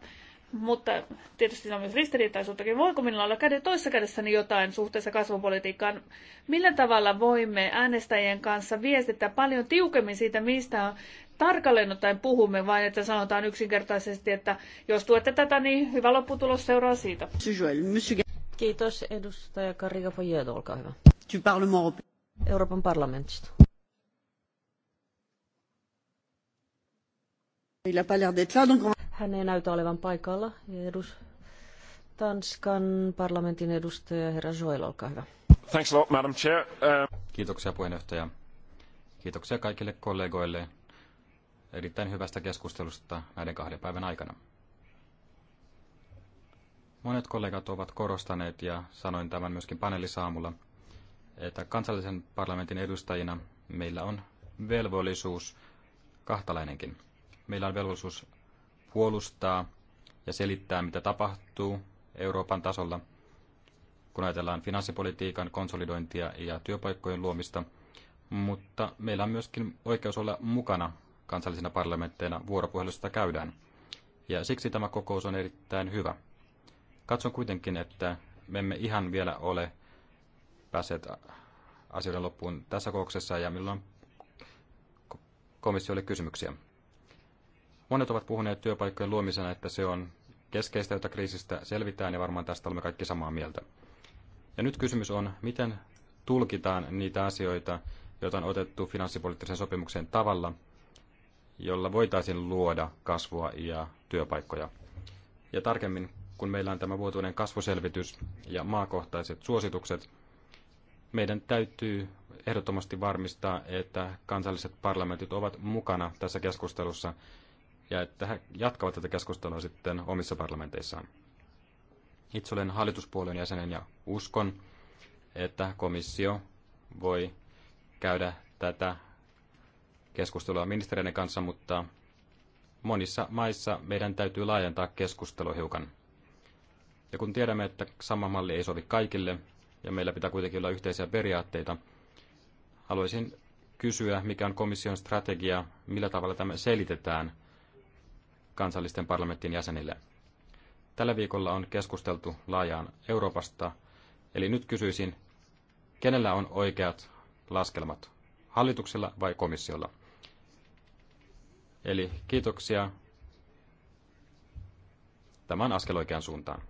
mutta tietysti on myös ristiriitaisuuttakin. Voiko minulla olla käde, toisessa kädessäni jotain suhteessa kasvupolitiikkaan? Millä tavalla voimme äänestäjien kanssa viestittää paljon tiukemmin siitä, mistä on tarkalleen ottaen puhumme, vain että sanotaan yksinkertaisesti, että jos tuette tätä, niin hyvä lopputulos seuraa siitä. Kiitos edustaja Karika Fojeto, olkaa hyvä. Euroopan parlamentista. Hän ei näytä olevan paikalla. Edus, Tanskan parlamentin edustaja herra Joel, olkaa hyvä. Thanks a lot, Madam Chair. Uh... Kiitoksia puheenjohtaja. Kiitoksia kaikille kollegoille erittäin hyvästä keskustelusta näiden kahden päivän aikana. Monet kollegat ovat korostaneet, ja sanoin tämän myöskin paneelisaamulla, että kansallisen parlamentin edustajina meillä on velvollisuus kahtalainenkin. Meillä on velvollisuus puolustaa ja selittää, mitä tapahtuu Euroopan tasolla, kun ajatellaan finanssipolitiikan konsolidointia ja työpaikkojen luomista, mutta meillä on myöskin oikeus olla mukana kansallisina parlamentteina vuoropuhelusta käydään. Ja siksi tämä kokous on erittäin hyvä. Katson kuitenkin, että me emme ihan vielä ole päässeet asioiden loppuun tässä kokouksessa ja milloin komissiolle kysymyksiä. Monet ovat puhuneet työpaikkojen luomisena, että se on keskeistä, jota kriisistä selvitään, ja varmaan tästä olemme kaikki samaa mieltä. Ja nyt kysymys on, miten tulkitaan niitä asioita, joita on otettu finanssipoliittisen sopimuksen tavalla, jolla voitaisiin luoda kasvua ja työpaikkoja. Ja tarkemmin, kun meillä on tämä vuotuinen kasvuselvitys ja maakohtaiset suositukset, meidän täytyy ehdottomasti varmistaa, että kansalliset parlamentit ovat mukana tässä keskustelussa ja että he jatkavat tätä keskustelua sitten omissa parlamenteissaan. Itse olen hallituspuolueen jäsenen ja uskon, että komissio voi käydä tätä keskustelua ministeriöiden kanssa, mutta monissa maissa meidän täytyy laajentaa keskustelua hiukan. Ja kun tiedämme, että sama malli ei sovi kaikille, ja meillä pitää kuitenkin olla yhteisiä periaatteita, haluaisin kysyä, mikä on komission strategia, millä tavalla tämä selitetään – kansallisten parlamenttien jäsenille. Tällä viikolla on keskusteltu laajaan Euroopasta, eli nyt kysyisin, kenellä on oikeat laskelmat, hallituksella vai komissiolla? Eli kiitoksia. Tämä on askel oikeaan suuntaan.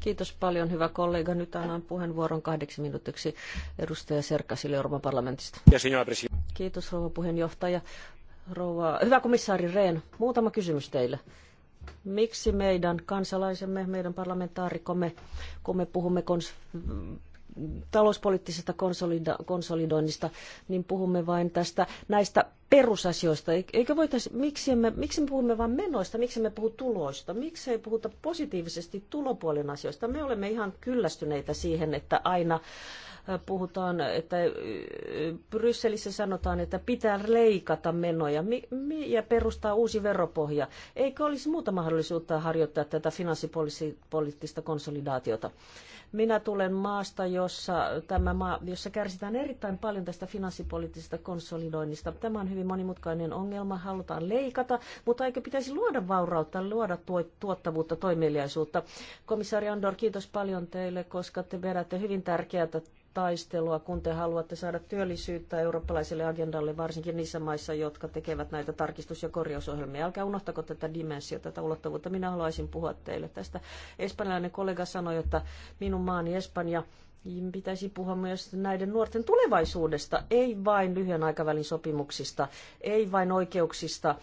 Kiitos paljon, hyvä kollega. Nyt annan puheenvuoron kahdeksi minuutiksi edustaja Serkasille Euroopan parlamentista. Kiitos, rouva puheenjohtaja. Rouva, hyvä komissaari Rehn, muutama kysymys teille. Miksi meidän kansalaisemme, meidän parlamentaarikomme, kun me puhumme kons- talouspoliittisesta konsolidoinnista, niin puhumme vain tästä näistä perusasioista. Eikö voitaisi miksi, me, miksi me puhumme vain menoista, miksi me puhu tuloista, miksi ei puhuta positiivisesti tulopuolen asioista? Me olemme ihan kyllästyneitä siihen, että aina äh, puhutaan, että äh, Brysselissä sanotaan, että pitää leikata menoja ja perustaa uusi veropohja. Eikö olisi muuta mahdollisuutta harjoittaa tätä finanssipoliittista konsolidaatiota? Minä tulen maasta, jossa, tämä maa, jossa kärsitään erittäin paljon tästä finanssipoliittisesta konsolidoinnista. Tämä on hyvin monimutkainen ongelma, halutaan leikata, mutta eikö pitäisi luoda vaurautta, luoda tuottavuutta, toimeliaisuutta. Komissaari Andor, kiitos paljon teille, koska te vedätte hyvin tärkeää taistelua, kun te haluatte saada työllisyyttä eurooppalaiselle agendalle, varsinkin niissä maissa, jotka tekevät näitä tarkistus- ja korjausohjelmia. Älkää unohtako tätä dimensiota, tätä ulottuvuutta. Minä haluaisin puhua teille tästä. Espanjalainen kollega sanoi, että minun maani Espanja niin pitäisi puhua myös näiden nuorten tulevaisuudesta, ei vain lyhyen aikavälin sopimuksista, ei vain oikeuksista,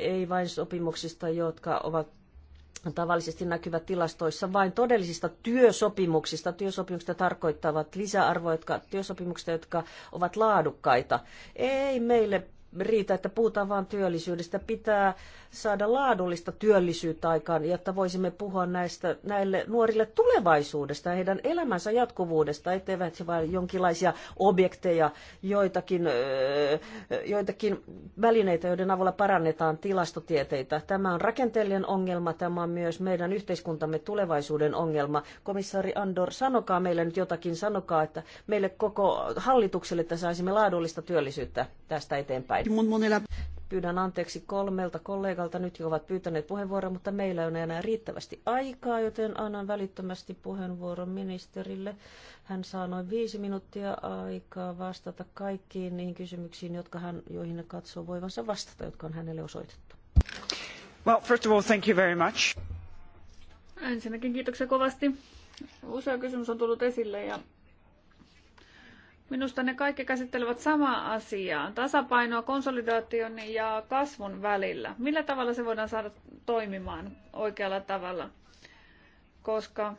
ei vain sopimuksista, jotka ovat tavallisesti näkyvät tilastoissa vain todellisista työsopimuksista. Työsopimukset tarkoittavat lisäarvoa, jotka, työsopimukset, jotka ovat laadukkaita. Ei meille riitä, että puhutaan vain työllisyydestä. Pitää saada laadullista työllisyyttä aikaan, jotta voisimme puhua näistä, näille nuorille tulevaisuudesta ja heidän elämänsä jatkuvuudesta, etteivät he vain jonkinlaisia objekteja, joitakin, joitakin välineitä, joiden avulla parannetaan tilastotieteitä. Tämä on rakenteellinen ongelma, tämä on myös meidän yhteiskuntamme tulevaisuuden ongelma. Komissaari Andor, sanokaa meille nyt jotakin, sanokaa, että meille koko hallitukselle, että saisimme laadullista työllisyyttä tästä eteenpäin Pyydän anteeksi kolmelta kollegalta nyt, jo ovat pyytäneet puheenvuoroa, mutta meillä on enää riittävästi aikaa, joten annan välittömästi puheenvuoron ministerille. Hän saa noin viisi minuuttia aikaa vastata kaikkiin niihin kysymyksiin, jotka hän, joihin hän katsoo voivansa vastata, jotka on hänelle osoitettu. Well, first of all, thank you very much. Ensinnäkin kiitoksia kovasti. Usea kysymys on tullut esille ja Minusta ne kaikki käsittelevät samaa asiaa, tasapainoa konsolidaation ja kasvun välillä. Millä tavalla se voidaan saada toimimaan oikealla tavalla? Koska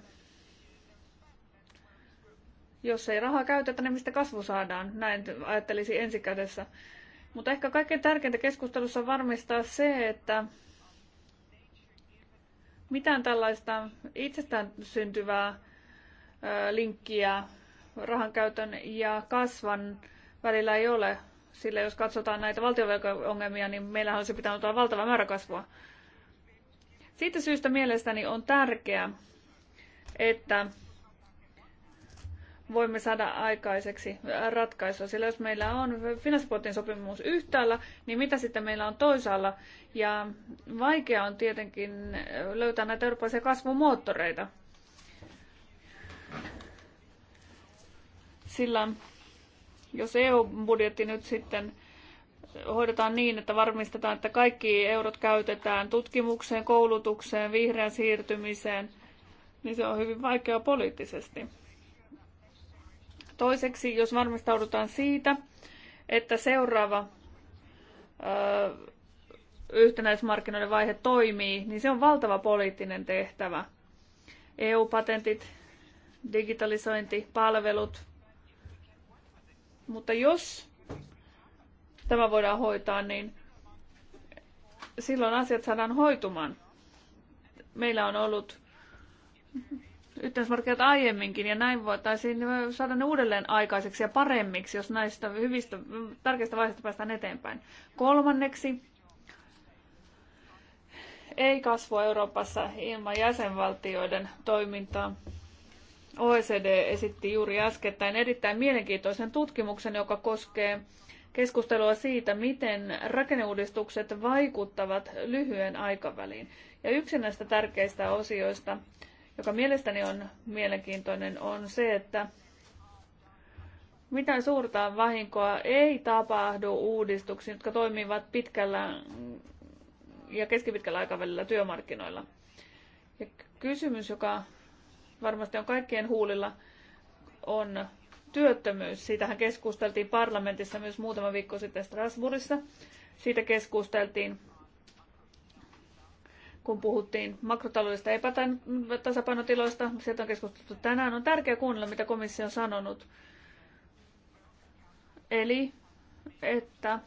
jos ei rahaa käytetä, niin mistä kasvu saadaan? Näin ajattelisin ensikädessä. Mutta ehkä kaikkein tärkeintä keskustelussa on varmistaa se, että mitään tällaista itsestään syntyvää linkkiä rahankäytön ja kasvan välillä ei ole. Sillä jos katsotaan näitä valtionvelkaongelmia, niin meillähän se pitänyt olla valtava määrä kasvua. Siitä syystä mielestäni on tärkeää, että voimme saada aikaiseksi ratkaisua. Sillä jos meillä on finanssipuolten sopimus yhtäällä, niin mitä sitten meillä on toisaalla? Ja vaikea on tietenkin löytää näitä eurooppalaisia kasvumoottoreita – Sillä jos EU-budjetti nyt sitten hoidetaan niin, että varmistetaan, että kaikki eurot käytetään tutkimukseen, koulutukseen, vihreän siirtymiseen, niin se on hyvin vaikeaa poliittisesti. Toiseksi, jos varmistaudutaan siitä, että seuraava ö, yhtenäismarkkinoiden vaihe toimii, niin se on valtava poliittinen tehtävä. EU-patentit, digitalisointi, palvelut, mutta jos tämä voidaan hoitaa, niin silloin asiat saadaan hoitumaan. Meillä on ollut yhteismarkkinat aiemminkin ja näin voitaisiin saada ne uudelleen aikaiseksi ja paremmiksi, jos näistä hyvistä, tärkeistä vaiheista päästään eteenpäin. Kolmanneksi, ei kasvua Euroopassa ilman jäsenvaltioiden toimintaa. OECD esitti juuri äskettäin erittäin mielenkiintoisen tutkimuksen, joka koskee keskustelua siitä, miten rakenneuudistukset vaikuttavat lyhyen aikaväliin. Ja yksi näistä tärkeistä osioista, joka mielestäni on mielenkiintoinen, on se, että mitään suurta vahinkoa ei tapahdu uudistuksiin, jotka toimivat pitkällä ja keskipitkällä aikavälillä työmarkkinoilla. Ja kysymys, joka varmasti on kaikkien huulilla, on työttömyys. Siitähän keskusteltiin parlamentissa myös muutama viikko sitten Strasbourgissa. Siitä keskusteltiin, kun puhuttiin makrotaloudellisista epätasapainotiloista. Sieltä on keskusteltu tänään. On tärkeää kuunnella, mitä komissio on sanonut. Eli, että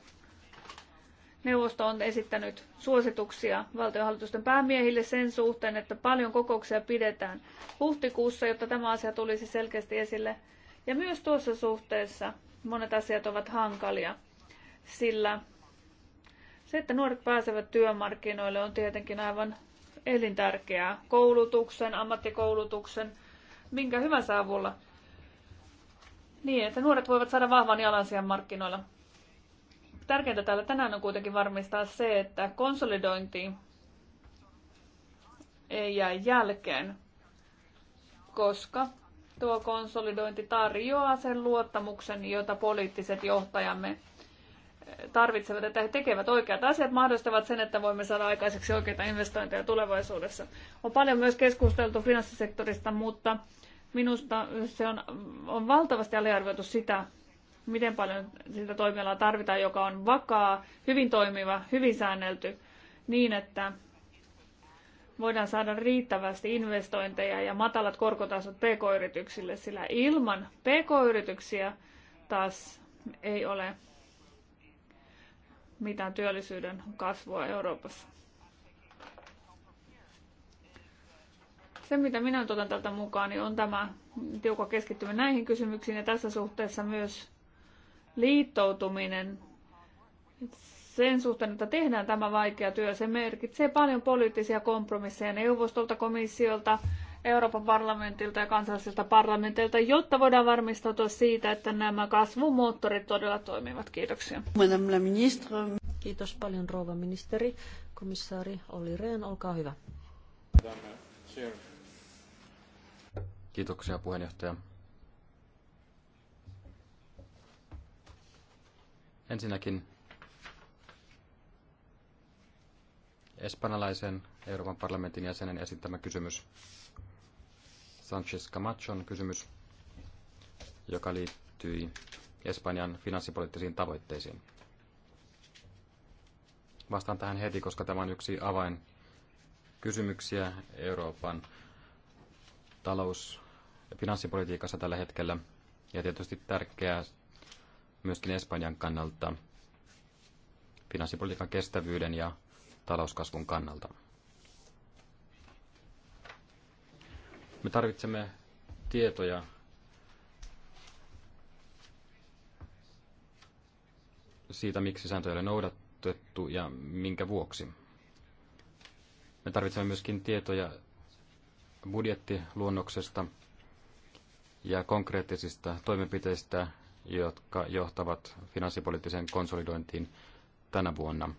Neuvosto on esittänyt suosituksia valtionhallitusten päämiehille sen suhteen, että paljon kokouksia pidetään huhtikuussa, jotta tämä asia tulisi selkeästi esille. Ja myös tuossa suhteessa monet asiat ovat hankalia, sillä se, että nuoret pääsevät työmarkkinoille on tietenkin aivan elintärkeää koulutuksen, ammattikoulutuksen, minkä hyvänsä avulla. Niin, että nuoret voivat saada vahvan jalansijan markkinoilla. Tärkeintä täällä tänään on kuitenkin varmistaa se, että konsolidointi ei jää jälkeen, koska tuo konsolidointi tarjoaa sen luottamuksen, jota poliittiset johtajamme eh, tarvitsevat, että he tekevät oikeat asiat, mahdollistavat sen, että voimme saada aikaiseksi oikeita investointeja tulevaisuudessa. On paljon myös keskusteltu finanssisektorista, mutta minusta se on, on valtavasti aliarvioitu sitä, miten paljon sitä toimialaa tarvitaan, joka on vakaa, hyvin toimiva, hyvin säännelty, niin että voidaan saada riittävästi investointeja ja matalat korkotasot pk-yrityksille, sillä ilman pk-yrityksiä taas ei ole mitään työllisyyden kasvua Euroopassa. Se, mitä minä otan tältä mukaan, niin on tämä tiukka keskittyminen näihin kysymyksiin ja tässä suhteessa myös liittoutuminen sen suhteen, että tehdään tämä vaikea työ, se merkitsee paljon poliittisia kompromisseja neuvostolta, komissiolta, Euroopan parlamentilta ja kansallisilta parlamentilta, jotta voidaan varmistautua siitä, että nämä kasvumoottorit todella toimivat. Kiitoksia. Madame la ministre. Kiitos paljon rouva ministeri. Komissaari Olli Rehn, olkaa hyvä. Kiitoksia puheenjohtaja. Ensinnäkin espanjalaisen Euroopan parlamentin jäsenen esittämä kysymys. Sanchez Camachon kysymys, joka liittyi Espanjan finanssipoliittisiin tavoitteisiin. Vastaan tähän heti, koska tämä on yksi avain kysymyksiä Euroopan talous- ja finanssipolitiikassa tällä hetkellä. Ja tietysti tärkeää myöskin Espanjan kannalta finanssipolitiikan kestävyyden ja talouskasvun kannalta. Me tarvitsemme tietoja siitä, miksi sääntöjä on noudatettu ja minkä vuoksi. Me tarvitsemme myöskin tietoja budjettiluonnoksesta ja konkreettisista toimenpiteistä jotka johtavat finanssipoliittiseen konsolidointiin tänä vuonna.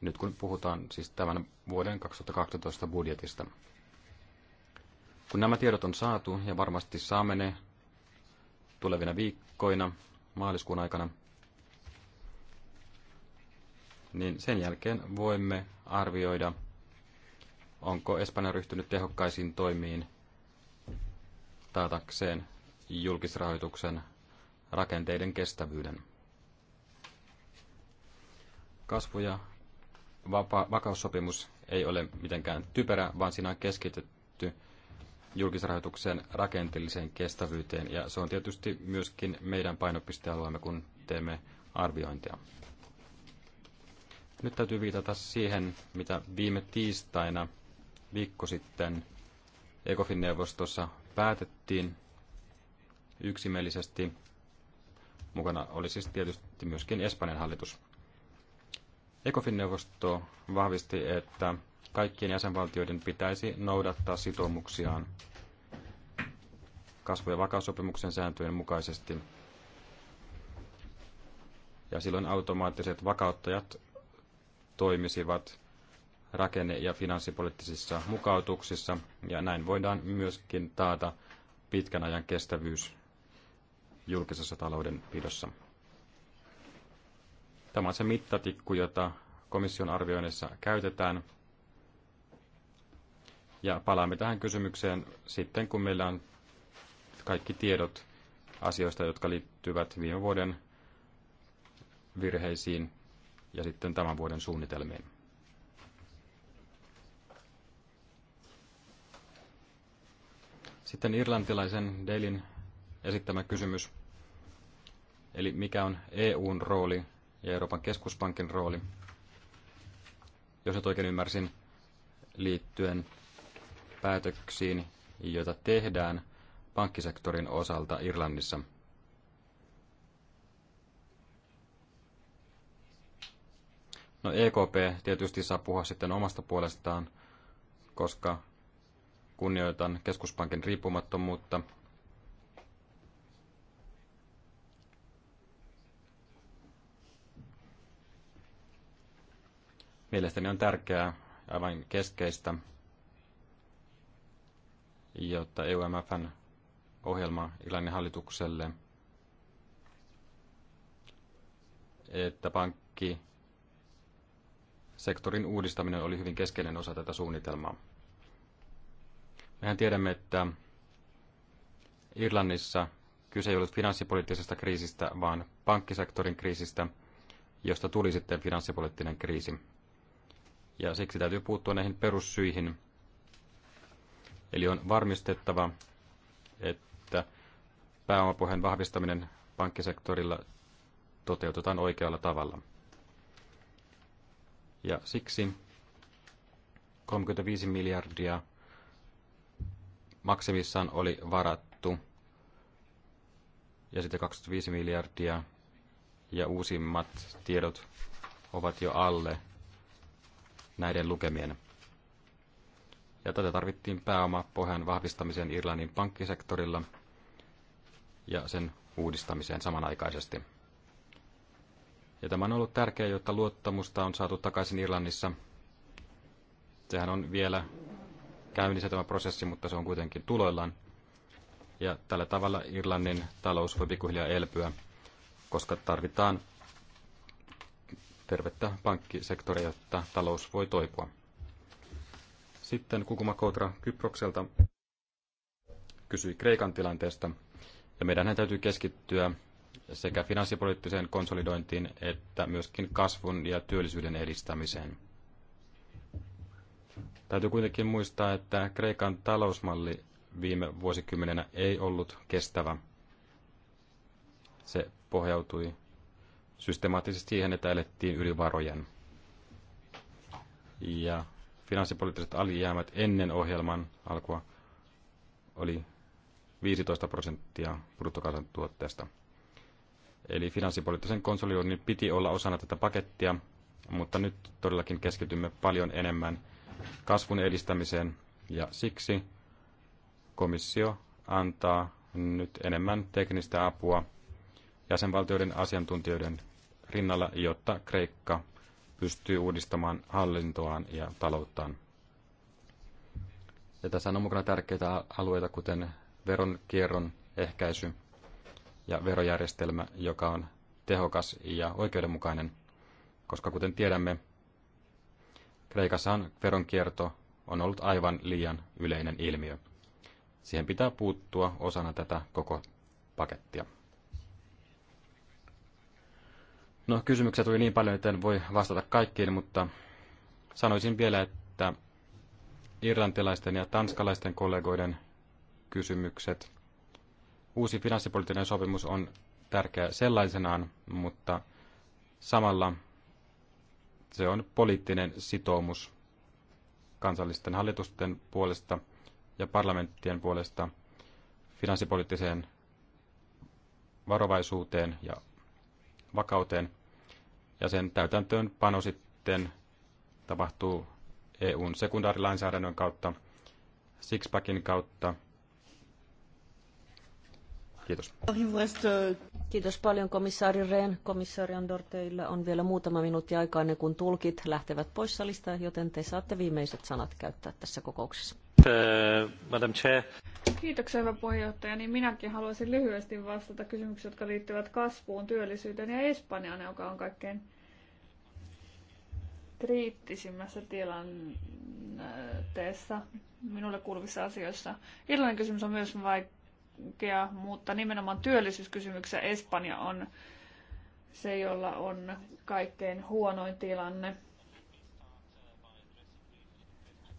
Nyt kun puhutaan siis tämän vuoden 2012 budjetista. Kun nämä tiedot on saatu, ja varmasti saamme ne tulevina viikkoina, maaliskuun aikana, niin sen jälkeen voimme arvioida, onko Espanja ryhtynyt tehokkaisiin toimiin taatakseen julkisrahoituksen rakenteiden kestävyyden. Kasvu- ja vapa- vakaussopimus ei ole mitenkään typerä, vaan siinä on keskitetty julkisrahoituksen rakenteelliseen kestävyyteen, ja se on tietysti myöskin meidän painopistealueemme, kun teemme arviointia. Nyt täytyy viitata siihen, mitä viime tiistaina viikko sitten ECOFIN-neuvostossa päätettiin yksimielisesti. Mukana oli siis tietysti myöskin Espanjan hallitus. ekofin neuvosto vahvisti, että kaikkien jäsenvaltioiden pitäisi noudattaa sitoumuksiaan kasvu- ja vakaussopimuksen sääntöjen mukaisesti. Ja silloin automaattiset vakauttajat toimisivat rakenne- ja finanssipoliittisissa mukautuksissa, ja näin voidaan myöskin taata pitkän ajan kestävyys julkisessa taloudenpidossa. Tämä on se mittatikku, jota komission arvioinnissa käytetään. Ja palaamme tähän kysymykseen sitten, kun meillä on kaikki tiedot asioista, jotka liittyvät viime vuoden virheisiin ja sitten tämän vuoden suunnitelmiin. Sitten irlantilaisen Delin esittämä kysymys. Eli mikä on EUn rooli ja Euroopan keskuspankin rooli, jos nyt oikein ymmärsin, liittyen päätöksiin, joita tehdään pankkisektorin osalta Irlannissa. No EKP tietysti saa puhua sitten omasta puolestaan, koska kunnioitan keskuspankin riippumattomuutta – Mielestäni on tärkeää, aivan keskeistä, jotta EUMFn ohjelma Irlannin hallitukselle, että pankki sektorin uudistaminen oli hyvin keskeinen osa tätä suunnitelmaa. Mehän tiedämme, että Irlannissa kyse ei ollut finanssipoliittisesta kriisistä, vaan pankkisektorin kriisistä, josta tuli sitten finanssipoliittinen kriisi. Ja siksi täytyy puuttua näihin perussyihin. Eli on varmistettava, että pääomapohjan vahvistaminen pankkisektorilla toteutetaan oikealla tavalla. Ja siksi 35 miljardia maksimissaan oli varattu ja sitten 25 miljardia ja uusimmat tiedot ovat jo alle näiden lukemien. Ja tätä tarvittiin pääomapohjan vahvistamiseen Irlannin pankkisektorilla ja sen uudistamiseen samanaikaisesti. Ja tämä on ollut tärkeää, jotta luottamusta on saatu takaisin Irlannissa. Sehän on vielä käynnissä tämä prosessi, mutta se on kuitenkin tuloillaan. Ja tällä tavalla Irlannin talous voi pikkuhiljaa elpyä, koska tarvitaan tervettä pankkisektoria, että talous voi toipua. Sitten Kukuma Koutra Kyprokselta kysyi Kreikan tilanteesta. Ja meidän täytyy keskittyä sekä finanssipoliittiseen konsolidointiin että myöskin kasvun ja työllisyyden edistämiseen. Täytyy kuitenkin muistaa, että Kreikan talousmalli viime vuosikymmenenä ei ollut kestävä. Se pohjautui systemaattisesti siihen, että elettiin yli varojen. Ja finanssipoliittiset alijäämät ennen ohjelman alkua oli 15 prosenttia bruttokansantuotteesta. Eli finanssipoliittisen konsolidoinnin piti olla osana tätä pakettia, mutta nyt todellakin keskitymme paljon enemmän kasvun edistämiseen ja siksi komissio antaa nyt enemmän teknistä apua jäsenvaltioiden asiantuntijoiden rinnalla, jotta Kreikka pystyy uudistamaan hallintoaan ja talouttaan. Ja tässä on mukana tärkeitä alueita, kuten veronkierron ehkäisy ja verojärjestelmä, joka on tehokas ja oikeudenmukainen, koska kuten tiedämme, Kreikassa on veronkierto on ollut aivan liian yleinen ilmiö. Siihen pitää puuttua osana tätä koko pakettia. No, kysymyksiä tuli niin paljon, että en voi vastata kaikkiin, mutta sanoisin vielä, että irlantilaisten ja tanskalaisten kollegoiden kysymykset. Uusi finanssipoliittinen sopimus on tärkeä sellaisenaan, mutta samalla se on poliittinen sitoumus kansallisten hallitusten puolesta ja parlamenttien puolesta finanssipoliittiseen varovaisuuteen ja vakauteen. Ja sen täytäntöönpano sitten tapahtuu EUn sekundaarilainsäädännön kautta, Sixpackin kautta. Kiitos. Kiitos paljon komissaari Rehn. Komissaari Andor, teillä on vielä muutama minuutti aikaa ennen kuin tulkit lähtevät pois salista, joten te saatte viimeiset sanat käyttää tässä kokouksessa. Uh, Madam Chair. Kiitoksia, hyvä puheenjohtaja. Niin minäkin haluaisin lyhyesti vastata kysymyksiin, jotka liittyvät kasvuun, työllisyyteen ja Espanjaan, joka on kaikkein kriittisimmässä tilanteessa minulle kuuluvissa asioissa. Irlannin kysymys on myös vaikea, mutta nimenomaan työllisyyskysymyksessä Espanja on se, jolla on kaikkein huonoin tilanne.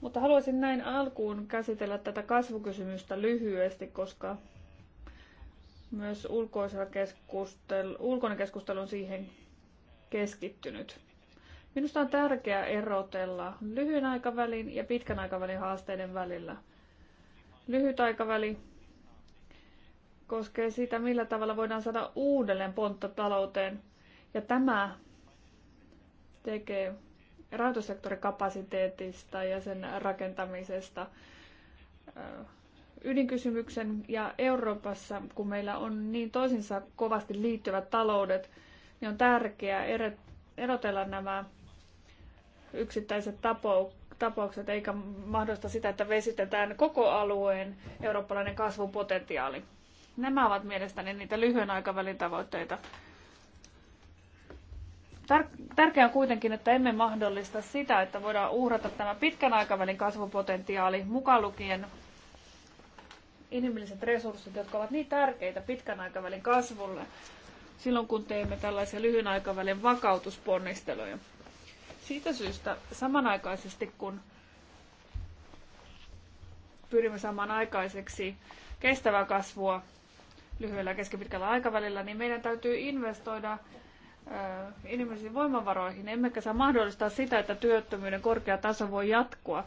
Mutta haluaisin näin alkuun käsitellä tätä kasvukysymystä lyhyesti, koska myös keskustelu, ulkoinen keskustelu on siihen keskittynyt. Minusta on tärkeää erotella lyhyen aikavälin ja pitkän aikavälin haasteiden välillä. Lyhyt aikaväli koskee sitä, millä tavalla voidaan saada uudelleen pontta talouteen. Ja tämä tekee rahoitussektorin kapasiteetista ja sen rakentamisesta ydinkysymyksen. Ja Euroopassa, kun meillä on niin toisinsa kovasti liittyvät taloudet, niin on tärkeää erotella nämä yksittäiset tapaukset, eikä mahdollista sitä, että vesitetään koko alueen eurooppalainen kasvupotentiaali. Nämä ovat mielestäni niitä lyhyen aikavälin tavoitteita, tärkeää on kuitenkin, että emme mahdollista sitä, että voidaan uhrata tämä pitkän aikavälin kasvupotentiaali mukaan lukien inhimilliset resurssit, jotka ovat niin tärkeitä pitkän aikavälin kasvulle silloin, kun teemme tällaisia lyhyen aikavälin vakautusponnisteluja. Siitä syystä samanaikaisesti, kun pyrimme saamaan aikaiseksi kestävää kasvua lyhyellä ja keskipitkällä aikavälillä, niin meidän täytyy investoida inhimillisiin voimavaroihin, emmekä saa mahdollistaa sitä, että työttömyyden korkea taso voi jatkua,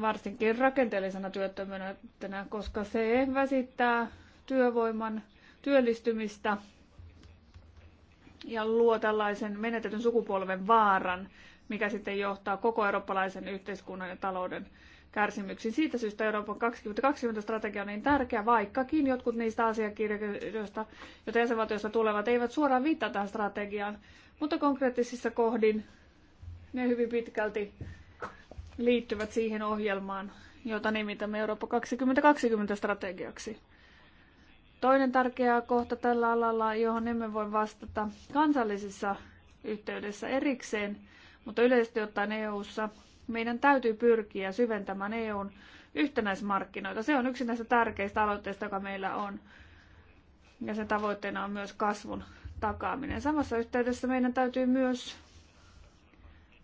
varsinkin rakenteellisena työttömyytenä, koska se väsittää työvoiman työllistymistä ja luo tällaisen menetetyn sukupolven vaaran, mikä sitten johtaa koko eurooppalaisen yhteiskunnan ja talouden kärsimyksiin. Siitä syystä Euroopan 2020-strategia on niin tärkeä, vaikkakin jotkut niistä asiakirjoista, joita jäsenvaltioista tulevat, eivät suoraan viittaa tähän strategiaan, mutta konkreettisissa kohdin ne hyvin pitkälti liittyvät siihen ohjelmaan, jota nimitämme Eurooppa 2020-strategiaksi. Toinen tärkeä kohta tällä alalla, johon emme voi vastata kansallisissa yhteydessä erikseen, mutta yleisesti ottaen EU-ssa meidän täytyy pyrkiä syventämään EUn yhtenäismarkkinoita. Se on yksi näistä tärkeistä aloitteista, joka meillä on. Ja sen tavoitteena on myös kasvun takaaminen. Samassa yhteydessä meidän täytyy myös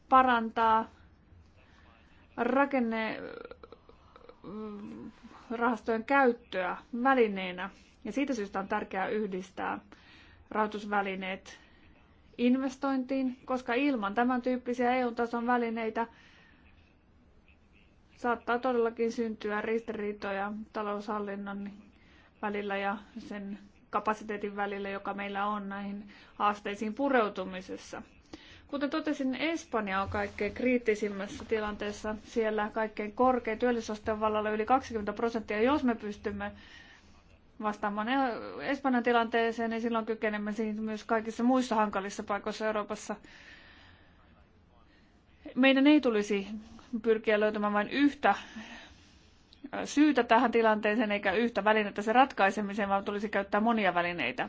parantaa rakenne mm, rahastojen käyttöä välineenä. Ja siitä syystä on tärkeää yhdistää rahoitusvälineet investointiin, koska ilman tämän tyyppisiä EU-tason välineitä saattaa todellakin syntyä ristiriitoja taloushallinnon välillä ja sen kapasiteetin välillä, joka meillä on näihin haasteisiin pureutumisessa. Kuten totesin, Espanja on kaikkein kriittisimmässä tilanteessa. Siellä kaikkein korkein työllisyysasteen vallalla yli 20 prosenttia. Jos me pystymme vastaamaan Espanjan tilanteeseen, niin silloin kykenemme siihen myös kaikissa muissa hankalissa paikoissa Euroopassa. Meidän ei tulisi pyrkiä löytämään vain yhtä syytä tähän tilanteeseen eikä yhtä välinettä sen ratkaisemiseen, vaan tulisi käyttää monia välineitä.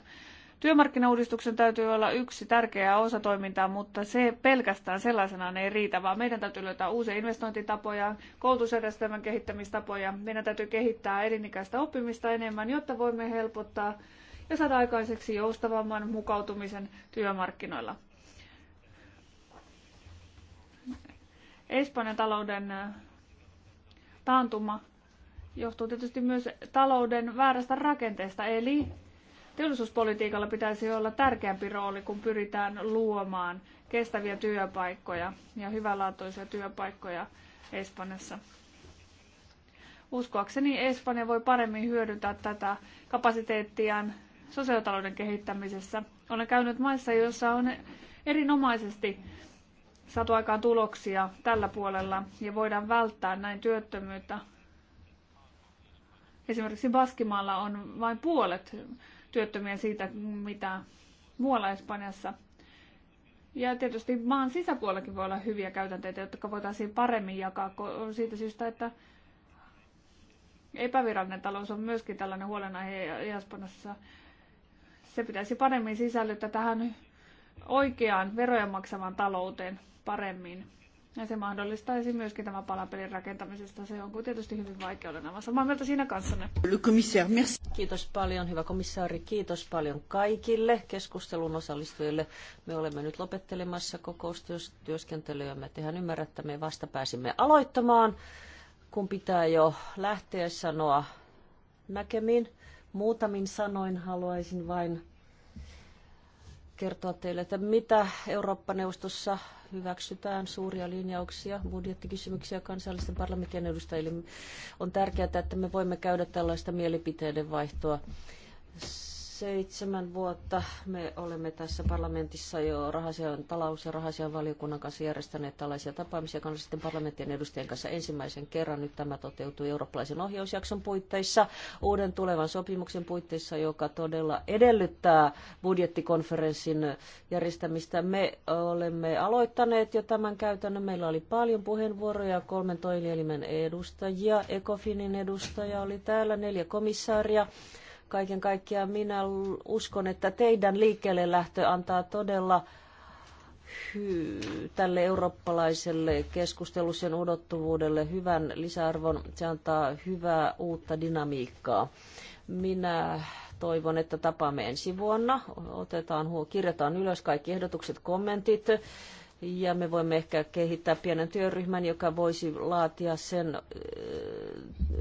Työmarkkinauudistuksen täytyy olla yksi tärkeä osa toimintaa, mutta se pelkästään sellaisenaan ei riitä, vaan meidän täytyy löytää uusia investointitapoja, koulutusjärjestelmän kehittämistapoja. Meidän täytyy kehittää elinikäistä oppimista enemmän, jotta voimme helpottaa ja saada aikaiseksi joustavamman mukautumisen työmarkkinoilla. Espanjan talouden äh, taantuma johtuu tietysti myös talouden väärästä rakenteesta, eli teollisuuspolitiikalla pitäisi olla tärkeämpi rooli, kun pyritään luomaan kestäviä työpaikkoja ja hyvänlaatuisia työpaikkoja Espanjassa. Uskoakseni Espanja voi paremmin hyödyntää tätä kapasiteettiaan sosiaalitalouden kehittämisessä. Olen käynyt maissa, joissa on erinomaisesti saatu aikaan tuloksia tällä puolella ja voidaan välttää näin työttömyyttä. Esimerkiksi Baskimaalla on vain puolet työttömiä siitä, mitä muualla Espanjassa. Ja tietysti maan sisäpuolellakin voi olla hyviä käytänteitä, jotka voitaisiin paremmin jakaa siitä syystä, että epävirallinen talous on myöskin tällainen huolenaihe Espanjassa. Se pitäisi paremmin sisällyttää tähän oikeaan verojen maksavaan talouteen paremmin. Ja se mahdollistaisi myöskin tämän palapelin rakentamisesta. Se on tietysti hyvin vaikeudena. Mä samaa mieltä siinä kanssanne. Kiitos paljon, hyvä komissaari. Kiitos paljon kaikille keskustelun osallistujille. Me olemme nyt lopettelemassa kokoustyöskentelyä. Me tehän ymmärrä, että me vasta pääsimme aloittamaan, kun pitää jo lähteä sanoa näkemin. Muutamin sanoin haluaisin vain kertoa teille, että mitä Eurooppa-neuvostossa hyväksytään suuria linjauksia, budjettikysymyksiä kansallisten parlamenttien edustajille. On tärkeää, että me voimme käydä tällaista mielipiteiden vaihtoa seitsemän vuotta me olemme tässä parlamentissa jo rahasian, talous- ja rahasian valiokunnan kanssa järjestäneet tällaisia tapaamisia kansallisten parlamenttien edustajien kanssa ensimmäisen kerran. Nyt tämä toteutuu eurooppalaisen ohjausjakson puitteissa, uuden tulevan sopimuksen puitteissa, joka todella edellyttää budjettikonferenssin järjestämistä. Me olemme aloittaneet jo tämän käytännön. Meillä oli paljon puheenvuoroja, kolmen toimielimen edustajia, Ecofinin edustaja oli täällä, neljä komissaaria. Kaiken kaikkiaan minä uskon, että teidän liikkeelle lähtö antaa todella tälle eurooppalaiselle keskustelusen odottuvuudelle hyvän lisäarvon. Se antaa hyvää uutta dynamiikkaa. Minä toivon, että tapaamme ensi vuonna. Otetaan, kirjataan ylös kaikki ehdotukset, kommentit ja me voimme ehkä kehittää pienen työryhmän, joka voisi laatia sen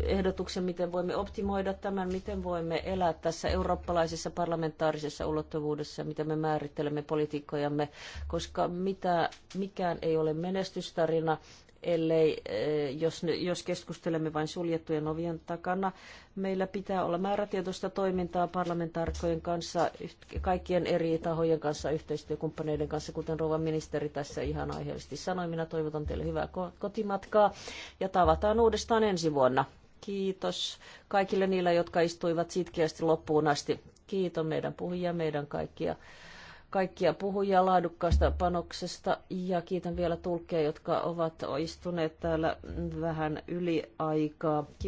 ehdotuksen, miten voimme optimoida tämän, miten voimme elää tässä eurooppalaisessa parlamentaarisessa ulottuvuudessa, miten me määrittelemme politiikkojamme, koska mitä, mikään ei ole menestystarina, ellei, eh, jos, jos keskustelemme vain suljettujen ovien takana. Meillä pitää olla määrätietoista toimintaa parlamentaarikkojen kanssa, kaikkien eri tahojen kanssa, yhteistyökumppaneiden kanssa, kuten rouva ministeri tässä ihan aiheellisesti sanoi. Minä toivotan teille hyvää kotimatkaa ja tavataan uudestaan ensi vuonna. Kiitos kaikille niillä, jotka istuivat sitkeästi loppuun asti. Kiitos meidän puhujia, meidän kaikkia kaikkia puhujia laadukkaasta panoksesta ja kiitän vielä tulkkeja, jotka ovat istuneet täällä vähän yli aikaa. Kiitos.